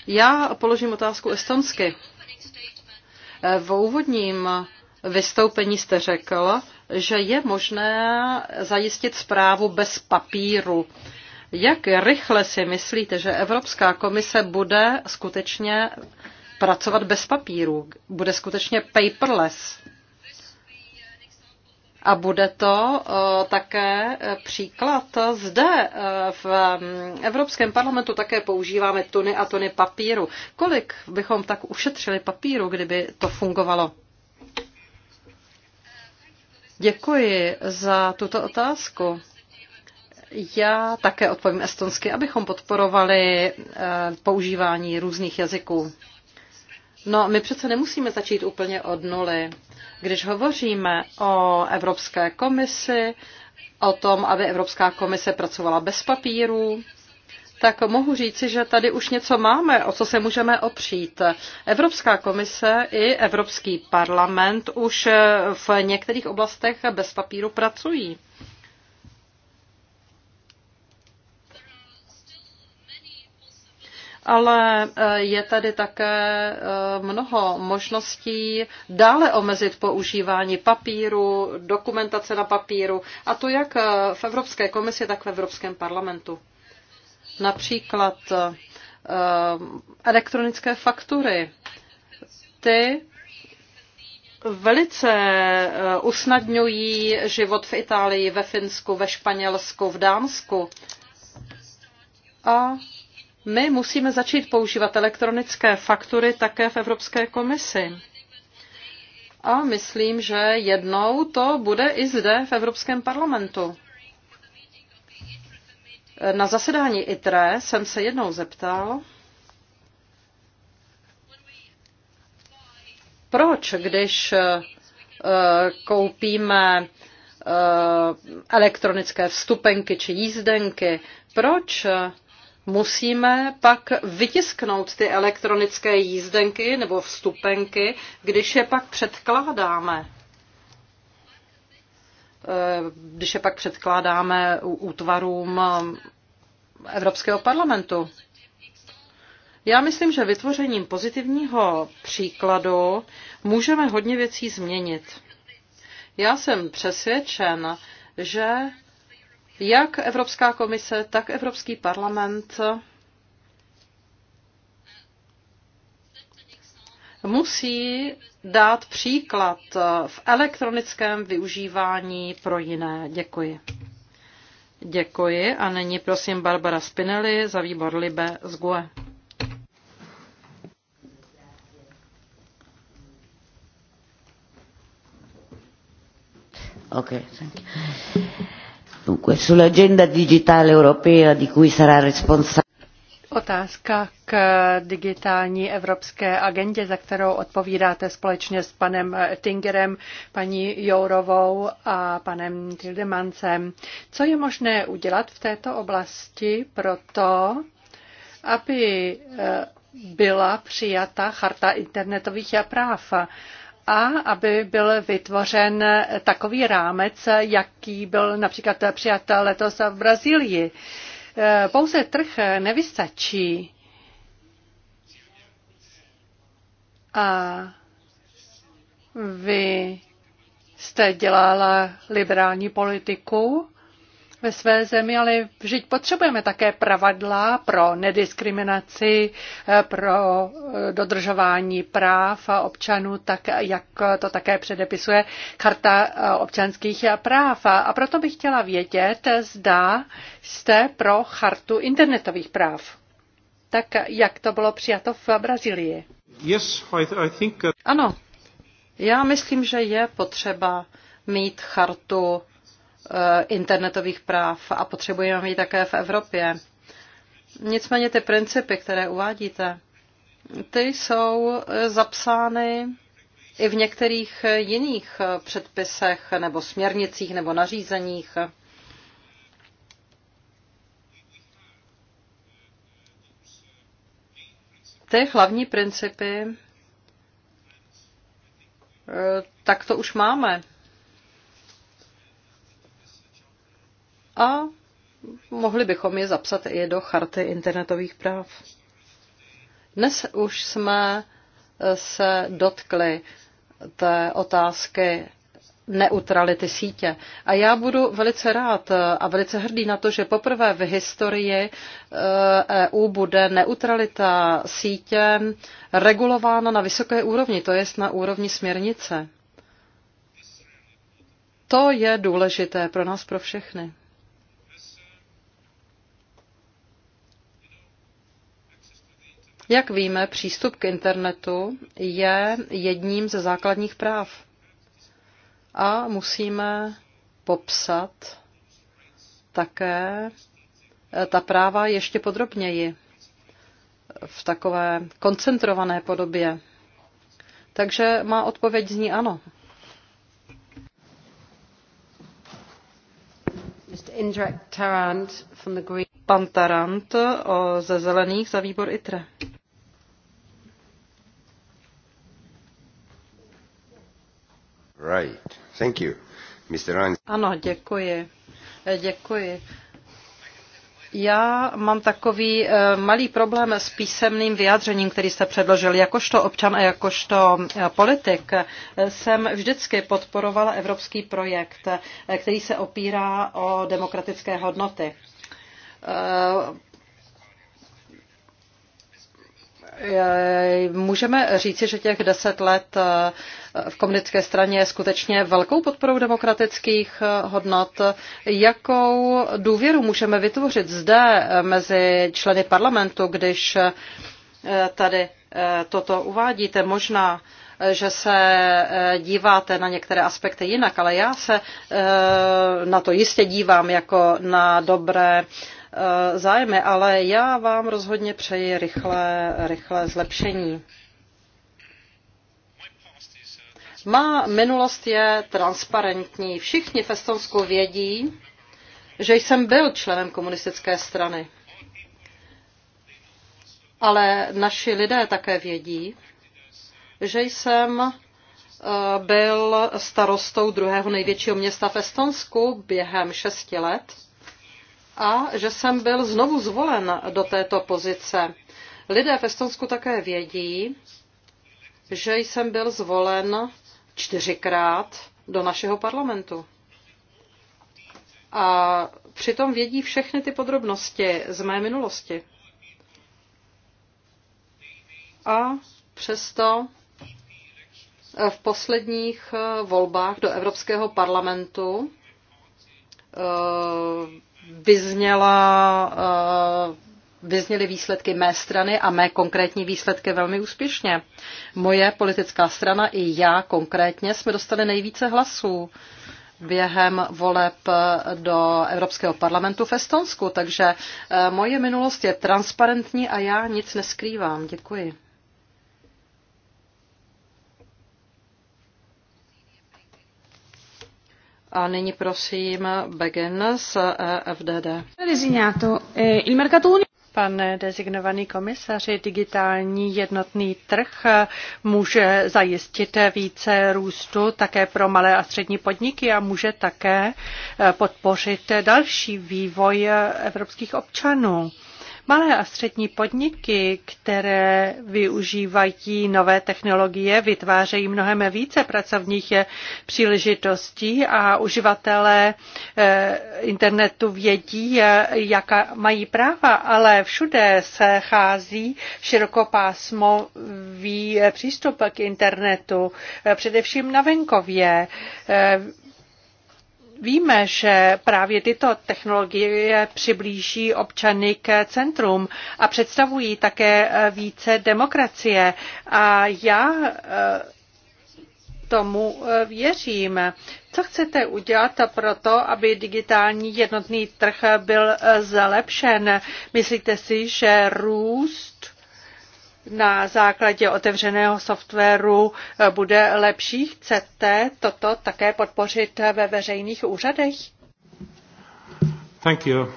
Já položím otázku estonsky. Eh, v úvodním vystoupení jste řekl, že je možné zajistit zprávu bez papíru. Jak rychle si myslíte, že Evropská komise bude skutečně pracovat bez papíru? Bude skutečně paperless? A bude to eh, také eh, příklad zde eh, v mm, Evropském parlamentu také používáme tuny a tuny papíru. Kolik bychom tak ušetřili papíru, kdyby to fungovalo? Děkuji za tuto otázku. Já také odpovím estonsky, abychom podporovali používání různých jazyků. No, my přece nemusíme začít úplně od nuly. Když hovoříme o Evropské komisi, o tom, aby Evropská komise pracovala bez papírů, tak mohu říci, že tady už něco máme, o co se můžeme opřít. Evropská komise i Evropský parlament už v některých oblastech bez papíru pracují. ale eh, je tady také eh, mnoho možností dále omezit používání papíru, dokumentace na papíru, a to jak eh, v Evropské komisi, tak v Evropském parlamentu. Například elektronické faktury. Ty velice usnadňují život v Itálii, ve Finsku, ve Španělsku, v Dánsku. A my musíme začít používat elektronické faktury také v Evropské komisi. A myslím, že jednou to bude i zde v Evropském parlamentu. Na zasedání ITRE jsem se jednou zeptal, proč, když eh, koupíme eh, elektronické vstupenky či jízdenky, proč eh, musíme pak vytisknout ty elektronické jízdenky nebo vstupenky, když je pak předkládáme. Eh, když je pak předkládáme útvarům eh, Evropského parlamentu. Já myslím, že vytvořením pozitivního příkladu můžeme hodně věcí změnit. Já jsem přesvědčen, že jak Evropská komise, tak Evropský parlament musí dát příklad v elektronickém využívání pro jiné. Děkuji. Děkuji a nyní prosím Barbara Spinelli za výbor Libe z GUE. Okay, thank you. Dunque, sull'agenda digitale europea di cui sarà responsabile. Otázka k digitální evropské agendě, za kterou odpovídáte společně s panem Tingerem, paní Jourovou a panem Tildemancem. Co je možné udělat v této oblasti pro to, aby eh, byla přijata charta internetových práv? a aby byl vytvořen takový rámec, jaký byl například přijat letos v Brazílii. Pouze trh nevystačí. A vy jste dělala liberální politiku ve své zemi, ale vždyť potřebujeme také pravidla pro nediskriminaci, eh, pro eh, dodržování práv občanů, tak jak to také předepisuje karta eh, občanských práv. A proto bych chtěla vědět, zda jste pro Chartu internetových práv, tak jak to bylo přijato v Brazílii. Yes, I, I think... Uh, ano, já myslím, že je potřeba mít chartu Eh, internetových práv a potřebujeme ji také v Evropě. Nicméně ty principy, které uvádíte, ty jsou eh, zapsány i v některých eh, jiných předpisech nebo směrnicích nebo nařízeních. Ty hlavní principy tak to už máme. a mohli bychom je zapsat i do charty internetových práv. Dnes už jsme eh, se dotkli té otázky neutrality sítě. A já budu velice rád eh, a velice hrdý na to, že poprvé v historii EU eh, e bude neutralita sítě regulována na vysoké úrovni, to jest na úrovni směrnice. To je důležité pro nás, pro všechny. Jak víme, přístup k internetu je jedním ze základních práv. A musíme popsat také eh, ta práva ještě podrobněji v takové koncentrované podobě. Takže má odpověď zní ano. Pan Tarant ze Zelených za výbor ITRE. Right. Thank you. Mr. Ano, děkuji. Děkuji. Já mám takový eh, malý problém s písemným vyjádřením, který jste předložil. Jakožto občan a jakožto eh, politik eh, jsem vždycky podporovala evropský projekt, který se opírá o demokratické hodnoty Eh, můžeme říci, že těch deset let eh, v komunistické straně je skutečně velkou podporou demokratických eh, hodnot. Jakou důvěru můžeme vytvořit zde mezi členy parlamentu, když tady toto uvádíte? Možná že se díváte na některé aspekty jinak, ale já se na to jistě dívám jako na dobré Eh, zájmy, ale já vám rozhodně přeji rychlé, rychlé zlepšení. Má minulost je transparentní. Všichni v Estonsku vědí, že jsem byl členem komunistické strany. Ale naši lidé také vědí, že jsem eh, byl starostou druhého největšího města v Estonsku během šesti let a že jsem byl znovu zvolen do této pozice. Lidé v Estonsku také vědí, že jsem byl zvolen čtyřikrát do našeho parlamentu. A přitom vědí všechny ty podrobnosti z mé minulosti. A přesto v posledních volbách do Evropského parlamentu eh, vyzněla eh, vyzněly výsledky mé strany a mé konkrétní výsledky velmi úspěšně. Moje politická strana i já konkrétně jsme dostali nejvíce hlasů během voleb eh, do Evropského parlamentu v Estonsku, takže eh, moje minulost je transparentní a já nic neskrývám. Děkuji. A nyní prosím Begin z eh, FDD. Eh, il Pane designovaný komisaři, digitální jednotný trh eh, může zajistit více růstu také pro malé a střední podniky a může také podpořit další vývoj evropských občanů. Malé a střední podniky, které využívají nové technologie, vytvářejí mnohem více pracovních příležitostí a uživatelé eh, internetu vědí, eh, jaká mají práva, ale všude se chází širokopásmový eh, přístup k internetu, především na venkově. Víme, že právě tyto technologie přiblíží občany k centrum a představují také eh, více demokracie. A já eh, tomu eh, věřím. Co chcete udělat pro to, aby digitální jednotný trh byl zlepšen? Myslíte si, že růst na základě otevřeného softwaru eh, bude lepší? Chcete toto také podpořit ve veřejných úřadech? Thank you.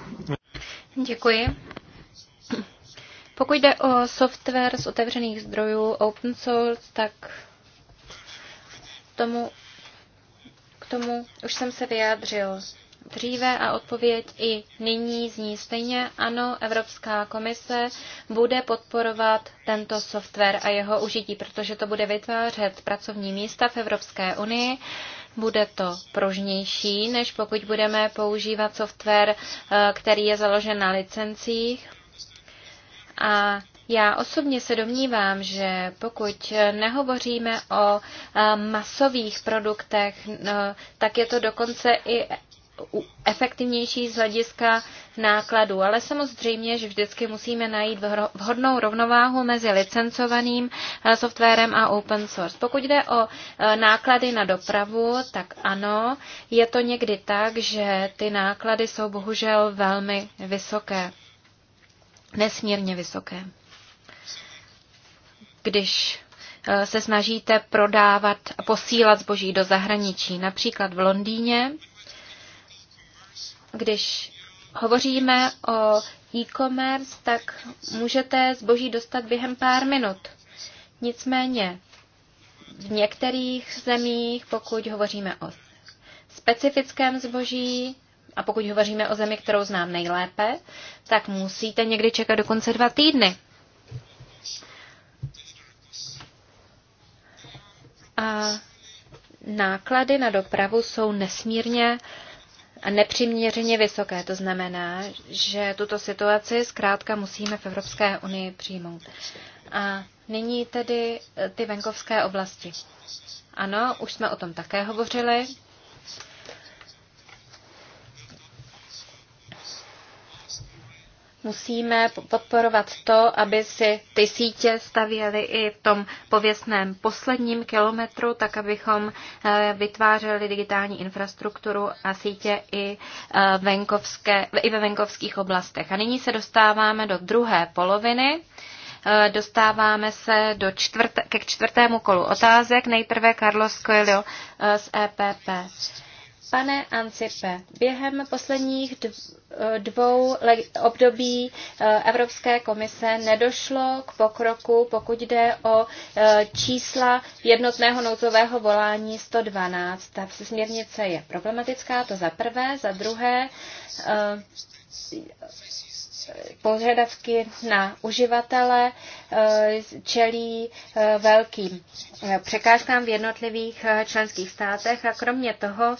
Děkuji. Pokud jde o software z otevřených zdrojů open source, tak tomu, k tomu už jsem se vyjádřil dříve a odpověď i nyní zní stejně. Ano, Evropská komise bude podporovat tento software a jeho užití, protože to bude vytvářet pracovní místa v Evropské unii. Bude to pružnější, než pokud budeme používat software, eh, který je založen na licencích. A já osobně se domnívám, že pokud nehovoříme o eh, masových produktech, eh, tak je to dokonce i efektivnější z hlediska nákladů. Ale samozřejmě, že vždycky musíme najít vhodnou rovnováhu mezi licencovaným eh, softwarem a open source. Pokud jde o eh, náklady na dopravu, tak ano, je to někdy tak, že ty náklady jsou bohužel velmi vysoké. Nesmírně vysoké. Když eh, se snažíte prodávat a posílat zboží do zahraničí. Například v Londýně když hovoříme o e-commerce, tak můžete zboží dostat během pár minut. Nicméně v některých zemích, pokud hovoříme o specifickém zboží, a pokud hovoříme o zemi, kterou znám nejlépe, tak musíte někdy čekat dokonce dva týdny. A náklady na dopravu jsou nesmírně uh, a nepřiměřeně vysoké. To znamená, že tuto situaci zkrátka musíme v Evropské unii přijmout. A nyní tedy eh, ty venkovské oblasti. Ano, už jsme o tom také hovořili. musíme podporovat to, aby si ty sítě stavěly i v tom pověstném posledním kilometru, tak abychom eh, vytvářeli digitální infrastrukturu a sítě i, eh, venkovské, i ve venkovských oblastech. A nyní se dostáváme do druhé poloviny. Eh, dostáváme se do čtvrt, ke čtvrtému kolu otázek. Nejprve Carlos Coelho z EPP. Pane Ancipe, během posledních eh, dvou období eh, Evropské komise nedošlo k pokroku, pokud jde o eh, čísla jednotného nouzového volání 112. Ta směrnice je problematická, to za prvé. Za druhé, požadavky na uživatele eh, čelí eh, velkým eh, překážkám v jednotlivých členských státech a kromě toho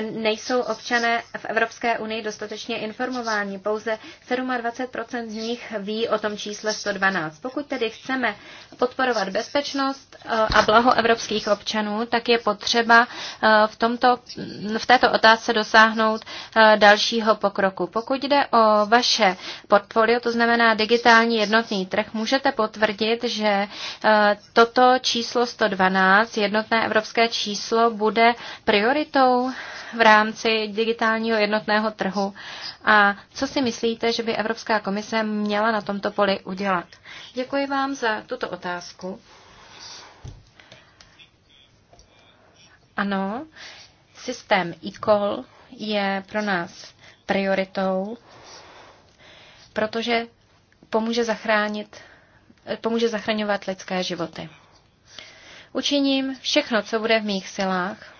nejsou občané v Evropské unii dostatečně informováni. Pouze 27 z nich ví o tom čísle 112. Pokud tedy chceme podporovat bezpečnost a blaho evropských občanů, tak je potřeba v, tomto, v této otázce dosáhnout dalšího pokroku. Pokud jde o vaše portfolio, to znamená digitální jednotný trh, můžete potvrdit, že eh, toto číslo 112, jednotné evropské číslo, bude prioritou v rámci digitálního jednotného trhu. A co si myslíte, že by Evropská komise měla na tomto poli udělat? Děkuji vám za tuto otázku. Ano, systém e je pro nás prioritou protože pomůže zachránit, pomůže zachraňovat lidské životy. Učiním všechno, co bude v mých silách,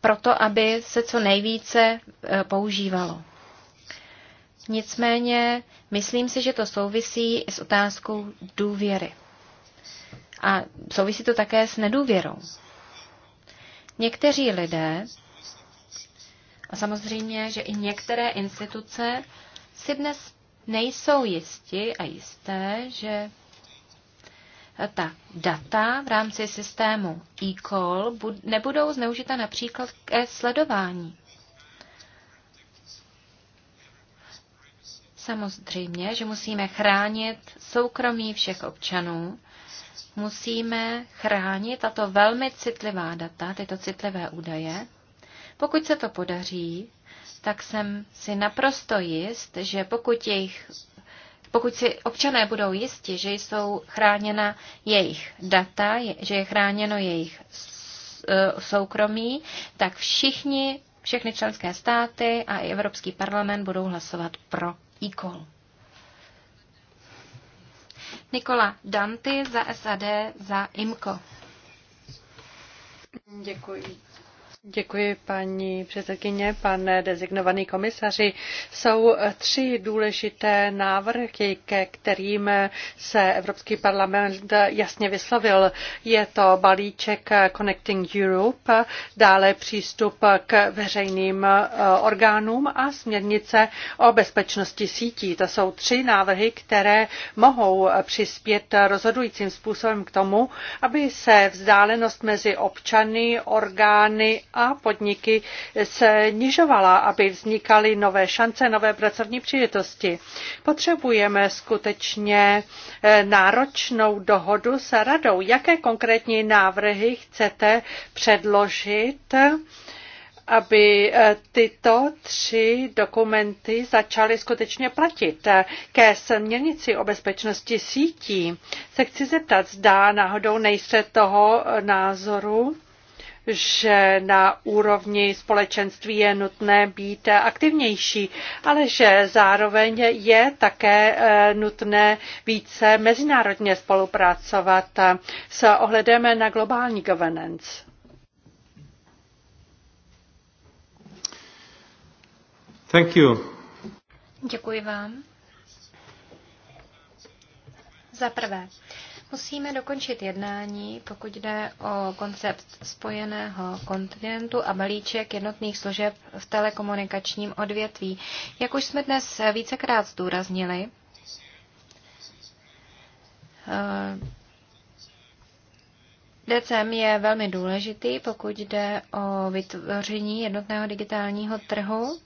proto, aby se co nejvíce e, používalo. Nicméně myslím si, že to souvisí s otázkou důvěry. A souvisí to také s nedůvěrou. Někteří lidé, a samozřejmě, že i některé instituce si dnes nejsou jisti a jisté, že ta data v rámci systému e-call nebudou zneužita například ke sledování. Samozřejmě, že musíme chránit soukromí všech občanů, musíme chránit tato velmi citlivá data, tyto citlivé údaje. Pokud se to podaří, tak jsem si naprosto jist, že pokud, jejich, pokud si občané budou jisti, že jsou chráněna jejich data, že je chráněno jejich e, soukromí, tak všichni, všechny členské státy a i Evropský parlament budou hlasovat pro e-call. Nikola Danty za SAD za IMCO. Děkuji. Děkuji, paní předsedkyně, pane dezignovaný komisaři. Jsou tři důležité návrhy, ke kterým se Evropský parlament jasně vyslovil. Je to balíček Connecting Europe, dále přístup k veřejným eh, orgánům a směrnice o bezpečnosti sítí. To jsou tři návrhy, které mohou přispět rozhodujícím způsobem k tomu, aby se vzdálenost mezi občany, orgány a podniky se nižovala, aby vznikaly nové šance, nové pracovní příležitosti. Potřebujeme skutečně eh, náročnou dohodu s radou. Jaké konkrétní návrhy chcete předložit? aby eh, tyto tři dokumenty začaly skutečně platit. Ke směrnici o bezpečnosti sítí se chci zeptat, zda náhodou nejste toho eh, názoru, že na úrovni společenství je nutné být aktivnější, ale že zároveň je také eh, nutné více mezinárodně spolupracovat s ohledem na globální governance. Thank you. Děkuji vám. Za prvé, Musíme dokončit jednání, pokud jde o koncept spojeného kontinentu a balíček jednotných služeb v telekomunikačním odvětví. Jak už jsme dnes vícekrát zdůraznili, eh, DCM je velmi důležitý, pokud jde o vytvoření jednotného digitálního trhu.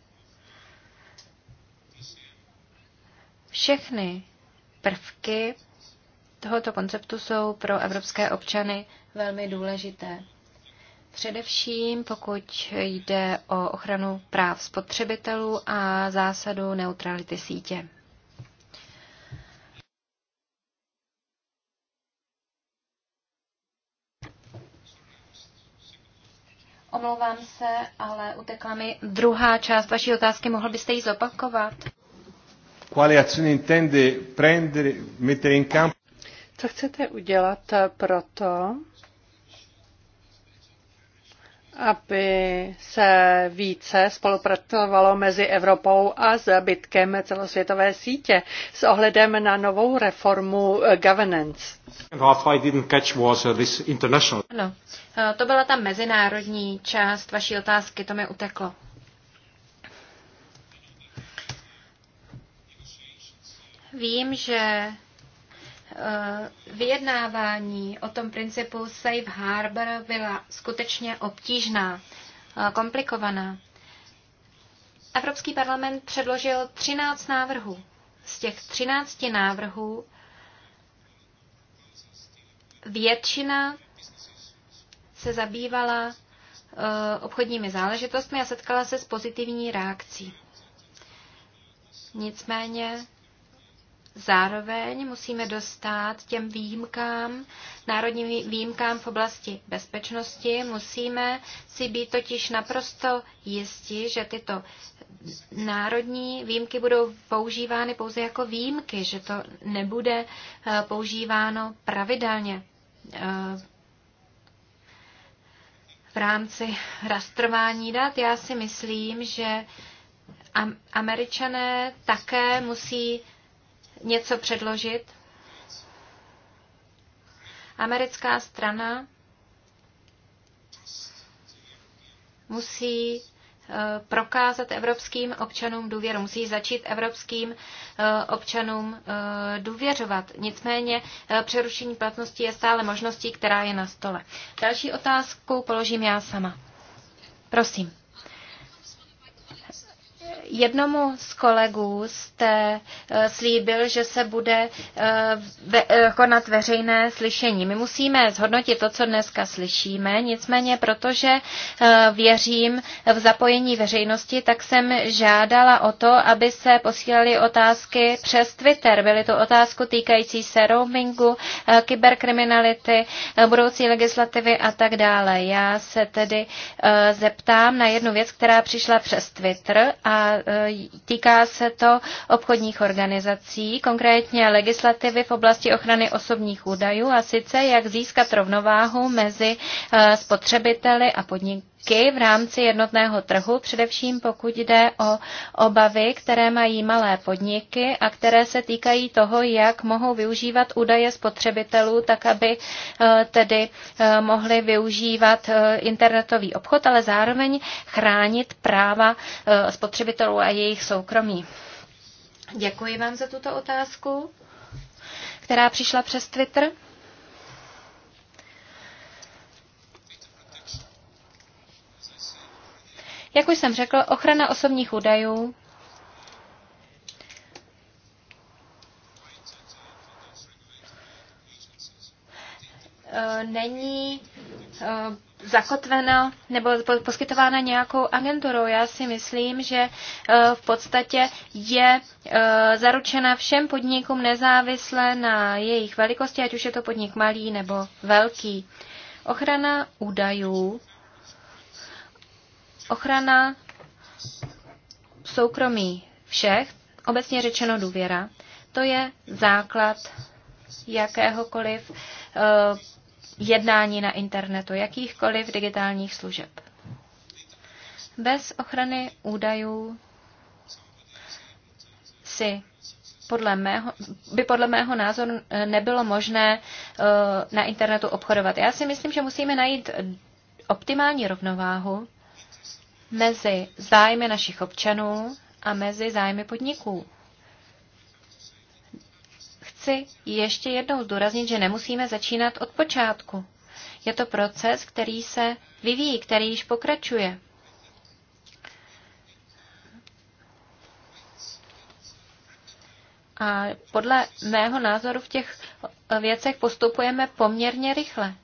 Všechny prvky tohoto konceptu jsou pro evropské občany velmi důležité. Především pokud jde o ochranu práv spotřebitelů a zásadu neutrality sítě. Omlouvám se, ale utekla mi druhá část vaší otázky. Mohl byste ji zopakovat? intende prendere, mettere in campo? Co chcete udělat pro to, aby se více spolupracovalo mezi Evropou a zbytkem celosvětové sítě s ohledem na novou reformu governance. Uh, ano, eh, to byla ta mezinárodní část vaší otázky, to mi uteklo. Vím, že Eh, vyjednávání o tom principu safe harbor byla skutečně obtížná, eh, komplikovaná. Evropský parlament předložil 13 návrhů. Z těch 13 návrhů většina se zabývala eh, obchodními záležitostmi a setkala se s pozitivní reakcí. Nicméně Zároveň musíme dostat těm výjimkám, národním výjimkám v oblasti bezpečnosti. Musíme si být totiž naprosto jisti, že tyto národní výjimky budou používány pouze jako výjimky, že to nebude eh, používáno pravidelně eh, v rámci (laughs) rastrování dat. Já si myslím, že Američané také musí něco předložit. Americká strana musí eh, prokázat evropským občanům důvěru. Musí začít evropským eh, občanům eh, důvěřovat. Nicméně přerušení platnosti je stále možností, která je na stole. Další otázku položím já sama. Prosím. Jednomu z kolegů jste eh, slíbil, že se bude eh, eh, konat veřejné slyšení. My musíme zhodnotit to, co dneska slyšíme, nicméně protože věřím v zapojení veřejnosti, tak jsem žádala o to, aby se posílaly otázky přes Twitter. Byly to otázky týkající se roamingu, kyberkriminality, budoucí legislativy a tak dále. Já se tedy zeptám na jednu věc, která přišla přes Twitter a E, týká se to obchodních organizací, konkrétně legislativy v oblasti ochrany osobních údajů a sice jak získat rovnováhu mezi e, spotřebiteli a podnikateli prvky v rámci jednotného trhu, především pokud jde o obavy, které mají malé podniky a které se týkají toho, jak mohou využívat údaje spotřebitelů, tak aby eh, tedy eh, mohli využívat eh, internetový obchod, ale zároveň chránit práva spotřebitelů a jejich soukromí. Děkuji vám za tuto otázku, která přišla přes Twitter. Jak už jsem řekl, ochrana osobních údajů eh, není eh, zakotvena nebo poskytována nějakou agenturou. Já si myslím, že eh, v podstatě je zaručena všem podnikům nezávisle na jejich velikosti, ať už je to podnik malý nebo velký. Ochrana údajů ochrana soukromí všech, obecně řečeno důvěra, to je základ jakéhokoliv eh, jednání na internetu, jakýchkoliv digitálních služeb. Bez ochrany údajů si podle mého, by podle mého názoru eh, nebylo možné eh, na internetu obchodovat. Já si myslím, že musíme najít optimální rovnováhu mezi zájmy našich občanů a mezi zájmy podniků. Chci ještě jednou zdůraznit, že nemusíme začínat od počátku. Je to proces, který se vyvíjí, který již pokračuje. A podle mého názoru v těch věcech postupujeme poměrně rychle.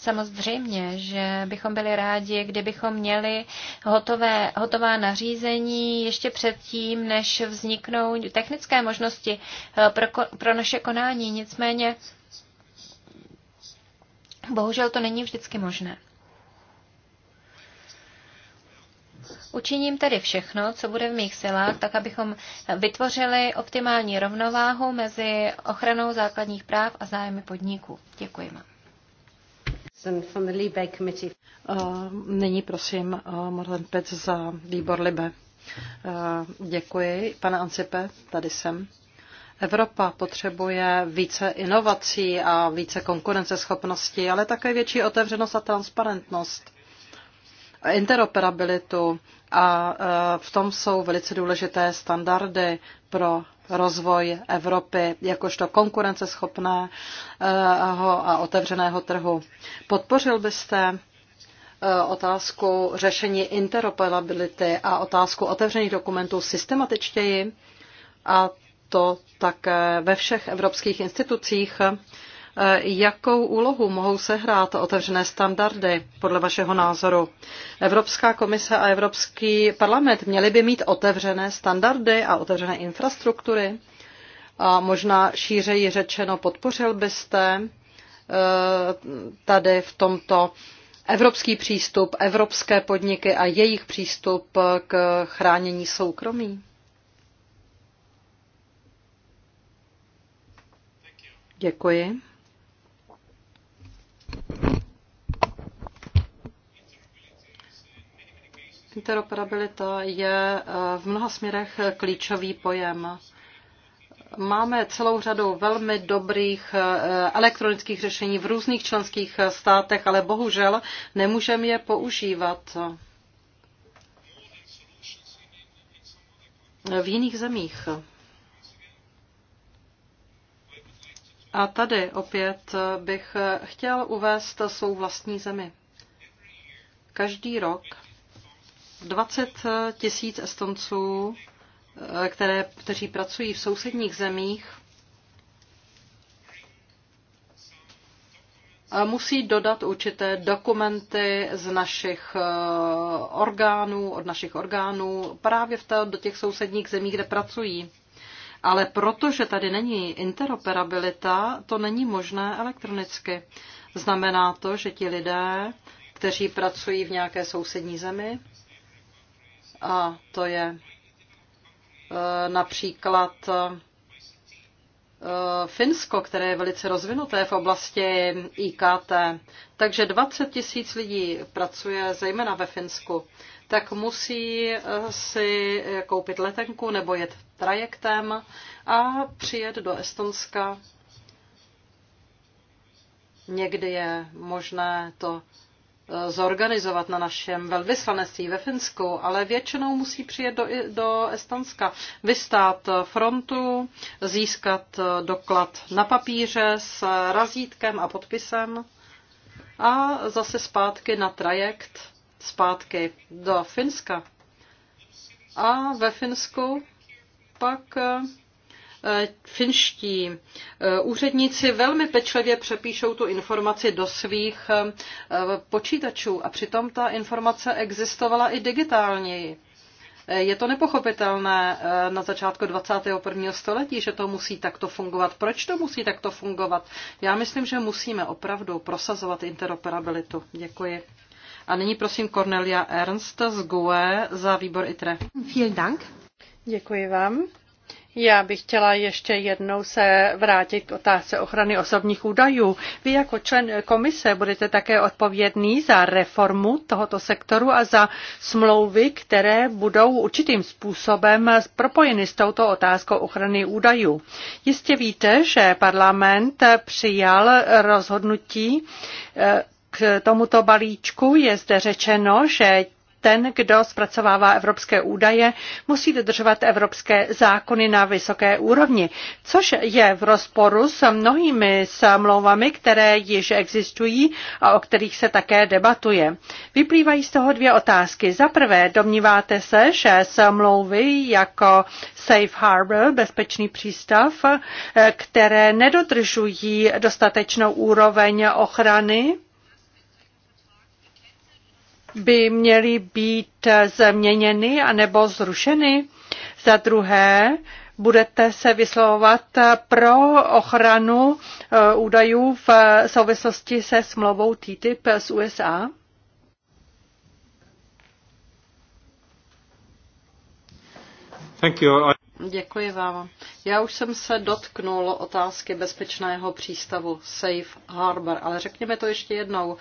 Samozřejmě, že bychom byli rádi, kdybychom měli hotové, hotová nařízení ještě předtím, než vzniknou technické možnosti eh, pro, pro naše konání. Nicméně, bohužel to není vždycky možné. Učiním tedy všechno, co bude v mých silách, tak abychom vytvořili optimální rovnováhu mezi ochranou základních práv a zájmy podniků. Děkuji vám. From the Libe committee. Eh, nyní prosím uh, Marlen Pec za výbor Libe. Uh, Děkuji, pane Ancipe, tady jsem. Evropa potřebuje více inovací a více konkurenceschopnosti, ale také větší otevřenost a transparentnost, interoperabilitu a v tom jsou velice důležité standardy pro rozvoj Evropy jakožto konkurenceschopného eh, a otevřeného trhu. Podpořil byste eh, otázku řešení interoperability a otázku otevřených dokumentů systematičtěji a to také ve všech evropských institucích E, jakou úlohu mohou sehrát otevřené standardy podle vašeho názoru? Evropská komise a Evropský parlament měly by mít otevřené standardy a otevřené infrastruktury? A možná šířeji řečeno, podpořil byste e, tady v tomto evropský přístup, evropské podniky a jejich přístup k chránění soukromí? Děkuji. Interoperabilita je eh, v mnoha směrech klíčový pojem. Máme celou řadu velmi dobrých eh, elektronických řešení v různých členských eh, státech, ale bohužel nemůžeme je používat v jiných zemích. A tady opět bych chtěl uvést svou vlastní zemi. Každý rok 20 tisíc Estonců, které, kteří pracují v sousedních zemích, musí dodat určité dokumenty z našich eh, orgánů, od našich orgánů právě v té, do těch sousedních zemí, kde pracují. Ale protože tady není interoperabilita, to není možné elektronicky. Znamená to, že ti lidé, kteří pracují v nějaké sousední zemi, a to je e, například Eh, Finsko, které je velice rozvinuté v oblasti IKT, takže 20 tisíc lidí pracuje zejména ve Finsku, tak musí eh, si koupit letenku nebo jet trajektem a přijet do Estonska. Někdy je možné to Eh, zorganizovat na našem velvyslanectví ve Finsku, ale většinou musí přijet do, do Estonska, vystát eh, frontu, získat eh, doklad na papíře s razítkem a podpisem a zase zpátky na trajekt, zpátky do Finska. A ve Finsku pak E, finští e, úředníci velmi pečlivě přepíšou tu informaci do svých e, počítačů a přitom ta informace existovala i digitálněji. Je to nepochopitelné na začátku 21. století, že to musí takto fungovat. Proč to musí takto fungovat? Já myslím, že musíme opravdu prosazovat interoperabilitu. Děkuji. A nyní prosím Cornelia Ernst z GUE za výbor ITRE. Vielen Dank. Děkuji vám. Já bych chtěla ještě jednou se vrátit k otázce ochrany osobních údajů. Vy jako člen komise budete také odpovědný za reformu tohoto sektoru a za smlouvy, které budou určitým způsobem propojeny s touto otázkou ochrany údajů. Jistě víte, že parlament přijal rozhodnutí eh, k tomuto balíčku je zde řečeno, že ten, kdo zpracovává evropské údaje, musí dodržovat evropské zákony na vysoké úrovni, což je v rozporu s mnohými smlouvami, které již existují a o kterých se také debatuje. Vyplývají z toho dvě otázky. Za prvé, domníváte se, že smlouvy jako Safe Harbor, bezpečný přístav, eh, které nedodržují dostatečnou úroveň ochrany, by měly být změněny anebo zrušeny. Za druhé, budete se vyslovovat pro ochranu eh, údajů v souvislosti se smlouvou TTIP z USA? Thank you. Děkuji vám. Já už jsem se dotknul otázky bezpečného přístavu Safe Harbor, ale řekněme to ještě jednou.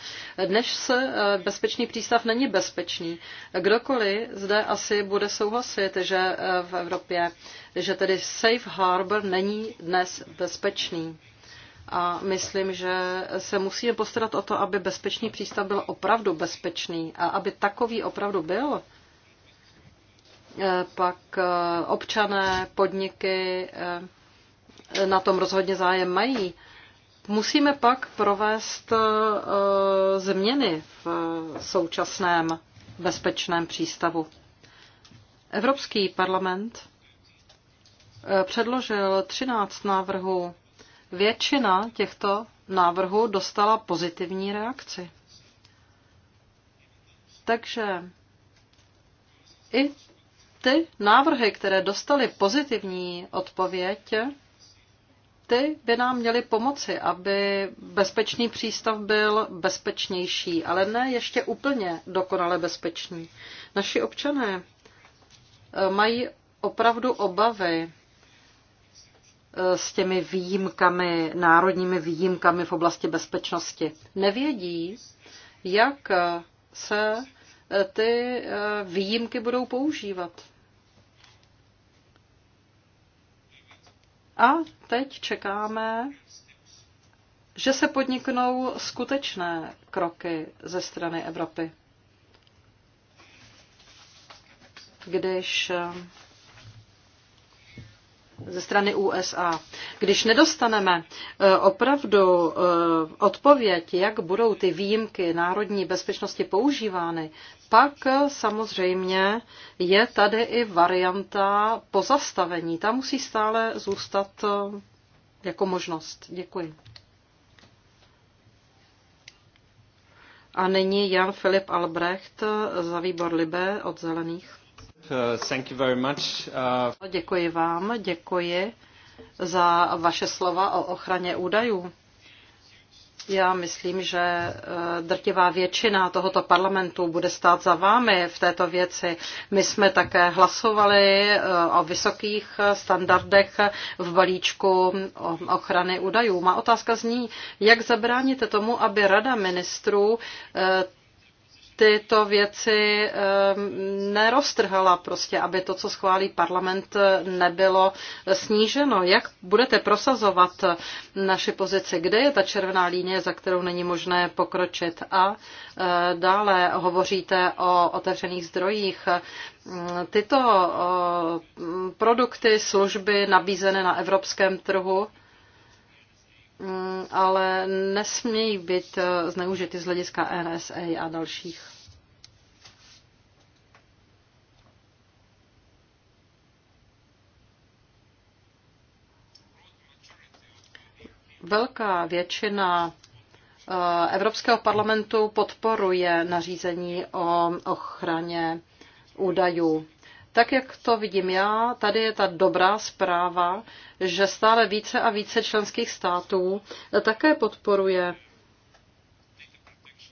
Dnes se eh, bezpečný přístav není bezpečný. Kdokoliv zde asi bude souhlasit, že eh, v Evropě, že tedy Safe Harbor není dnes bezpečný. A myslím, že se musíme postarat o to, aby bezpečný přístav byl opravdu bezpečný a aby takový opravdu byl Eh, pak eh, občané, podniky eh, na tom rozhodně zájem mají. Musíme pak provést změny v současném bezpečném přístavu. Evropský parlament předložil 13 návrhů. Většina těchto návrhů dostala pozitivní reakci. Takže i ty návrhy, které dostaly pozitivní odpověď, ty by nám měly pomoci, aby bezpečný přístav byl bezpečnější, ale ne ještě úplně dokonale bezpečný. Naši občané eh, mají opravdu obavy eh, s těmi výjimkami, národními výjimkami v oblasti bezpečnosti. Nevědí, jak se eh, ty výjimky budou používat. A teď čekáme, že se podniknou skutečné kroky ze strany Evropy. Když eh, ze strany USA. Když nedostaneme eh, opravdu eh, odpověď, jak budou ty výjimky národní bezpečnosti používány, pak eh, samozřejmě je tady i varianta pozastavení. Ta musí stále zůstat jako možnost. Děkuji. A nyní Jan Filip Albrecht za výbor Libe od Zelených. Uh, thank you very much. Uh, no, děkuji vám, děkuji za vaše slova o ochraně údajů. Já myslím, že eh, drtivá většina tohoto parlamentu bude stát za vámi v této věci. My jsme také hlasovali eh, o vysokých standardech v balíčku ochrany údajů. Má otázka zní, jak zabráníte tomu, aby Rada ministrů eh, tyto věci ehm, neroztrhala prostě, aby to, co schválí parlament, nebylo sníženo. Jak budete prosazovat naši pozici? Kde je ta červená linie, za kterou není možné pokročit? A eh, dále hovoříte o otevřených zdrojích. Mm, tyto eh, produkty, služby nabízené na evropském trhu, Mm, ale nesmějí být eh, zneužity z hlediska NSA a dalších. Velká většina eh, Evropského parlamentu podporuje nařízení o ochraně údajů. Tak jak to vidím já, tady je ta dobrá zpráva, že stále více a více členských států také podporuje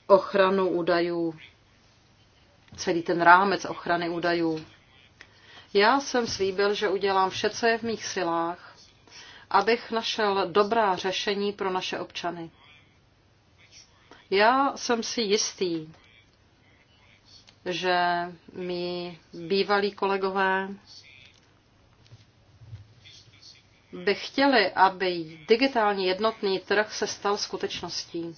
ochranu údajů, celý ten rámec ochrany údajů. Já jsem slíbil, že udělám vše, co je v mých silách, abych našel dobrá řešení pro naše občany. Já jsem si jistý, že mi bývalí kolegové by chtěli, aby digitální jednotný trh se stal skutečností.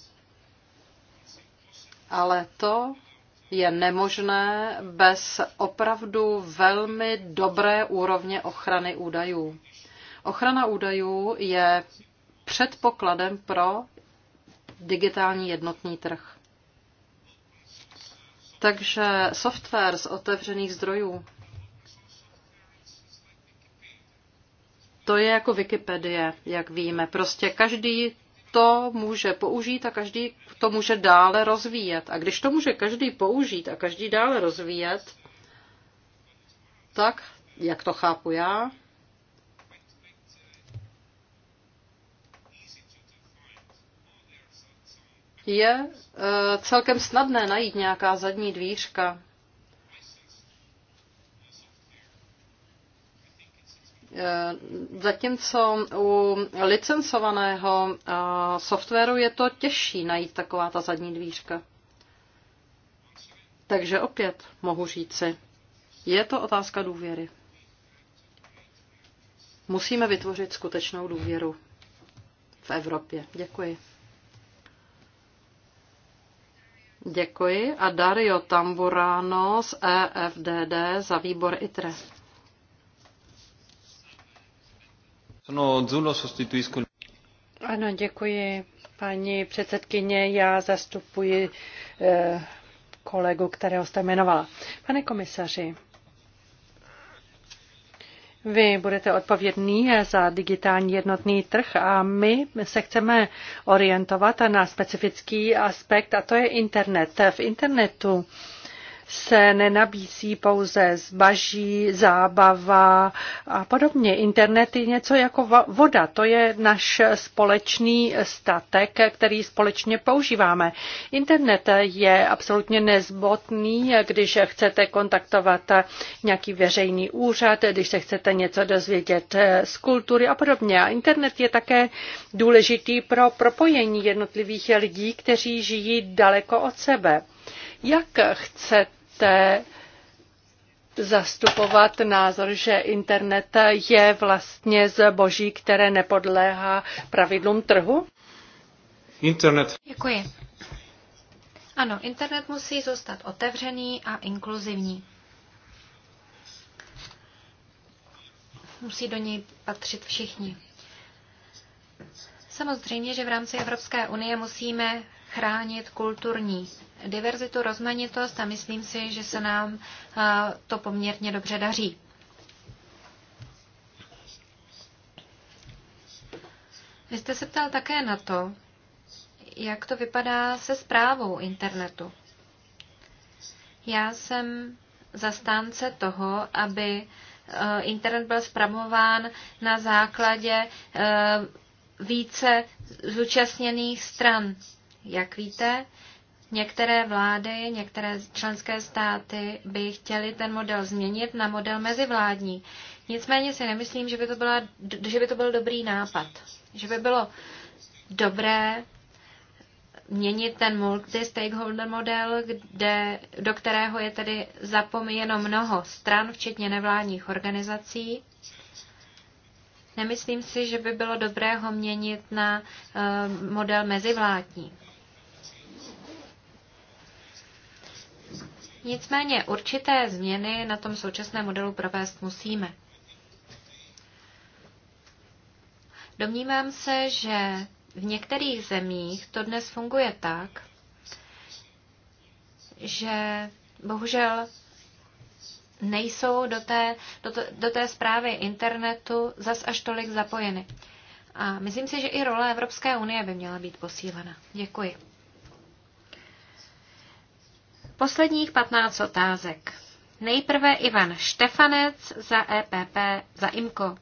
Ale to je nemožné bez opravdu velmi dobré úrovně ochrany údajů. Ochrana údajů je předpokladem pro digitální jednotný trh. Takže software z otevřených zdrojů. To je jako Wikipedie, jak víme. Prostě každý to může použít a každý to může dále rozvíjet. A když to může každý použít a každý dále rozvíjet, tak, jak to chápu já, je eh, celkem snadné najít nějaká zadní dvířka. Eh, zatímco u licencovaného eh, softwaru je to těžší najít taková ta zadní dvířka. Takže opět mohu říci, je to otázka důvěry. Musíme vytvořit skutečnou důvěru v Evropě. Děkuji. Děkuji. A Dario Tamburano z EFDD za výbor ITRE. Ano, děkuji, paní předsedkyně. Já zastupuji eh, kolegu, kterého jste jmenovala. Pane komisaři, vy budete odpovědný za digitální jednotný trh a my se chceme orientovat na specifický aspekt a to je internet. V internetu se nenabízí pouze zbaží, zábava a podobně. Internet je něco jako voda, to je náš společný statek, který společně používáme. Internet je absolutně nezbotný, když chcete kontaktovat nějaký veřejný úřad, když se chcete něco dozvědět z kultury a podobně. A internet je také důležitý pro propojení jednotlivých lidí, kteří žijí daleko od sebe. Jak chcete budete zastupovat názor, že internet je vlastně zboží, které nepodléhá pravidlům trhu? Internet. Děkuji. Ano, internet musí zůstat otevřený a inkluzivní. Musí do něj patřit všichni. Samozřejmě, že v rámci Evropské unie musíme chránit kulturní diverzitu, rozmanitost a myslím si, že se nám to poměrně dobře daří. Vy jste se ptal také na to, jak to vypadá se zprávou internetu. Já jsem zastánce toho, aby e, internet byl zpravován na základě e, více zúčastněných stran. Jak víte, některé vlády, některé členské státy by chtěly ten model změnit na model mezivládní. Nicméně si nemyslím, že by to, byla, že by to byl dobrý nápad. Že by bylo dobré měnit ten multi-stakeholder model, kde, do kterého je tedy zapomíjeno mnoho stran, včetně nevládních organizací. Nemyslím si, že by bylo dobré ho měnit na eh, model mezivládní. Nicméně určité změny na tom současném modelu provést musíme. Domnívám se, že v některých zemích to dnes funguje tak, že bohužel nejsou do té, do, to, do té zprávy internetu zas až tolik zapojeny. A myslím si, že i role Evropské unie by měla být posílena. Děkuji. Posledních 15 otázek. Nejprve Ivan Štefanec za EPP, za IMKO.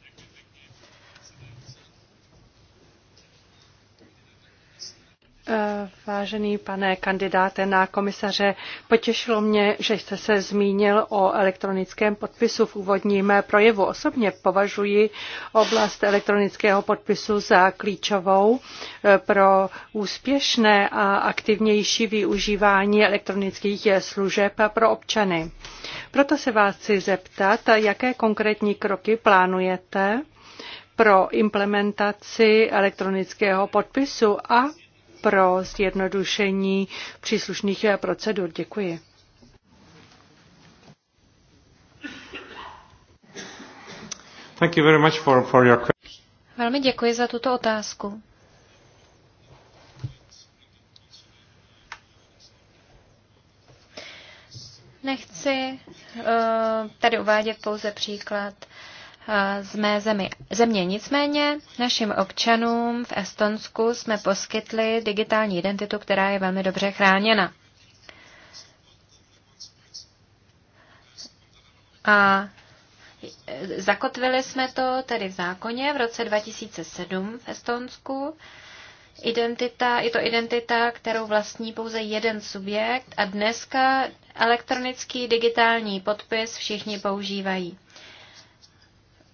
Vážený pane kandidáte na komisaře, potěšilo mě, že jste se zmínil o elektronickém podpisu v úvodním projevu. Osobně považuji oblast elektronického podpisu za klíčovou eh, pro úspěšné a aktivnější využívání elektronických služeb pro občany. Proto se vás chci zeptat, jaké konkrétní kroky plánujete pro implementaci elektronického podpisu a pro zjednodušení příslušných eh, procedur. Děkuji. Thank you very much for, for your Velmi děkuji za tuto otázku. Nechci uh, tady uvádět pouze příklad uh, z mé zemi, země. Nicméně našim občanům v Estonsku jsme poskytli digitální identitu, která je velmi dobře chráněna. A zakotvili jsme to tedy v zákoně v roce 2007 v Estonsku. Identita, je to identita, kterou vlastní pouze jeden subjekt a dneska elektronický digitální podpis všichni používají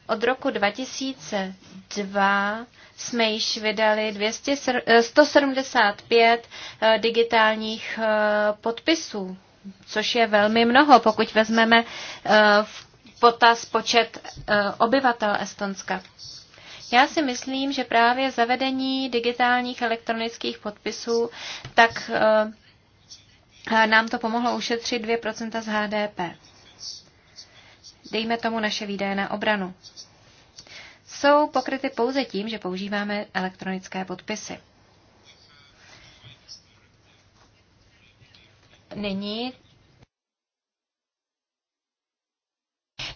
od roku 2002 jsme již vydali 200, 175 eh, eh, digitálních eh, podpisů, což je velmi mnoho, pokud vezmeme v potaz počet obyvatel Estonska. Já si myslím, že právě zavedení digitálních elektronických podpisů, tak nám to pomohlo ušetřit 2% z HDP dejme tomu naše výdaje na obranu, jsou pokryty pouze tím, že používáme elektronické podpisy. Nyní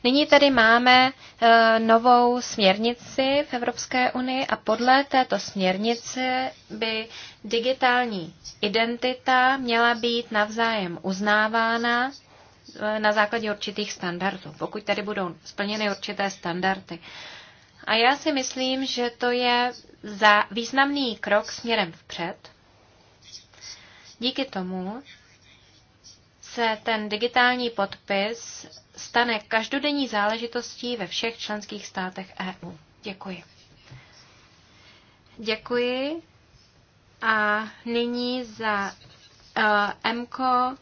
Nyní tady máme eh, novou směrnici v Evropské unii a podle této směrnice by digitální identita měla být navzájem uznávána Eh, na základě určitých standardů, pokud tady budou splněny určité standardy. A já si myslím, že to je za významný krok směrem vpřed. Díky tomu se ten digitální podpis stane každodenní záležitostí ve všech členských státech EU. Děkuji. Děkuji. A nyní za uh, eh, MKO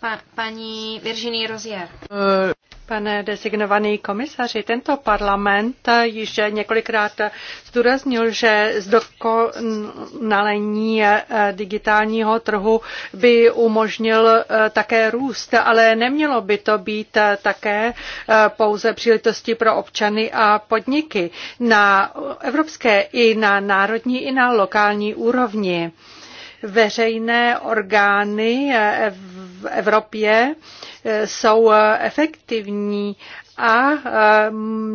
Pa, paní Virginie Rozier. Pane designovaný komisaři, tento parlament již několikrát zdůraznil, že zdokonalení digitálního trhu by umožnil eh, také růst, ale nemělo by to být eh, také eh, pouze příležitosti pro občany a podniky na evropské i na národní i na lokální úrovni veřejné orgány v Evropě jsou efektivní a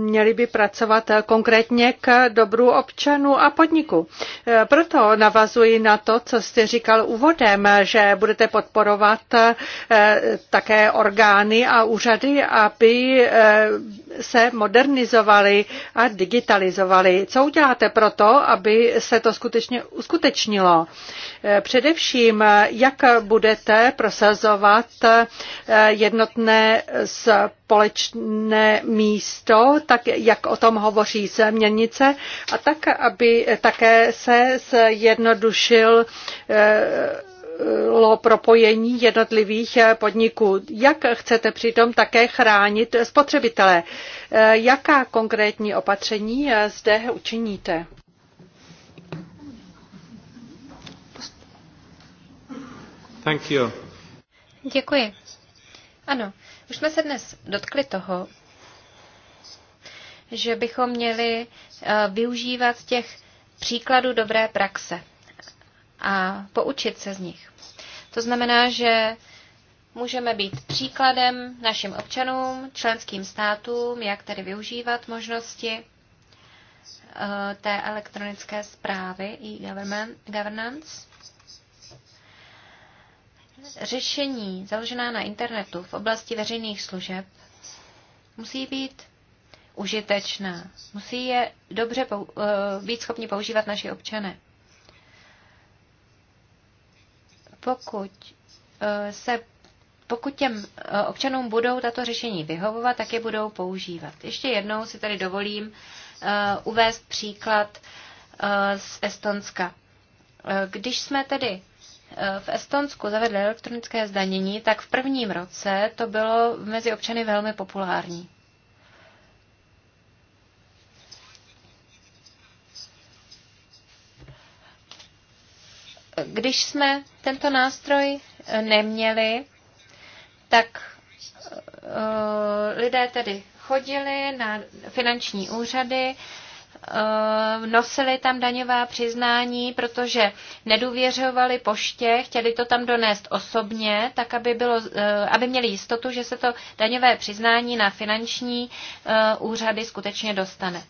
měli by pracovat konkrétně k dobru občanů a podniku. E, proto navazuji na to, co jste říkal úvodem, že budete podporovat e, také orgány a úřady, aby e, se modernizovali a digitalizovali. Co uděláte proto, aby se to skutečně uskutečnilo? Především, jak budete prosazovat jednotné společné volné místo, tak jak o tom hovoří směrnice, a tak, aby také se zjednodušil eh, lo propojení jednotlivých podniků. Jak chcete přitom také chránit spotřebitele? Eh, jaká konkrétní opatření eh, zde učiníte? Thank you. Děkuji. Ano, už jsme se dnes dotkli toho, že bychom měli eh, využívat těch příkladů dobré praxe a poučit se z nich. To znamená, že můžeme být příkladem našim občanům, členským státům, jak tedy využívat možnosti eh, té elektronické zprávy i governance. Řešení založená na internetu v oblasti veřejných služeb musí být užitečná. Musí je dobře pou, eh, být schopni používat naši občané. Pokud eh, se pokud těm eh, občanům budou tato řešení vyhovovat, tak je budou používat. Ještě jednou si tady dovolím uvést příklad z Estonska. Když jsme tedy v Estonsku zavedli elektronické zdanění, tak v prvním roce to bylo mezi občany velmi populární. Když jsme tento nástroj eh, neměli, tak eh, lidé tedy chodili na finanční úřady, eh, nosili tam daňová přiznání, protože nedůvěřovali poště, chtěli to tam donést osobně, tak aby, bylo, aby měli jistotu, že se to daňové přiznání na finanční úřady skutečně dostane.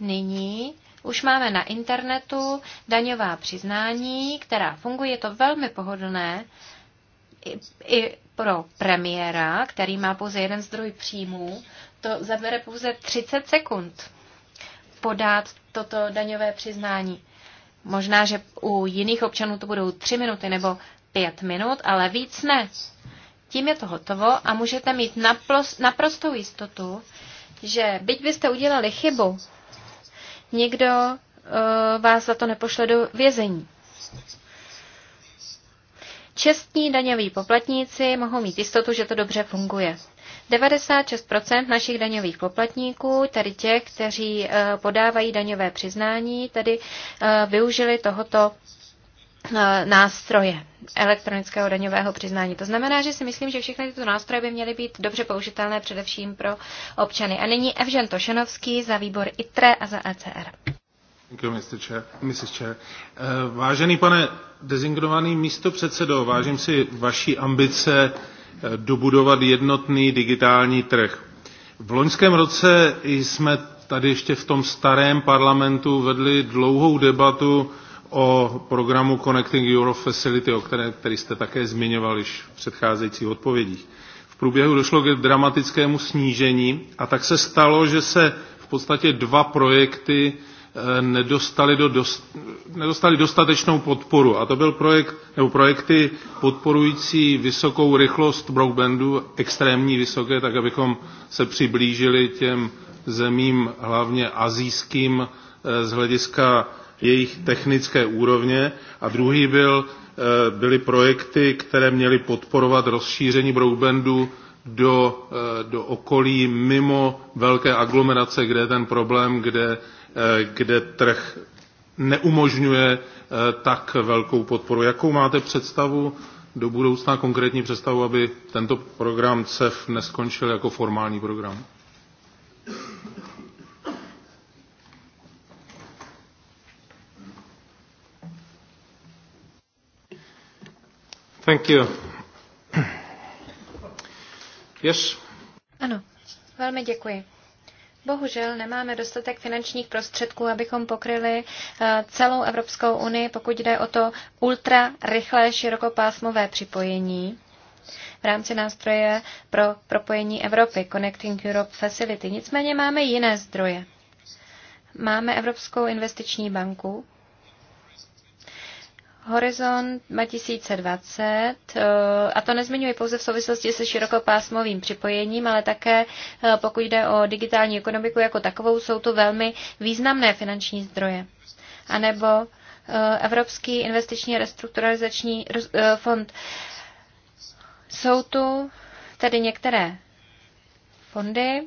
Nyní už máme na internetu daňová přiznání, která funguje, je to velmi pohodlné i, i pro premiéra, který má pouze jeden zdroj příjmů, to zabere pouze 30 sekund podat toto daňové přiznání. Možná, že u jiných občanů to budou 3 minuty nebo 5 minut, ale víc ne. Tím je to hotovo a můžete mít naprostou jistotu, že byť byste udělali chybu nikdo eh, vás za to nepošle do vězení. Čestní daňoví poplatníci mohou mít jistotu, že to dobře funguje. 96 našich daňových poplatníků, tedy těch, kteří eh, podávají daňové přiznání, tedy eh, využili tohoto Eh, nástroje elektronického daňového přiznání. To znamená, že si myslím, že všechny tyto nástroje by měly být dobře použitelné především pro občany. A nyní Evžen Tošenovský za výbor ITRE a za ECR. Eh, vážený pane dezignovaný místo předsedo, vážím si vaší ambice eh, dobudovat jednotný digitální trh. V loňském roce jsme tady ještě v tom starém parlamentu vedli dlouhou debatu o programu Connecting Europe Facility, o které, který jste také zmiňoval již v předcházejících odpovědích. V průběhu došlo k dramatickému snížení a tak se stalo, že se v podstatě dva projekty eh, nedostali, do dost, nedostali dostatečnou podporu. A to byl projekt, nebo projekty podporující vysokou rychlost broadbandu, extrémní vysoké, tak abychom se přiblížili těm zemím, hlavně azijským, eh, z hlediska jejich technické úrovně a druhý byl, eh, byly projekty, které měly podporovat rozšíření broadbandu do, eh, do okolí mimo velké aglomerace, kde je ten problém, kde, eh, kde trh neumožňuje tak velkou podporu. Jakou máte představu do budoucna, konkrétní představu, aby tento program CEF neskončil jako formální program? Ano, velmi děkuji. Bohužel nemáme dostatek finančních prostředků, abychom pokryli eh, celou Evropskou unii, pokud jde o to ultra rychlé širokopásmové připojení v rámci nástroje pro propojení Evropy, Connecting Europe Facility. Nicméně máme jiné zdroje. Máme Evropskou investiční banku, Horizont 2020, eh, a to nezmiňuji pouze v souvislosti se širokopásmovým připojením, ale také eh, pokud jde o digitální ekonomiku jako takovou, jsou to velmi významné finanční zdroje. A nebo eh, Evropský investiční restrukturalizační fond. Jsou tu tedy některé fondy,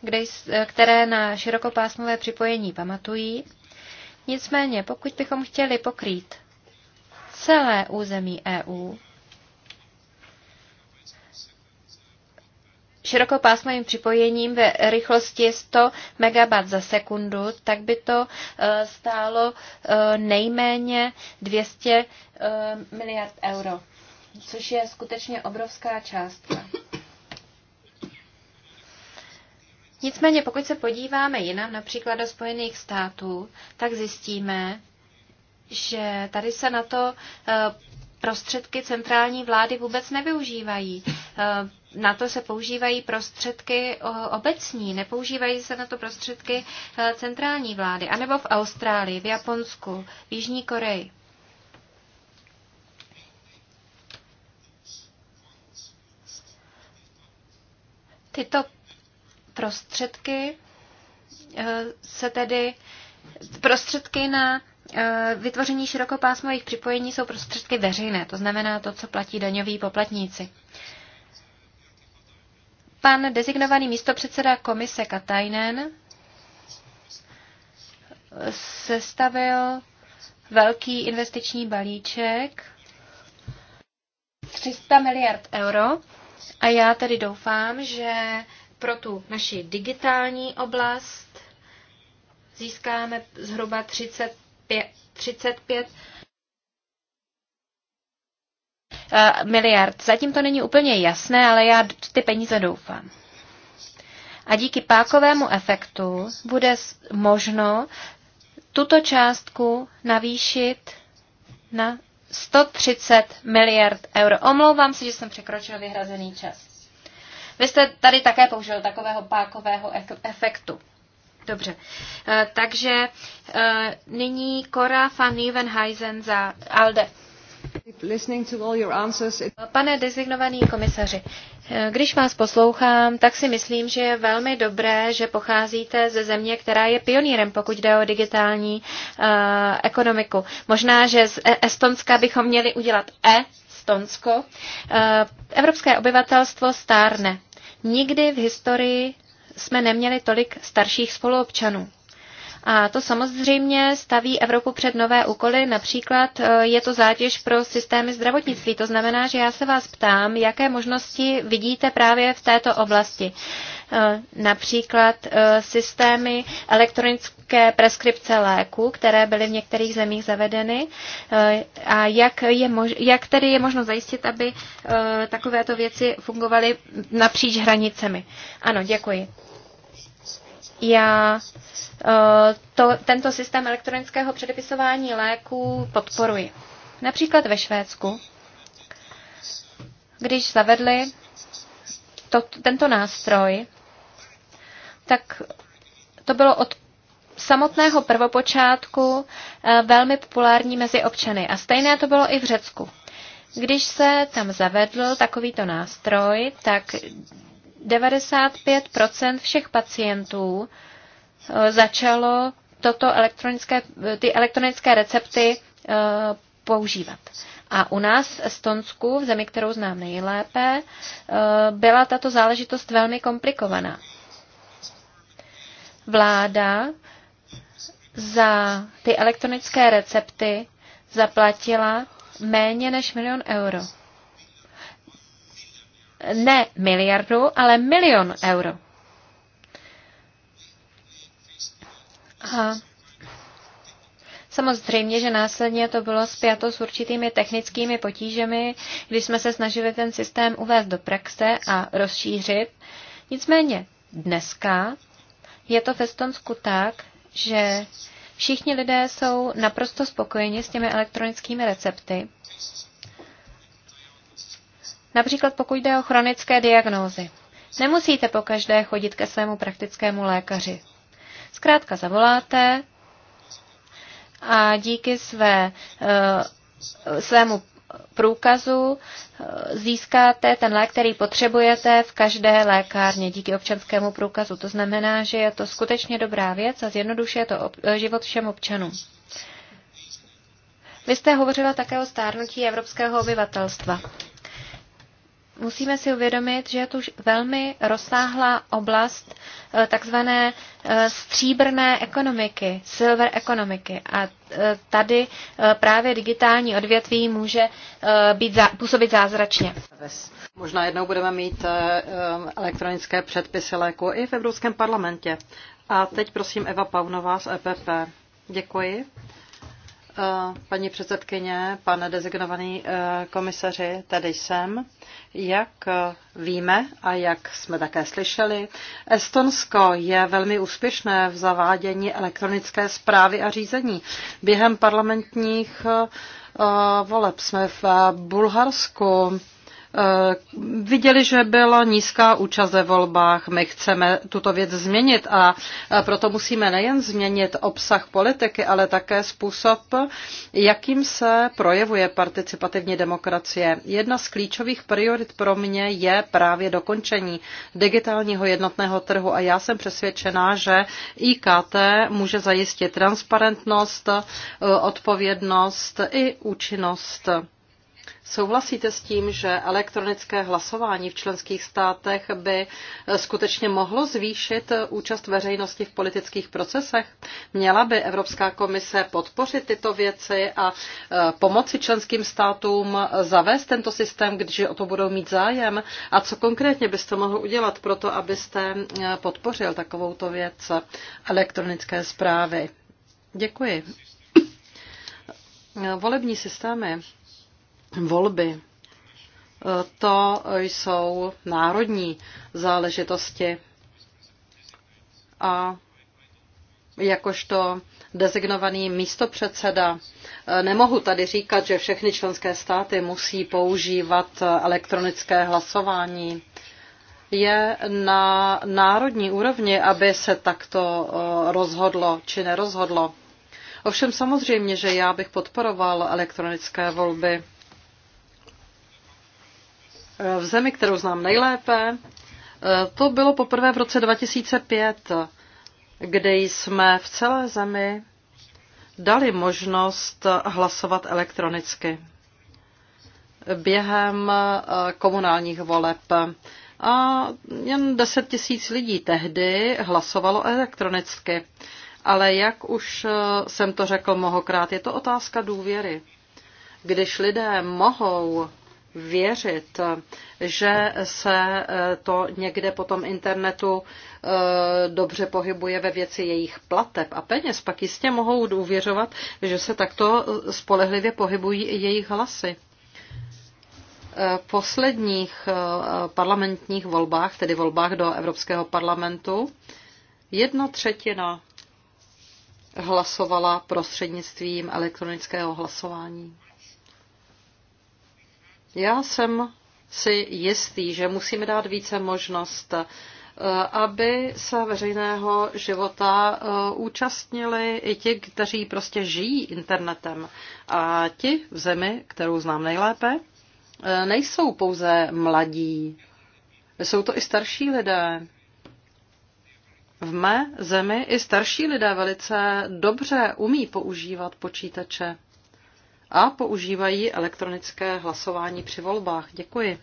kde, které na širokopásmové připojení pamatují. Nicméně, pokud bychom chtěli pokrýt celé území EU širokopásmovým připojením ve rychlosti 100 MB za sekundu, tak by to eh, stálo eh, nejméně 200 eh, miliard euro, což je skutečně obrovská částka. Nicméně, pokud se podíváme jinam, například do Spojených států, tak zjistíme, že tady se na to eh, prostředky centrální vlády vůbec nevyužívají. Eh, na to se používají prostředky eh, obecní, nepoužívají se na to prostředky centrální vlády, A nebo v Austrálii, v Japonsku, v Jižní Koreji. Tyto prostředky se tedy prostředky na Eh, vytvoření širokopásmových připojení jsou prostředky veřejné, to znamená to, co platí daňoví poplatníci. Pan designovaný místopředseda komise Katajnen sestavil velký investiční balíček 300 miliard euro a já tedy doufám, že pro tu naši digitální oblast získáme zhruba 30 35 eh, miliard. Zatím to není úplně jasné, ale já ty peníze doufám. A díky pákovému efektu bude možno tuto částku navýšit na 130 miliard euro. Omlouvám se, že jsem překročil vyhrazený čas. Vy jste tady také použil takového pákového efektu. Dobře. Eh, takže eh, nyní Cora van Evenheisen za ALDE. Pane designovaný komisaři, eh, když vás poslouchám, tak si myslím, že je velmi dobré, že pocházíte ze země, která je pionýrem, pokud jde o digitální uh, ekonomiku. Možná, že z e- Estonska bychom měli udělat E, Estonsko. Uh, evropské obyvatelstvo stárne. Nikdy v historii jsme neměli tolik starších spoluobčanů. A to samozřejmě staví Evropu před nové úkoly, například e, je to zátěž pro systémy zdravotnictví. To znamená, že já se vás ptám, jaké možnosti vidíte právě v této oblasti. E, například e, systémy elektronické preskripce léku, které byly v některých zemích zavedeny. A jak, je mož, jak tedy je možno zajistit, aby takovéto věci fungovaly napříč hranicemi? Ano, děkuji. Já eh, to, tento systém elektronického předepisování léků podporuji. Například ve Švédsku, když zavedli to, tento nástroj, tak to bylo od samotného prvopočátku eh, velmi populární mezi občany. A stejné to bylo i v Řecku. Když se tam zavedl takovýto nástroj, tak 95 všech pacientů eh, začalo toto elektronické, ty elektronické recepty eh, používat. A u nás v Estonsku, v zemi, kterou znám nejlépe, eh, byla tato záležitost velmi komplikovaná. Vláda za ty elektronické recepty zaplatila méně než milion euro ne miliardu, ale milion euro. A Samozřejmě, že následně to bylo spjato s určitými technickými potížemi, když jsme se snažili ten systém uvést do praxe a rozšířit. Nicméně dneska je to v Estonsku tak, že všichni lidé jsou naprosto spokojeni s těmi elektronickými recepty. Například pokud jde o chronické diagnózy. Nemusíte pokaždé chodit ke svému praktickému lékaři. Zkrátka zavoláte a díky své, eh, svému průkazu eh, získáte ten lék, který potřebujete v každé lékárně díky občanskému průkazu. To znamená, že je to skutečně dobrá věc a zjednodušuje to eh, život všem občanům. Vy jste hovořila také o stárnutí evropského obyvatelstva musíme si uvědomit, že je to už velmi rozsáhlá oblast eh, takzvané eh, stříbrné ekonomiky, silver ekonomiky. A eh, tady právě digitální odvětví může být, působit zázračně. Možná jednou budeme mít elektronické předpisy léku i v Evropském parlamentě. A teď prosím Eva Paunová z EPP. Děkuji. Eh, paní předsedkyně, pane dezignovaný eh, komisaři, tady jsem. Jak eh, víme a jak jsme také slyšeli, Estonsko je velmi úspěšné v zavádění elektronické zprávy a řízení. Během parlamentních voleb jsme v Bulharsku Eh, viděli, že byla nízká účast ve volbách. My chceme tuto věc změnit a eh, proto musíme nejen změnit obsah politiky, ale také způsob, jakým se projevuje participativní demokracie. Jedna z klíčových priorit pro mě je právě dokončení digitálního jednotného trhu a já jsem přesvědčená, že IKT může zajistit transparentnost, eh, odpovědnost i účinnost Souhlasíte s tím, že elektronické hlasování v členských státech by eh, skutečně mohlo zvýšit eh, účast veřejnosti v politických procesech? Měla by Evropská komise podpořit tyto věci a eh, pomoci členským státům zavést tento systém, když o to budou mít zájem? A co konkrétně byste mohl udělat pro to, abyste podpořil takovouto věc elektronické zprávy? Děkuji. Volební systémy volby. Eh, to jsou národní záležitosti. A jakožto designovaný místopředseda. Eh, nemohu tady říkat, že všechny členské státy musí používat eh, elektronické hlasování. Je na národní úrovni, aby se takto rozhodlo či nerozhodlo. Ovšem samozřejmě, že já bych podporoval elektronické volby v zemi, kterou znám nejlépe. E, to bylo poprvé v roce 2005, kdy jsme v celé zemi dali možnost hlasovat elektronicky během e, komunálních voleb. A jen 10 tisíc lidí tehdy hlasovalo elektronicky. Ale jak už e, jsem to řekl mnohokrát, je to otázka důvěry. Když lidé mohou věřit, že se eh, to někde po tom internetu eh, dobře pohybuje ve věci jejich plateb a peněz, pak jistě mohou důvěřovat, že se takto eh, spolehlivě pohybují i jejich hlasy posledních parlamentních volbách, tedy volbách do Evropského parlamentu, jedna třetina hlasovala prostřednictvím elektronického hlasování. Já jsem si jistý, že musíme dát více možnost, eh, aby se veřejného života eh, účastnili i ti, kteří prostě žijí internetem. A ti v zemi, kterou znám nejlépe, eh, nejsou pouze mladí, jsou to i starší lidé. V mé zemi i starší lidé velice dobře umí používat počítače a používají elektronické hlasování při volbách. Děkuji.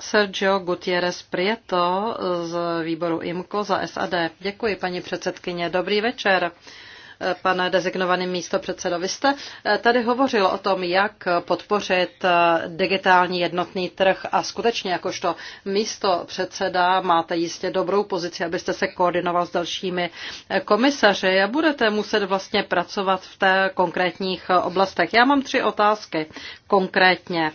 Sergio Gutierrez Prieto z výboru IMCO za SAD. Děkuji, paní předsedkyně. Dobrý večer. Eh, pane dezignovaný místo předsedo. Vy jste eh, tady hovořil o tom, jak podpořit eh, digitální jednotný trh a skutečně jakožto místo předseda máte jistě dobrou pozici, abyste se koordinoval s dalšími komisaři a budete muset vlastně pracovat v té konkrétních oblastech. Já mám tři otázky konkrétně.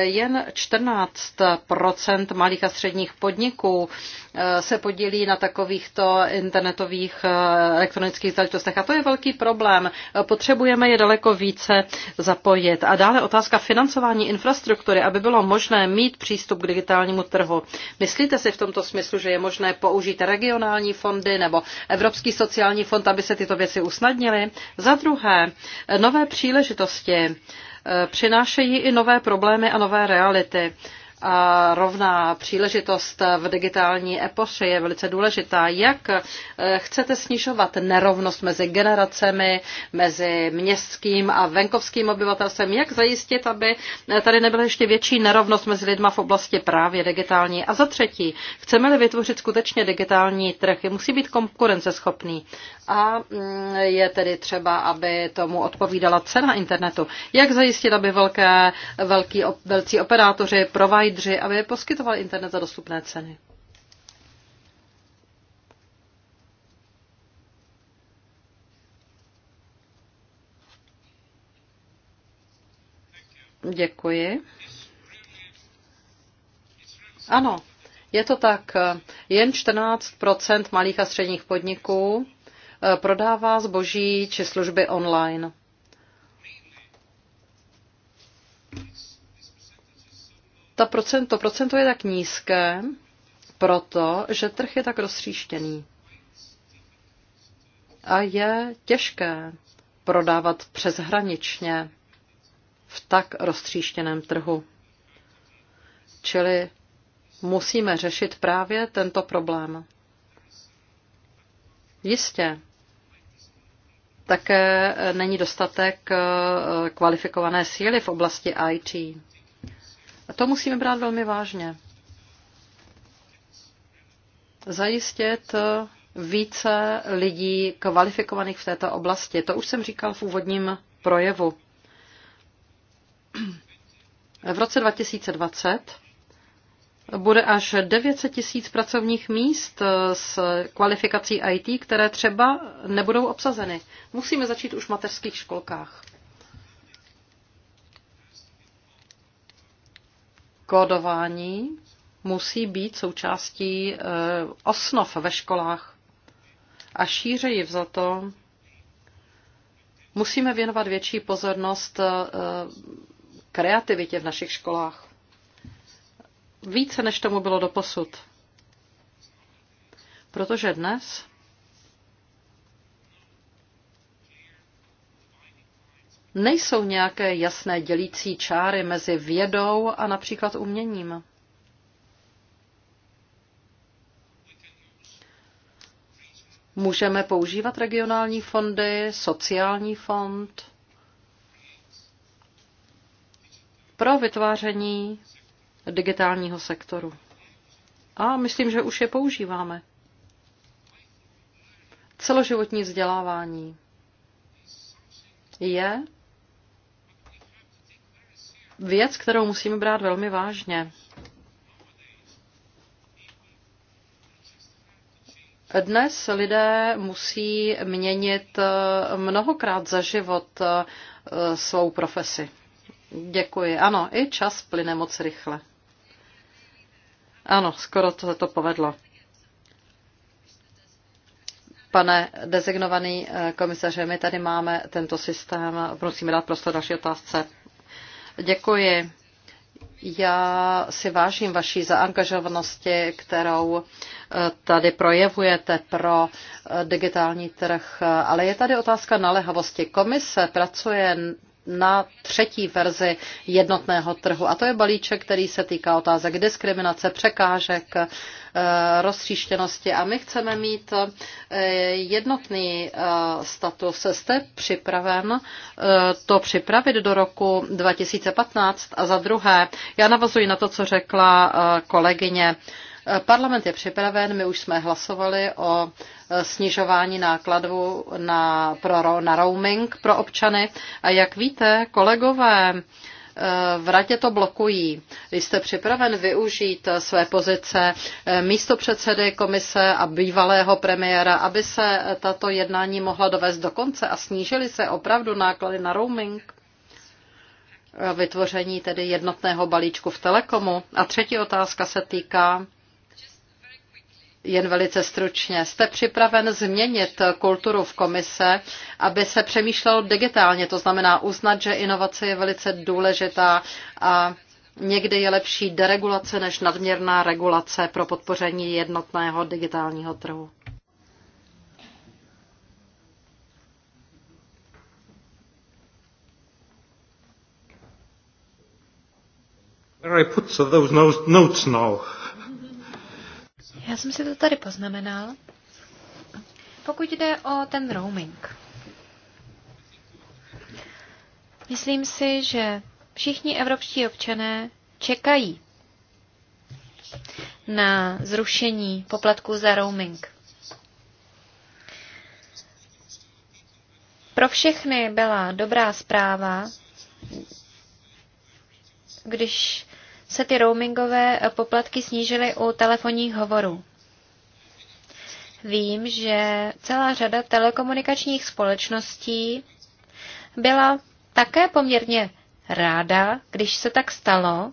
Jen 14 malých a středních podniků eh, se podílí na takovýchto internetových eh, elektronických záležitostech. A to je velký problém. Potřebujeme je daleko více zapojit. A dále otázka financování infrastruktury, aby bylo možné mít přístup k digitálnímu trhu. Myslíte si v tomto smyslu, že je možné použít regionální fondy nebo Evropský sociální fond, aby se tyto věci usnadnily? Za druhé, nové příležitosti přinášejí i nové problémy a nové reality. A rovná příležitost v digitální epoše je velice důležitá. Jak eh, chcete snižovat nerovnost mezi generacemi, mezi městským a venkovským obyvatelstvem? Jak zajistit, aby eh, tady nebyla ještě větší nerovnost mezi lidma v oblasti právě digitální? A za třetí, chceme-li vytvořit skutečně digitální trh, musí být konkurenceschopný a mm, je tedy třeba, aby tomu odpovídala cena internetu. Jak zajistit, aby velké, velký, velcí operátoři, provajdři, aby poskytovali internet za dostupné ceny? Děkuji. Ano, je to tak. Jen 14 malých a středních podniků Eh, prodává zboží či služby online. Ta procento to procento je tak nízké, protože trh je tak roztříštěný. A je těžké prodávat přeshraničně v tak roztříštěném trhu. Čili musíme řešit právě tento problém. Jistě, také eh, není dostatek eh, kvalifikované síly v oblasti IT. A to musíme brát velmi vážně. Zajistit eh, více lidí kvalifikovaných v této oblasti. To už jsem říkal v úvodním projevu. (clears throat) V roce 2020 bude až 900 tisíc pracovních míst s kvalifikací IT, které třeba nebudou obsazeny. Musíme začít už v mateřských školkách. Kódování musí být součástí eh, osnov ve školách. A šířeji vzato musíme věnovat větší pozornost eh, kreativitě v našich školách více, než tomu bylo doposud. Protože dnes nejsou nějaké jasné dělící čáry mezi vědou a například uměním. Můžeme používat regionální fondy, sociální fond pro vytváření digitálního sektoru. A myslím, že už je používáme. Celoživotní vzdělávání je věc, kterou musíme brát velmi vážně. Dnes lidé musí měnit eh, mnohokrát za život eh, svou profesi. Děkuji. Ano, i čas plyne moc rychle. Ano, skoro to se to povedlo. Pane dezignovaný eh, komisaře, my tady máme tento systém. Musíme dát prostor další otázce. Děkuji. Já si vážím vaší zaangažovanosti, kterou eh, tady projevujete pro eh, digitální trh, ale je tady otázka naléhavosti. Komise pracuje na třetí verzi jednotného trhu. A to je balíček, který se týká otázek diskriminace, překážek, eh, rozstříštěnosti. A my chceme mít eh, jednotný eh, status. Jste připraven to připravit do roku 2015? A za druhé, já navazuji na to, co řekla kolegyně Parlament je připraven, my už jsme hlasovali o eh, snižování nákladů na, pro, na roaming pro občany. A jak víte, kolegové, eh, v radě to blokují. Jste připraven využít eh, své pozice místo předsedy komise a bývalého premiéra, aby se tato jednání mohla dovést do konce a snížily se opravdu náklady na roaming? Vytvoření tedy jednotného balíčku v Telekomu. A třetí otázka se týká jen velice stručně. Jste připraven změnit kulturu v komise, aby se přemýšlelo digitálně, to znamená uznat, že inovace je velice důležitá a někdy je lepší deregulace než nadměrná regulace pro podpoření jednotného digitálního trhu. Where I put those notes now. Já jsem si to tady poznamenal. Pokud jde o ten roaming, myslím si, že všichni evropští občané čekají na zrušení poplatků za roaming. Pro všechny byla dobrá zpráva, když se ty roamingové poplatky snížily u telefonních hovorů. Vím, že celá řada telekomunikačních společností byla také poměrně ráda, když se tak stalo,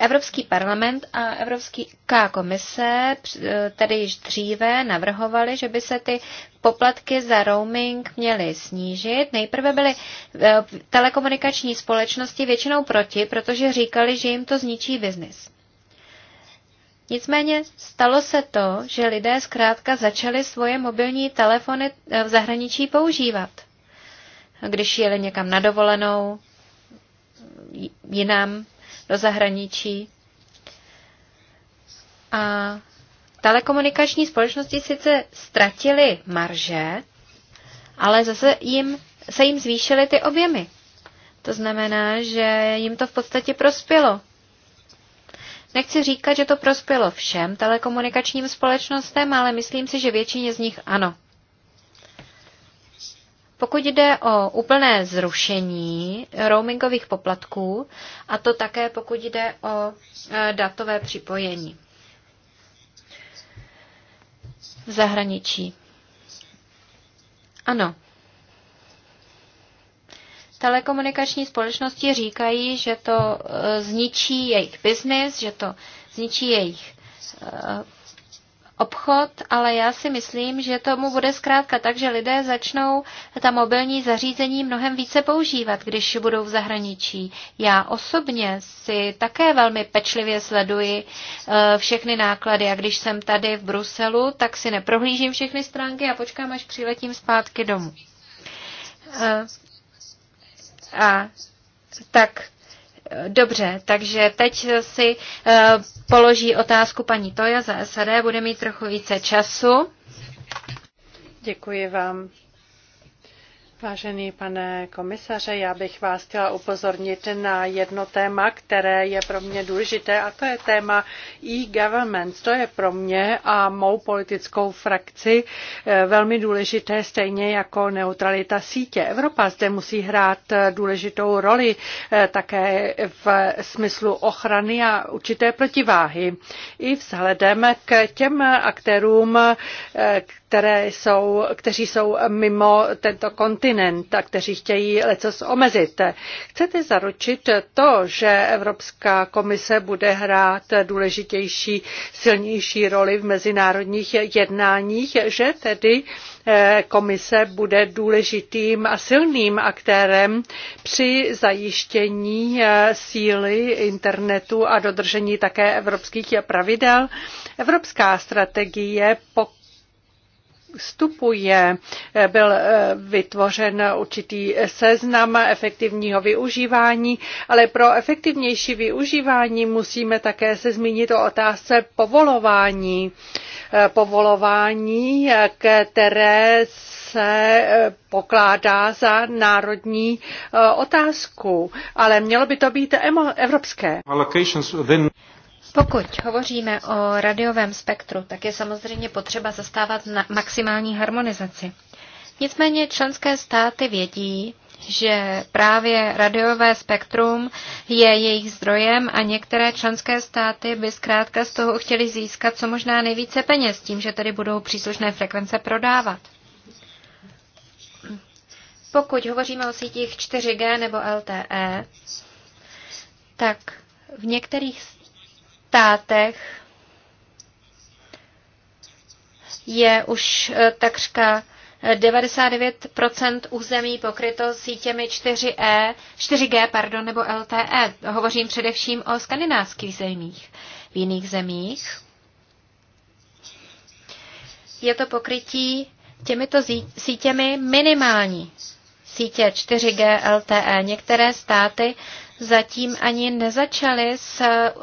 Evropský parlament a Evropská komise eh, tedy již dříve navrhovali, že by se ty poplatky za roaming měly snížit. Nejprve byly eh, telekomunikační společnosti většinou proti, protože říkali, že jim to zničí biznis. Nicméně stalo se to, že lidé zkrátka začali svoje mobilní telefony eh, v zahraničí používat. Když jeli někam na dovolenou, jinam, do zahraničí. A telekomunikační společnosti sice ztratily marže, ale zase jim, se jim zvýšily ty objemy. To znamená, že jim to v podstatě prospělo. Nechci říkat, že to prospělo všem telekomunikačním společnostem, ale myslím si, že většině z nich ano. Pokud jde o úplné zrušení roamingových poplatků, a to také pokud jde o e, datové připojení v zahraničí. Ano. Telekomunikační společnosti říkají, že to e, zničí jejich biznis, že to zničí jejich e, obchod, ale já si myslím, že tomu bude zkrátka tak, že lidé začnou ta mobilní zařízení mnohem více používat, když budou v zahraničí. Já osobně si také velmi pečlivě sleduji eh, všechny náklady a když jsem tady v Bruselu, tak si neprohlížím všechny stránky a počkám, až přiletím zpátky domů. Eh, a tak Dobře, takže teď si eh, položí otázku paní Toja za SAD, bude mít trochu více času. Děkuji vám. Vážený pane komisaře, já bych vás chtěla upozornit na jedno téma, které je pro mě důležité, a to je téma e-government. To je pro mě a mou politickou frakci eh, velmi důležité, stejně jako neutralita sítě. Evropa zde musí hrát eh, důležitou roli eh, také v smyslu ochrany a určité protiváhy. I vzhledem k těm aktérům, které jsou, kteří jsou mimo tento kontinent a kteří chtějí lecos omezit. Chcete zaručit to, že Evropská komise bude hrát důležitější, silnější roli v mezinárodních jednáních, že tedy eh, komise bude důležitým a silným aktérem při zajištění eh, síly internetu a dodržení také evropských pravidel. Evropská strategie, pokud vstupuje. Eh, byl eh, vytvořen určitý seznam efektivního využívání, ale pro efektivnější využívání musíme také se zmínit o otázce povolování. Eh, povolování, které se pokládá za národní otázku, ale mělo by to být evropské. Pokud hovoříme o radiovém spektru, tak je samozřejmě potřeba zastávat na maximální harmonizaci. Nicméně členské státy vědí, že právě radiové spektrum je jejich zdrojem a některé členské státy by zkrátka z toho chtěli získat co možná nejvíce peněz, tím, že tedy budou příslušné frekvence prodávat. Pokud hovoříme o sítích 4G nebo LTE, tak v některých státech je už eh, takřka 99 eh, území pokryto sítěmi 4E, 4G pardon, nebo LTE. Hovořím především o skandinávských zemích. V jiných zemích je to pokrytí těmito sítěmi minimální. Sítě 4G LTE. Některé státy zatím ani nezačaly s,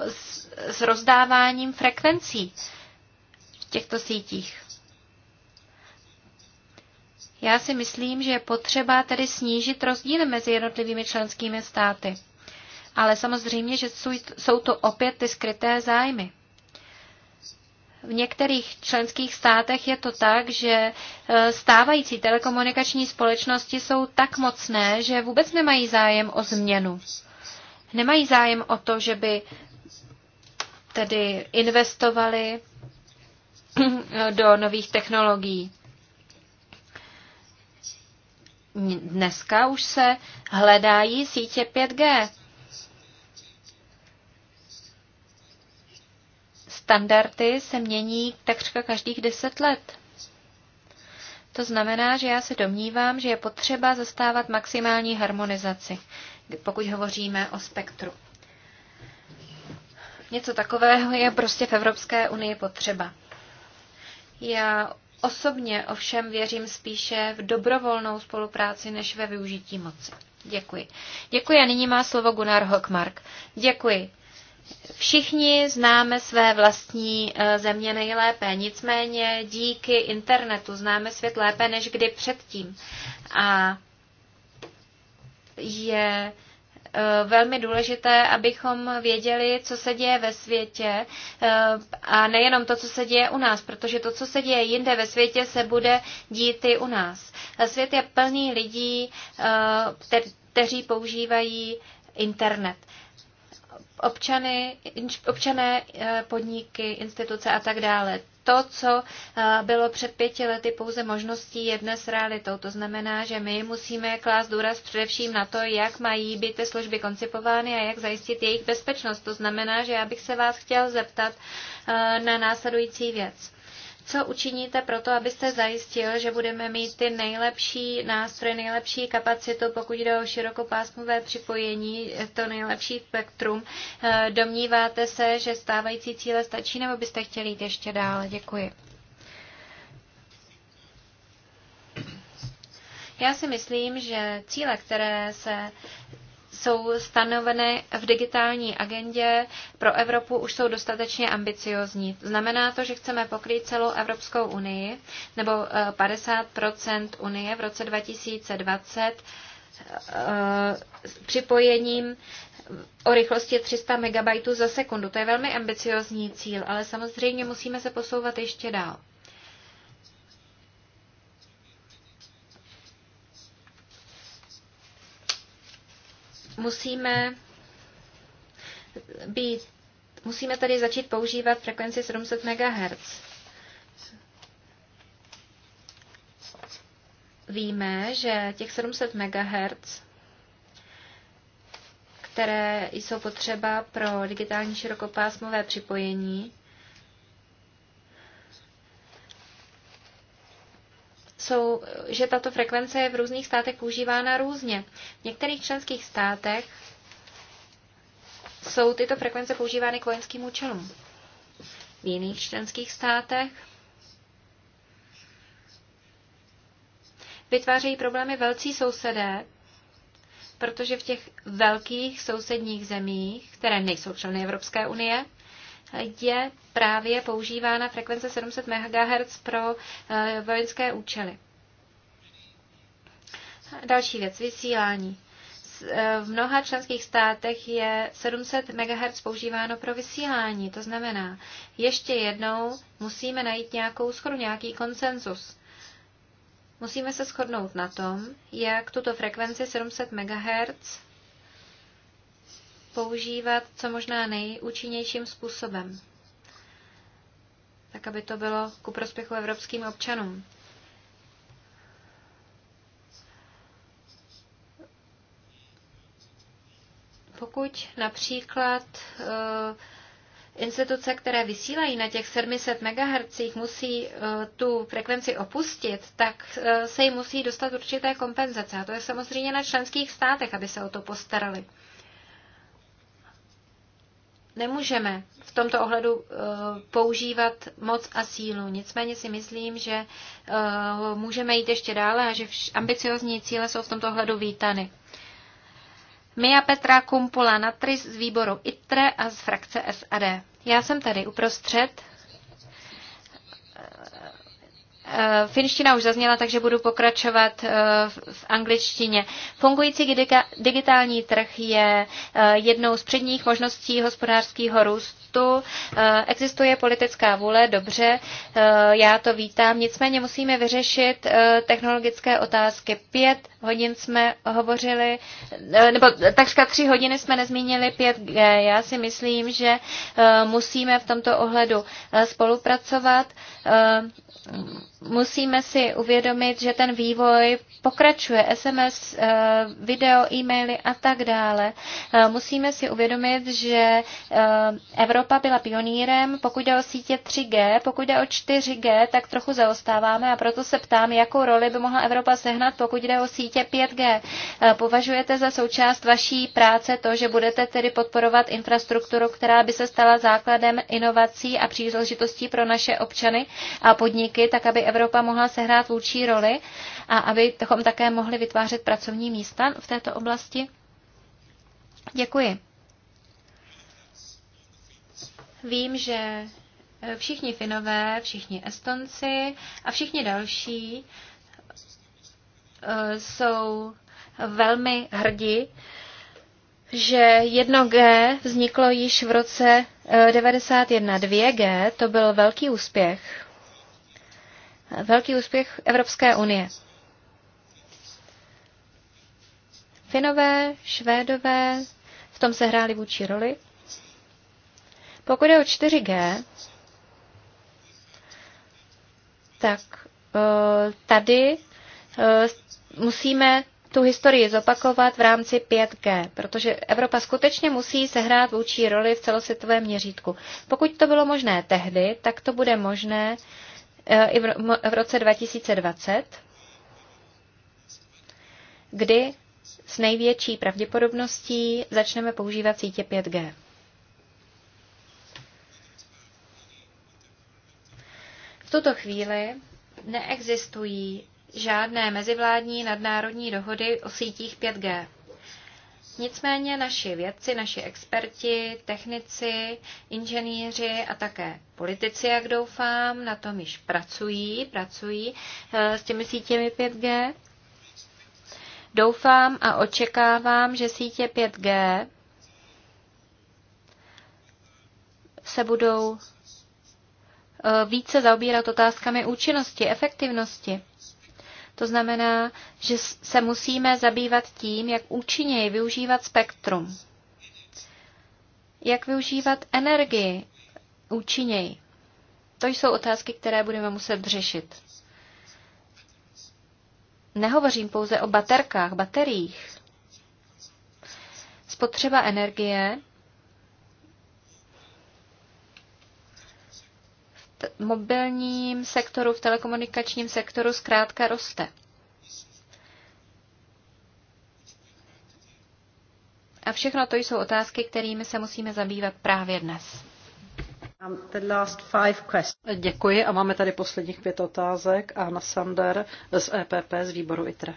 s s rozdáváním frekvencí v těchto sítích. Já si myslím, že je potřeba tedy snížit rozdíly mezi jednotlivými členskými státy. Ale samozřejmě, že jsou to opět ty skryté zájmy. V některých členských státech je to tak, že e, stávající telekomunikační společnosti jsou tak mocné, že vůbec nemají zájem o změnu. Nemají zájem o to, že by tedy investovali (clears throat) do nových technologií. Dneska už se hledají sítě 5G. Standardy se mění takřka každých 10 let. To znamená, že já se domnívám, že je potřeba zastávat maximální harmonizaci, pokud hovoříme o spektru. Něco takového je prostě v Evropské unii potřeba. Já osobně ovšem věřím spíše v dobrovolnou spolupráci než ve využití moci. Děkuji. Děkuji a nyní má slovo Gunnar Hockmark. Děkuji. Všichni známe své vlastní eh, země nejlépe, nicméně díky internetu známe svět lépe než kdy předtím. A je Eh, velmi důležité, abychom věděli, co se děje ve světě eh, a nejenom to, co se děje u nás, protože to, co se děje jinde ve světě, se bude dít i u nás. Eh, svět je plný lidí, kteří používají internet občany, občané, eh, podniky, instituce a tak dále. To, co eh, bylo před pěti lety pouze možností, je dnes realitou. To znamená, že my musíme klást důraz především na to, jak mají být ty služby koncipovány a jak zajistit jejich bezpečnost. To znamená, že já bych se vás chtěl zeptat eh, na následující věc. Co učiníte pro to, abyste zajistil, že budeme mít ty nejlepší nástroje, nejlepší kapacitu, pokud jde o širokopásmové připojení, to nejlepší spektrum? Eh, domníváte se, že stávající cíle stačí, nebo byste chtěli jít ještě dále? Děkuji. Já si myslím, že cíle, které se jsou stanoveny v digitální agendě pro Evropu, už jsou dostatečně ambiciozní. Znamená to, že chceme pokrýt celou Evropskou unii nebo 50 eh, unie v roce 2020 eh, připojením o rychlosti 300 MB za sekundu. To je velmi ambiciozní cíl, ale samozřejmě musíme se posouvat ještě dál. musíme být, musíme tady začít používat frekvenci 700 MHz. Víme, že těch 700 MHz, které jsou potřeba pro digitální širokopásmové připojení, jsou, že tato frekvence je v různých státech používána různě. V některých členských státech jsou tyto frekvence používány k vojenským účelům. V jiných členských státech vytvářejí problémy velcí sousedé, protože v těch velkých sousedních zemích, které nejsou členy Evropské unie, je právě používána frekvence 700 MHz pro eh, vojenské účely. Další věc, vysílání. Eh, v mnoha členských státech je 700 MHz používáno pro vysílání. To znamená, ještě jednou musíme najít nějakou schodu, nějaký konsenzus. Musíme se shodnout na tom, jak tuto frekvenci 700 MHz používat co možná nejúčinnějším způsobem, tak aby to bylo ku prospěchu evropským občanům. Pokud například eh, instituce, které vysílají na těch 700 MHz, musí eh, tu frekvenci opustit, tak eh, se jim musí dostat určité kompenzace. A to je samozřejmě na členských státech, aby se o to postarali nemůžeme v tomto ohledu eh, používat moc a sílu. Nicméně si myslím, že eh, můžeme jít ještě dále a že ambiciozní cíle jsou v tomto ohledu vítany. Mia Petra Kumpula Natris z výboru ITRE a z frakce SAD. Já jsem tady uprostřed Eh, finština už zazněla, takže budu pokračovat eh, v angličtině. Fungující digitální trh je eh, jednou z předních možností hospodářského růstu. Existuje politická vůle, dobře, já to vítám. Nicméně musíme vyřešit technologické otázky. Pět hodin jsme hovořili, nebo takřka tři hodiny jsme nezmínili 5G. Já si myslím, že musíme v tomto ohledu spolupracovat musíme si uvědomit, že ten vývoj pokračuje, SMS, eh, video, e-maily a tak dále. Eh, musíme si uvědomit, že eh, Evropa byla pionýrem, pokud jde o sítě 3G, pokud jde o 4G, tak trochu zaostáváme a proto se ptám, jakou roli by mohla Evropa sehnat, pokud jde o sítě 5G. Považujete za součást vaší práce to, že budete tedy podporovat infrastrukturu, která by se stala základem inovací a příležitostí pro naše občany a podniky, tak aby Evropa mohla sehrát vůči roli a abychom také mohli vytvářet pracovní místa v této oblasti? Děkuji. Vím, že všichni Finové, všichni Estonci a všichni další eh, jsou velmi hrdí, že 1G vzniklo již v roce 91. Eh, 2G to byl velký úspěch velký úspěch Evropské unie. Finové, Švédové v tom se hráli vůči roli. Pokud je o 4G, tak eh, tady eh, musíme tu historii zopakovat v rámci 5G, protože Evropa skutečně musí sehrát vůči roli v celosvětovém měřítku. Pokud to bylo možné tehdy, tak to bude možné Eh, i v roce 2020, kdy s největší pravděpodobností začneme používat sítě 5G. V tuto chvíli neexistují žádné mezivládní nadnárodní dohody o sítích 5G. Nicméně naši vědci, naši experti, technici, inženýři a také politici, jak doufám, na tom již pracují, pracují eh, s těmi sítěmi 5G. Doufám a očekávám, že sítě 5G se budou eh, více zaobírat otázkami účinnosti, efektivnosti. To znamená, že se musíme zabývat tím, jak účinněji využívat spektrum. Jak využívat energii účinněji. To jsou otázky, které budeme muset řešit. Nehovořím pouze o baterkách, bateriích. Spotřeba energie mobilním sektoru, v telekomunikačním sektoru zkrátka roste. A všechno to jsou otázky, kterými se musíme zabývat právě dnes. Um, Děkuji a máme tady posledních pět otázek. Anna Sander z EPP z výboru ITRE.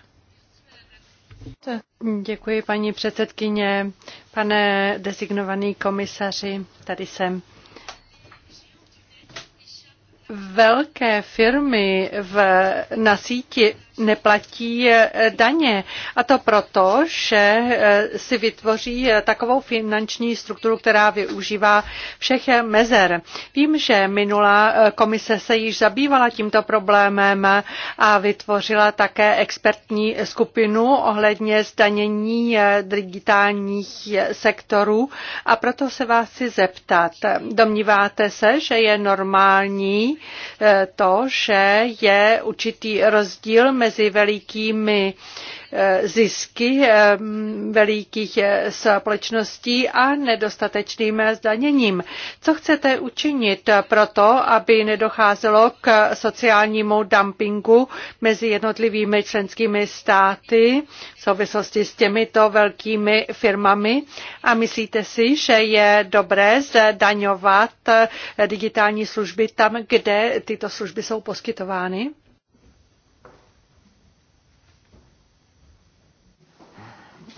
Děkuji, paní předsedkyně, pane designovaný komisaři, tady jsem velké firmy v, na síti neplatí eh, daně. A to proto, že eh, si vytvoří eh, takovou finanční strukturu, která využívá všech mezer. Vím, že minulá komise se již zabývala tímto problémem a vytvořila také expertní skupinu ohledně zdanění digitálních sektorů. A proto se vás chci zeptat. Domníváte se, že je normální to, že je určitý rozdíl mezi mezi velikými eh, zisky eh, velikých eh, společností a nedostatečným zdaněním. Co chcete učinit pro to, aby nedocházelo k sociálnímu dumpingu mezi jednotlivými členskými státy v souvislosti s těmito velkými firmami? A myslíte si, že je dobré zdaňovat digitální služby tam, kde tyto služby jsou poskytovány?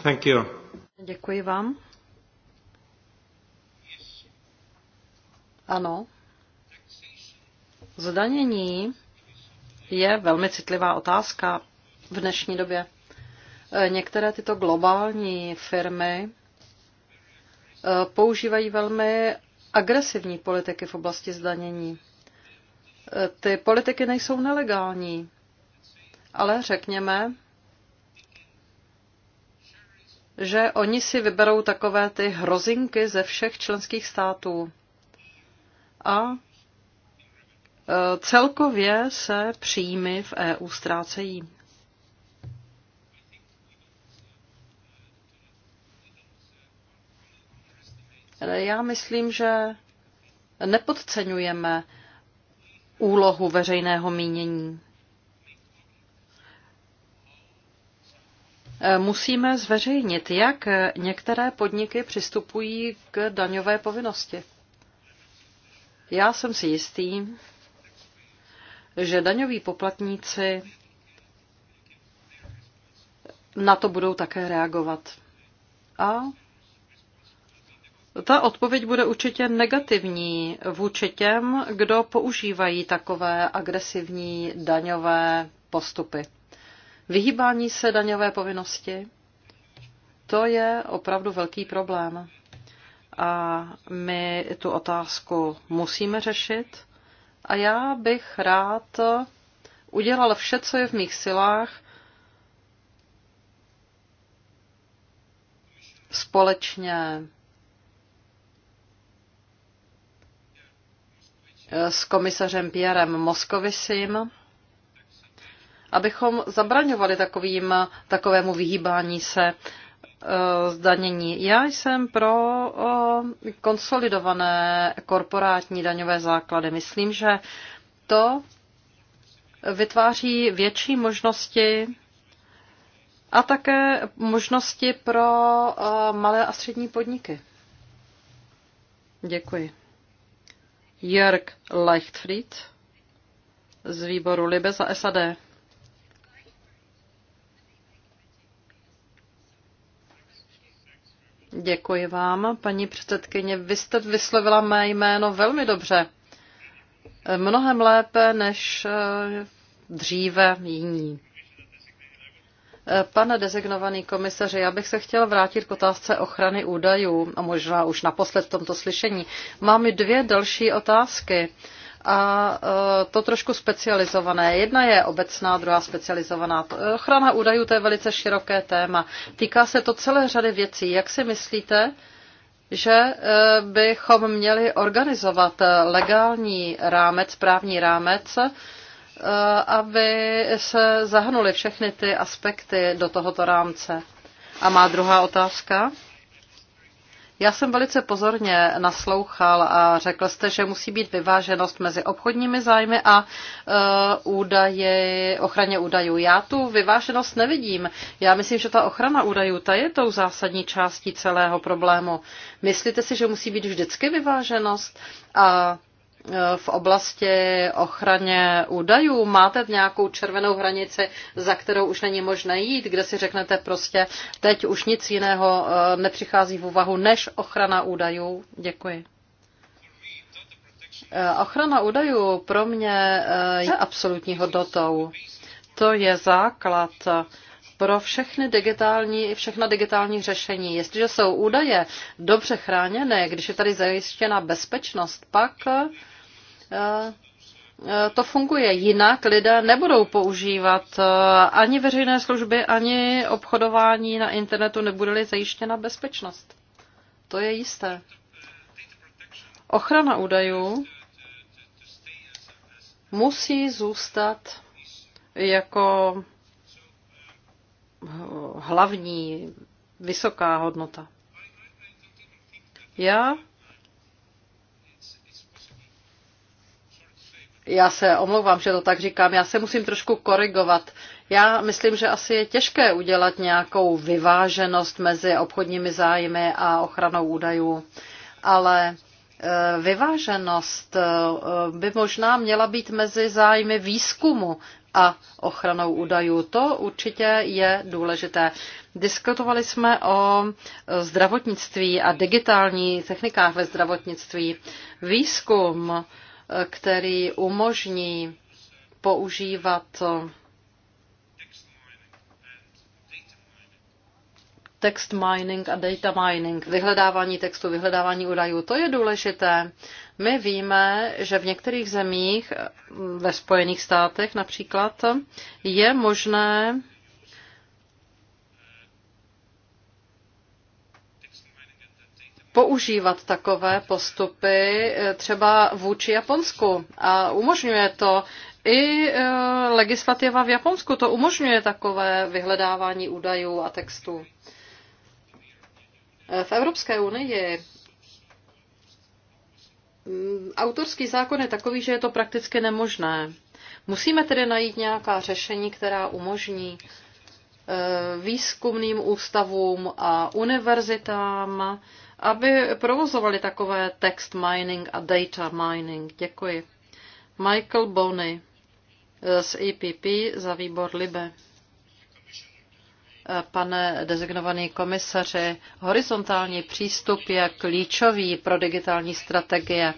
Thank you. Děkuji vám. Ano. Zdanění je velmi citlivá otázka v dnešní době. Eh, některé tyto globální firmy eh, používají velmi agresivní politiky v oblasti zdanění. Eh, ty politiky nejsou nelegální, ale řekněme, že oni si vyberou takové ty hrozinky ze všech členských států. A e, celkově se příjmy v EU ztrácejí. Já myslím, že nepodceňujeme úlohu veřejného mínění. musíme zveřejnit, jak některé podniky přistupují k daňové povinnosti. Já jsem si jistý, že daňoví poplatníci na to budou také reagovat. A ta odpověď bude určitě negativní vůči těm, kdo používají takové agresivní daňové postupy vyhýbání se daňové povinnosti, to je opravdu velký problém. A my tu otázku musíme řešit. A já bych rád udělal vše, co je v mých silách, společně s komisařem Pierrem Moskovisim abychom zabraňovali takovým, takovému vyhýbání se e, zdanění. Já jsem pro konsolidované korporátní daňové základy. Myslím, že to vytváří větší možnosti a také možnosti pro malé a střední podniky. Děkuji. Jörg Leichtfried z výboru Libe za SAD. Děkuji vám, paní předsedkyně. Vy jste vyslovila mé jméno velmi dobře. Mnohem lépe než eh, dříve jiní. Eh, pane dezignovaný komisaři, já bych se chtěla vrátit k otázce ochrany údajů a možná už naposled v tomto slyšení. Mám dvě další otázky a e, to trošku specializované. Jedna je obecná, druhá specializovaná. E, ochrana údajů to je velice široké téma. Týká se to celé řady věcí. Jak si myslíte, že e, bychom měli organizovat legální rámec, právní rámec, aby se zahrnuly všechny ty aspekty do tohoto rámce? A má druhá otázka? Já jsem velice pozorně naslouchal a řekl jste, že musí být vyváženost mezi obchodními zájmy a uh, údaje, ochraně údajů. Já tu vyváženost nevidím. Já myslím, že ta ochrana údajů, ta je tou zásadní částí celého problému. Myslíte si, že musí být vždycky vyváženost? A v oblasti ochraně údajů? Máte nějakou červenou hranici, za kterou už není možné jít, kde si řeknete prostě, teď už nic jiného e, nepřichází v úvahu než ochrana údajů? Děkuji. E, ochrana údajů pro mě e, je absolutní hodnotou. To je základ pro všechny digitální, všechna digitální řešení. Jestliže jsou údaje dobře chráněné, když je tady zajištěna bezpečnost, pak Eh, to funguje. Jinak lidé nebudou používat eh, ani veřejné služby, ani obchodování na internetu, nebude-li zajištěna bezpečnost. To je jisté. Ochrana údajů musí zůstat jako hlavní vysoká hodnota. Já Já se omlouvám, že to tak říkám. Já se musím trošku korigovat. Já myslím, že asi je těžké udělat nějakou vyváženost mezi obchodními zájmy a ochranou údajů, ale e, vyváženost e, by možná měla být mezi zájmy výzkumu a ochranou údajů. To určitě je důležité. Diskutovali jsme o zdravotnictví a digitální technikách ve zdravotnictví. Výzkum který umožní používat text mining a data mining, vyhledávání textu, vyhledávání údajů. To je důležité. My víme, že v některých zemích, ve Spojených státech například, je možné používat takové postupy eh, třeba vůči Japonsku. A umožňuje to i eh, legislativa v Japonsku, to umožňuje takové vyhledávání údajů a textů. Eh, v Evropské unii mm, autorský zákon je takový, že je to prakticky nemožné. Musíme tedy najít nějaká řešení, která umožní výzkumným ústavům a univerzitám aby provozovali takové text mining a data mining. Děkuji. Michael Boney eh, z EPP za výbor Libe. Eh, pane designovaný komisaři, horizontální přístup je klíčový pro digitální strategie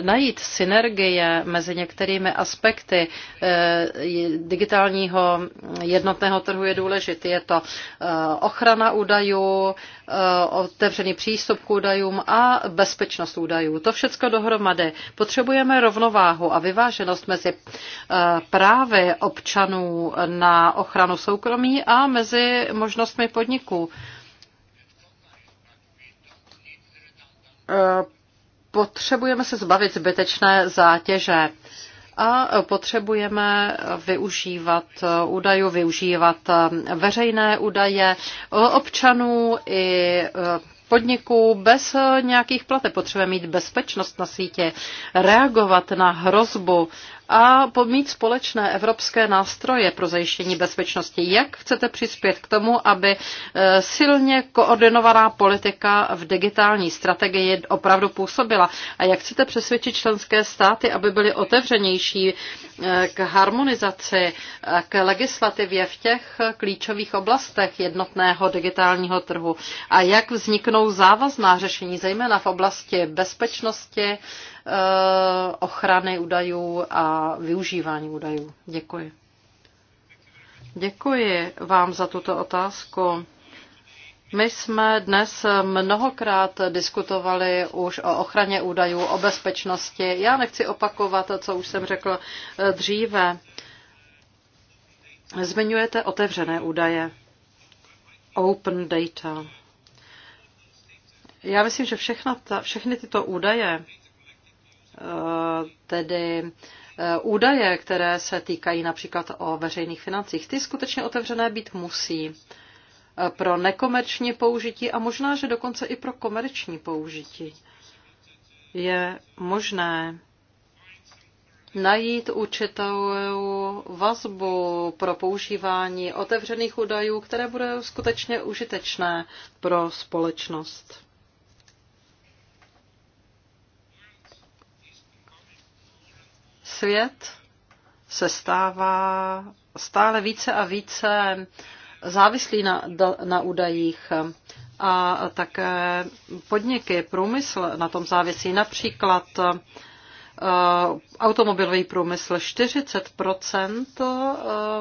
najít synergie mezi některými aspekty eh, digitálního jednotného trhu je důležitý. Je to eh, ochrana údajů, eh, otevřený přístup k údajům a bezpečnost údajů. To všechno dohromady. Potřebujeme rovnováhu a vyváženost mezi právy občanů na ochranu soukromí a mezi možnostmi podniků potřebujeme se zbavit zbytečné zátěže a potřebujeme využívat údajů, využívat veřejné údaje občanů i podniků bez nějakých plate. Potřebujeme mít bezpečnost na sítě, reagovat na hrozbu a mít společné evropské nástroje pro zajištění bezpečnosti. Jak chcete přispět k tomu, aby e, silně koordinovaná politika v digitální strategii opravdu působila? A jak chcete přesvědčit členské státy, aby byly otevřenější e, k harmonizaci, k legislativě v těch klíčových oblastech jednotného digitálního trhu? A jak vzniknou závazná řešení, zejména v oblasti bezpečnosti, Eh, ochrany údajů a využívání údajů. Děkuji. Děkuji vám za tuto otázku. My jsme dnes mnohokrát diskutovali už o ochraně údajů, o bezpečnosti. Já nechci opakovat, co už jsem řekl eh, dříve. Zmiňujete otevřené údaje. Open data. Já myslím, že všechna ta, všechny tyto údaje tedy eh, údaje, které se týkají například o veřejných financích, ty skutečně otevřené být musí eh, pro nekomerční použití a možná, že dokonce i pro komerční použití. Je možné najít určitou vazbu pro používání otevřených údajů, které bude skutečně užitečné pro společnost. svět se stává stále více a více závislý na, na údajích a také podniky, průmysl na tom závisí. Například eh, automobilový průmysl 40% eh,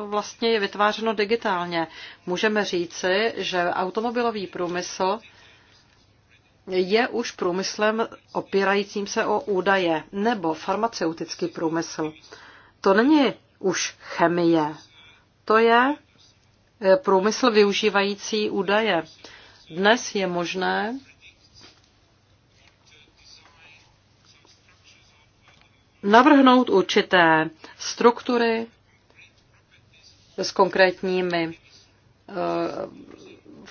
vlastně je vytvářeno digitálně. Můžeme říci, že automobilový průmysl je už průmyslem opírajícím se o údaje, nebo farmaceutický průmysl. To není už chemie, to je e, průmysl využívající údaje. Dnes je možné navrhnout určité struktury s konkrétními e,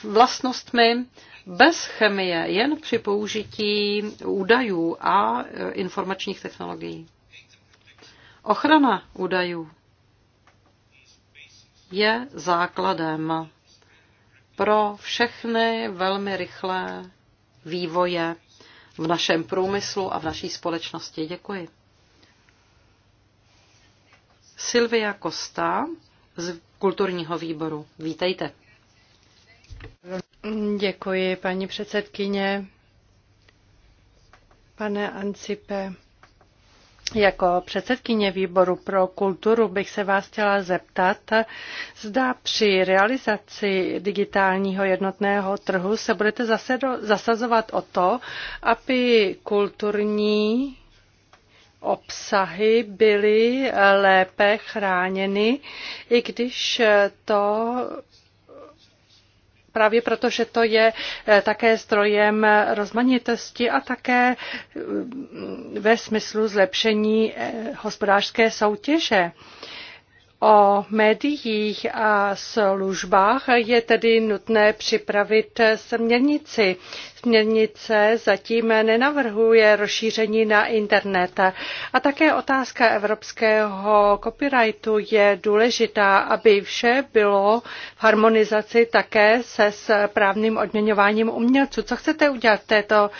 vlastnostmi bez chemie, jen při použití údajů a e, informačních technologií. Ochrana údajů je základem pro všechny velmi rychlé vývoje v našem průmyslu a v naší společnosti. Děkuji. Silvia Kosta z kulturního výboru. Vítejte. Děkuji, paní předsedkyně. Pane Ancipe, jako předsedkyně výboru pro kulturu bych se vás chtěla zeptat, zda při realizaci digitálního jednotného trhu se budete zasazovat o to, aby kulturní obsahy byly lépe chráněny, i když to právě proto, že to je eh, také zdrojem rozmanitosti a také mm, ve smyslu zlepšení eh, hospodářské soutěže o médiích a službách je tedy nutné připravit směrnici. Směrnice zatím nenavrhuje rozšíření na internet. A také otázka evropského copyrightu je důležitá, aby vše bylo v harmonizaci také se správným odměňováním umělců. Co chcete udělat v této,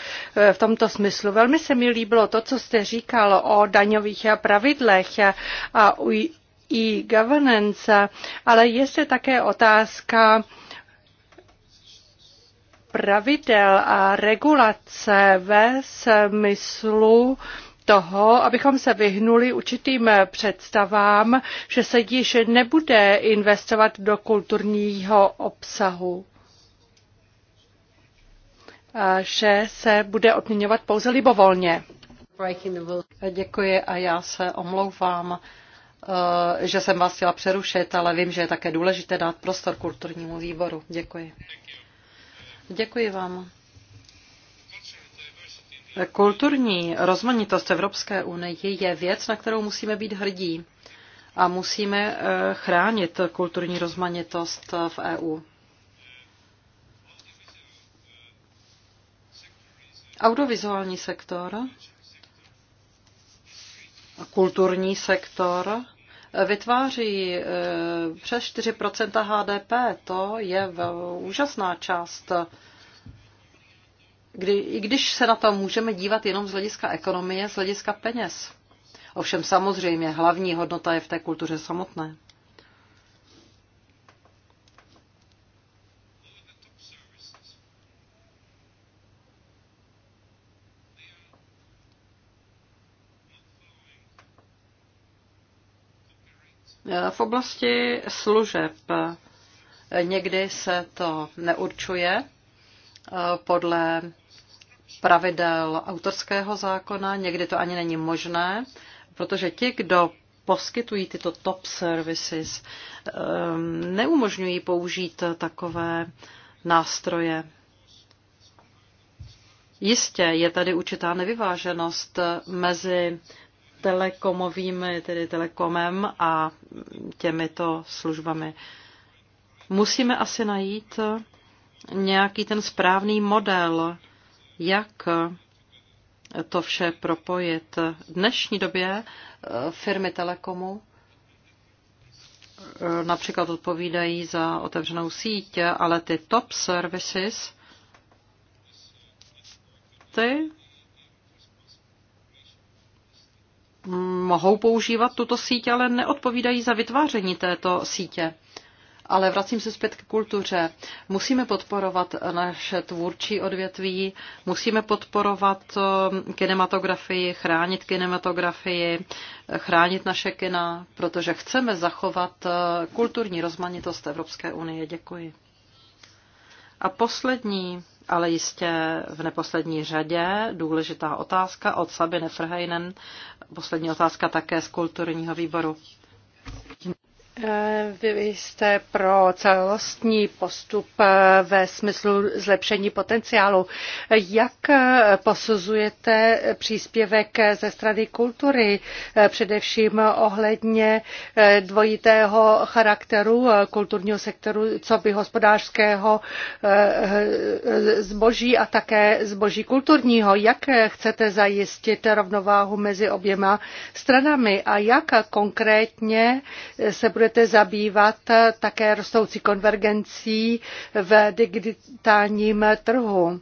v tomto smyslu? Velmi se mi líbilo to, co jste říkal o daňových pravidlech a i governance, ale je zde také otázka pravidel a regulace ve smyslu toho, abychom se vyhnuli určitým představám, že se již nebude investovat do kulturního obsahu. A že se bude odměňovat pouze libovolně. Děkuji a já se omlouvám. Eh, že jsem vás chtěla přerušit, ale vím, že je také důležité dát prostor kulturnímu výboru. Děkuji. Děkuji vám. Kulturní rozmanitost Evropské unie je věc, na kterou musíme být hrdí a musíme eh, chránit kulturní rozmanitost v EU. Audiovizuální sektor kulturní sektor eh, vytváří eh, přes 4 HDP. To je úžasná část. Kdy, I když se na to můžeme dívat jenom z hlediska ekonomie, z hlediska peněz. Ovšem samozřejmě hlavní hodnota je v té kultuře samotné. V oblasti služeb někdy se to neurčuje eh, podle pravidel autorského zákona, někdy to ani není možné, protože ti, kdo poskytují tyto top services, eh, neumožňují použít takové nástroje. Jistě je tady určitá nevyváženost mezi telekomovými, tedy telekomem a těmito službami. Musíme asi najít nějaký ten správný model, jak to vše propojit. V dnešní době eh, firmy telekomu eh, například odpovídají za otevřenou síť, ale ty top services, ty mohou používat tuto síť, ale neodpovídají za vytváření této sítě. Ale vracím se zpět k kultuře. Musíme podporovat naše tvůrčí odvětví, musíme podporovat eh, kinematografii, chránit kinematografii, chránit naše kina, protože chceme zachovat eh, kulturní rozmanitost Evropské unie. Děkuji. A poslední, ale jistě v neposlední řadě, důležitá otázka od Sabine Frheinen poslední otázka také z kulturního výboru. E, vy jste pro celostní postup e, ve smyslu zlepšení potenciálu. Jak e, posuzujete příspěvek ze strany kultury, především ohledně dvojitého charakteru kulturního sektoru, co by hospodářského zboží a také zboží kulturního? Jak chcete zajistit rovnováhu mezi oběma stranami a jak konkrétně se bude budete zabývat také rostoucí konvergencí v digitálním trhu.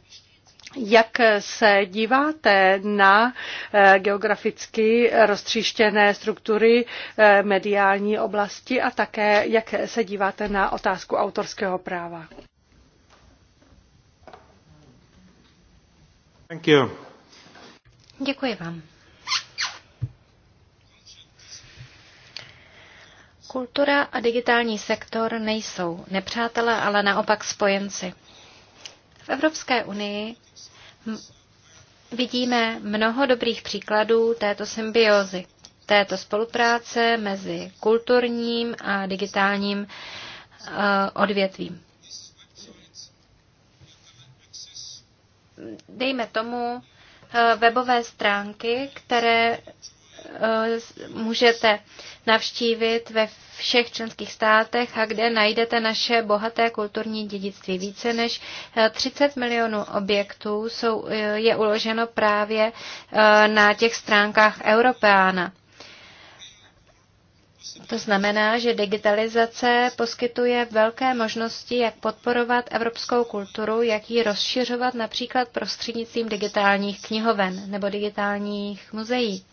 Jak se díváte na eh, geograficky roztříštěné struktury eh, mediální oblasti a také jak se díváte na otázku autorského práva? Thank you. Děkuji vám. Kultura a digitální sektor nejsou nepřátelé, ale naopak spojenci. V Evropské unii vidíme mnoho dobrých příkladů této symbiozy, této spolupráce mezi kulturním a digitálním eh, odvětvím. Dejme tomu eh, webové stránky, které Eh, můžete navštívit ve všech členských státech a kde najdete naše bohaté kulturní dědictví. Více než 30 eh, milionů objektů jsou, eh, je uloženo právě na těch stránkách Europeana. To znamená, že digitalizace poskytuje velké možnosti, jak podporovat evropskou kulturu, jak ji rozšiřovat například prostřednictvím digitálních knihoven nebo digitálních muzeí.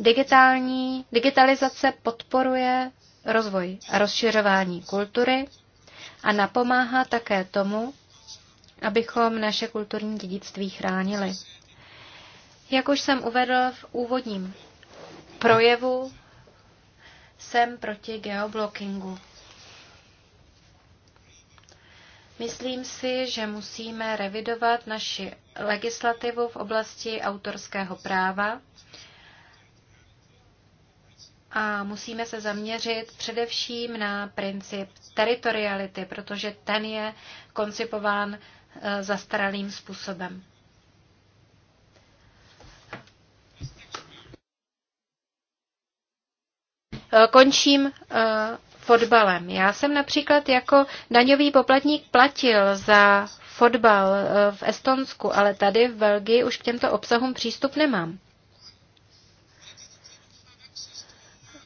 Digitální, digitalizace podporuje rozvoj a rozšiřování kultury a napomáhá také tomu, abychom naše kulturní dědictví chránili. Jak už jsem uvedl v úvodním projevu, jsem proti geoblockingu. Myslím si, že musíme revidovat naši legislativu v oblasti autorského práva a musíme se zaměřit především na princip teritoriality, protože ten je koncipován eh, zastaralým způsobem. Eh, končím eh, fotbalem. Já jsem například jako daňový poplatník platil za fotbal v Estonsku, ale tady v Belgii už k těmto obsahům přístup nemám.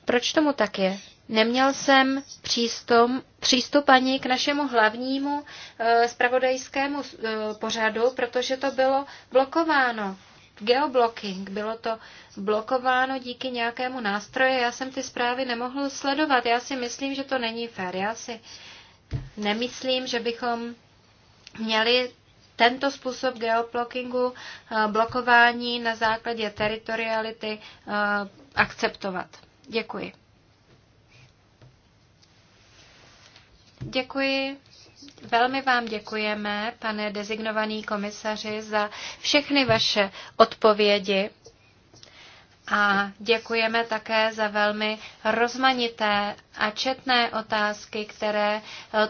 Proč tomu tak je? Neměl jsem přístup, přístup ani k našemu hlavnímu e, spravodajskému e, pořadu, protože to bylo blokováno. Geoblocking. Bylo to blokováno díky nějakému nástroji. Já jsem ty zprávy nemohl sledovat. Já si myslím, že to není fér. Já si nemyslím, že bychom měli tento způsob geoblockingu, e, blokování na základě teritoriality e, akceptovat. Děkuji. Děkuji. Velmi vám děkujeme, pane dezignovaný komisaři, za všechny vaše odpovědi a děkujeme také za velmi rozmanité a četné otázky, které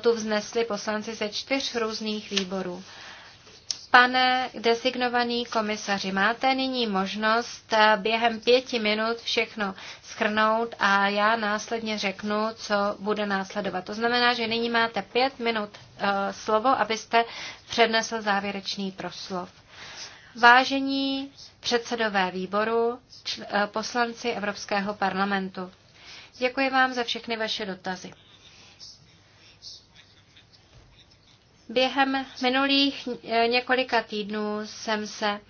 tu vznesli poslanci ze čtyř různých výborů. Pane designovaný komisaři, máte nyní možnost eh, během pěti minut všechno schrnout a já následně řeknu, co bude následovat. To znamená, že nyní máte pět minut uh, slovo, abyste přednesl závěrečný proslov. Vážení předsedové výboru, čl- eh, poslanci Evropského parlamentu, děkuji vám za všechny vaše dotazy. Během minulých eh, několika týdnů jsem se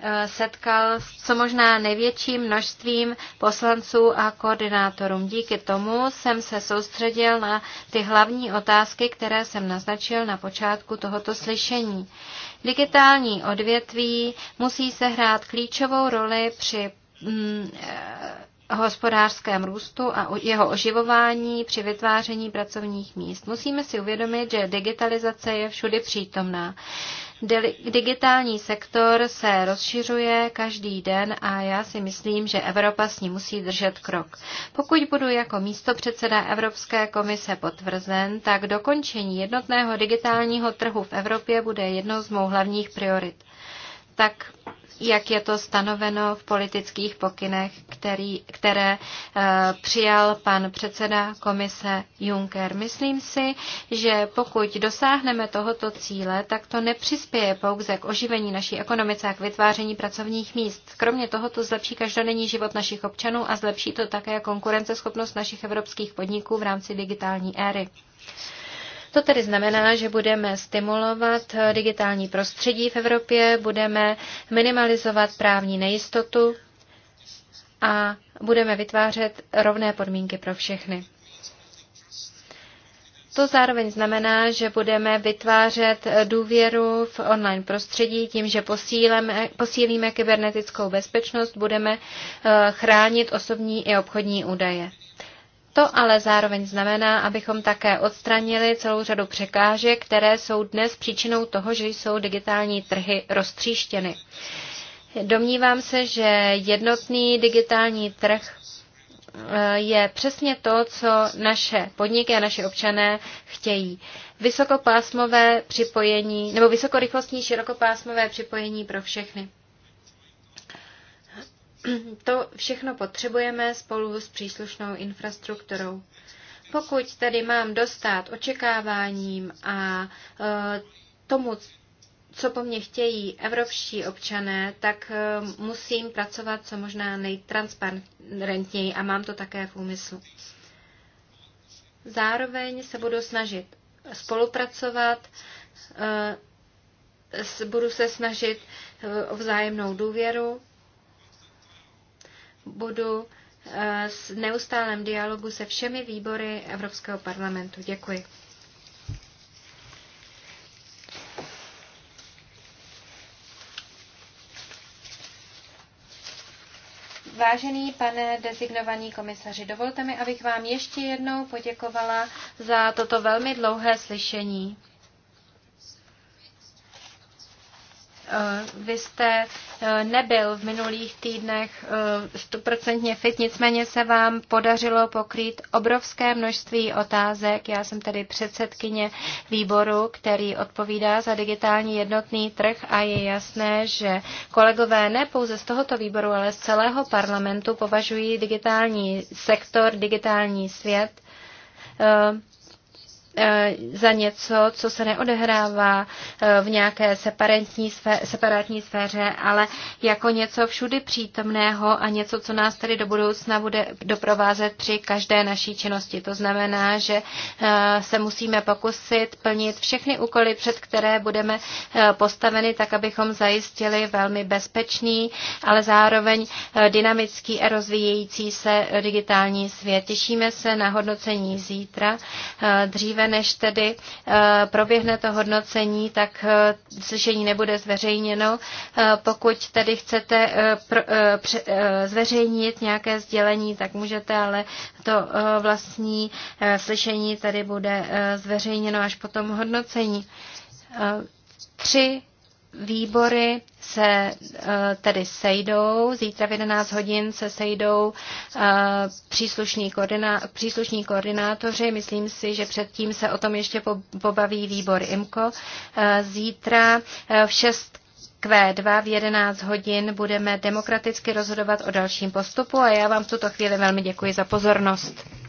eh, setkal s co možná největším množstvím poslanců a koordinátorům. Díky tomu jsem se soustředil na ty hlavní otázky, které jsem naznačil na počátku tohoto slyšení. Digitální odvětví musí sehrát klíčovou roli při mm, eh, hospodářském růstu a jeho oživování při vytváření pracovních míst. Musíme si uvědomit, že digitalizace je všudy přítomná. Digitální sektor se rozšiřuje každý den a já si myslím, že Evropa s ní musí držet krok. Pokud budu jako místopředseda Evropské komise potvrzen, tak dokončení jednotného digitálního trhu v Evropě bude jednou z mou hlavních priorit. Tak jak je to stanoveno v politických pokynech, který, které eh, přijal pan předseda komise Juncker. Myslím si, že pokud dosáhneme tohoto cíle, tak to nepřispěje pouze k oživení naší ekonomice a k vytváření pracovních míst. Kromě toho to zlepší každodenní život našich občanů a zlepší to také konkurenceschopnost našich evropských podniků v rámci digitální éry. To tedy znamená, že budeme stimulovat eh, digitální prostředí v Evropě, budeme minimalizovat právní nejistotu a budeme vytvářet rovné podmínky pro všechny. To zároveň znamená, že budeme vytvářet eh, důvěru v online prostředí tím, že posíleme, posílíme kybernetickou bezpečnost, budeme eh, chránit osobní i obchodní údaje. To ale zároveň znamená, abychom také odstranili celou řadu překážek, které jsou dnes příčinou toho, že jsou digitální trhy roztříštěny. Domnívám se, že jednotný digitální trh eh, je přesně to, co naše podniky a naše občané chtějí. Vysokopásmové připojení nebo vysokorychlostní širokopásmové připojení pro všechny. To všechno potřebujeme spolu s příslušnou infrastrukturou. Pokud tedy mám dostat očekáváním a e, tomu, co po mně chtějí evropští občané, tak e, musím pracovat co možná nejtransparentněji a mám to také v úmyslu. Zároveň se budu snažit spolupracovat, e, budu se snažit o vzájemnou důvěru budu eh, s neustálém dialogu se všemi výbory Evropského parlamentu. Děkuji. Vážený pane designovaný komisaři, dovolte mi, abych vám ještě jednou poděkovala za toto velmi dlouhé slyšení. Eh, vy jste eh, nebyl v minulých týdnech eh, stoprocentně fit, nicméně se vám podařilo pokrýt obrovské množství otázek. Já jsem tedy předsedkyně výboru, který odpovídá za digitální jednotný trh a je jasné, že kolegové ne pouze z tohoto výboru, ale z celého parlamentu považují digitální sektor, digitální svět E, za něco, co se neodehrává e, v nějaké separátní, sfé, separátní sféře, ale jako něco všudy přítomného a něco, co nás tady do budoucna bude doprovázet při každé naší činnosti. To znamená, že e, se musíme pokusit plnit všechny úkoly, před které budeme postaveny, tak abychom zajistili velmi bezpečný, ale zároveň dynamický a rozvíjející se digitální svět. Těšíme se na hodnocení zítra. Dříve dříve než tedy eh, proběhne to hodnocení, tak eh, slyšení nebude zveřejněno. Eh, pokud tedy chcete zveřejnit nějaké sdělení, tak můžete, ale to vlastní slyšení tady bude zveřejněno až po tom hodnocení. Tři Výbory se eh, tedy sejdou, zítra v 11 hodin se sejdou eh, příslušní, koordiná, příslušní koordinátoři. Myslím si, že předtím se o tom ještě pobaví výbor IMCO. Eh, zítra v 6 Q2 v 11 hodin budeme demokraticky rozhodovat o dalším postupu a já vám v tuto chvíli velmi děkuji za pozornost.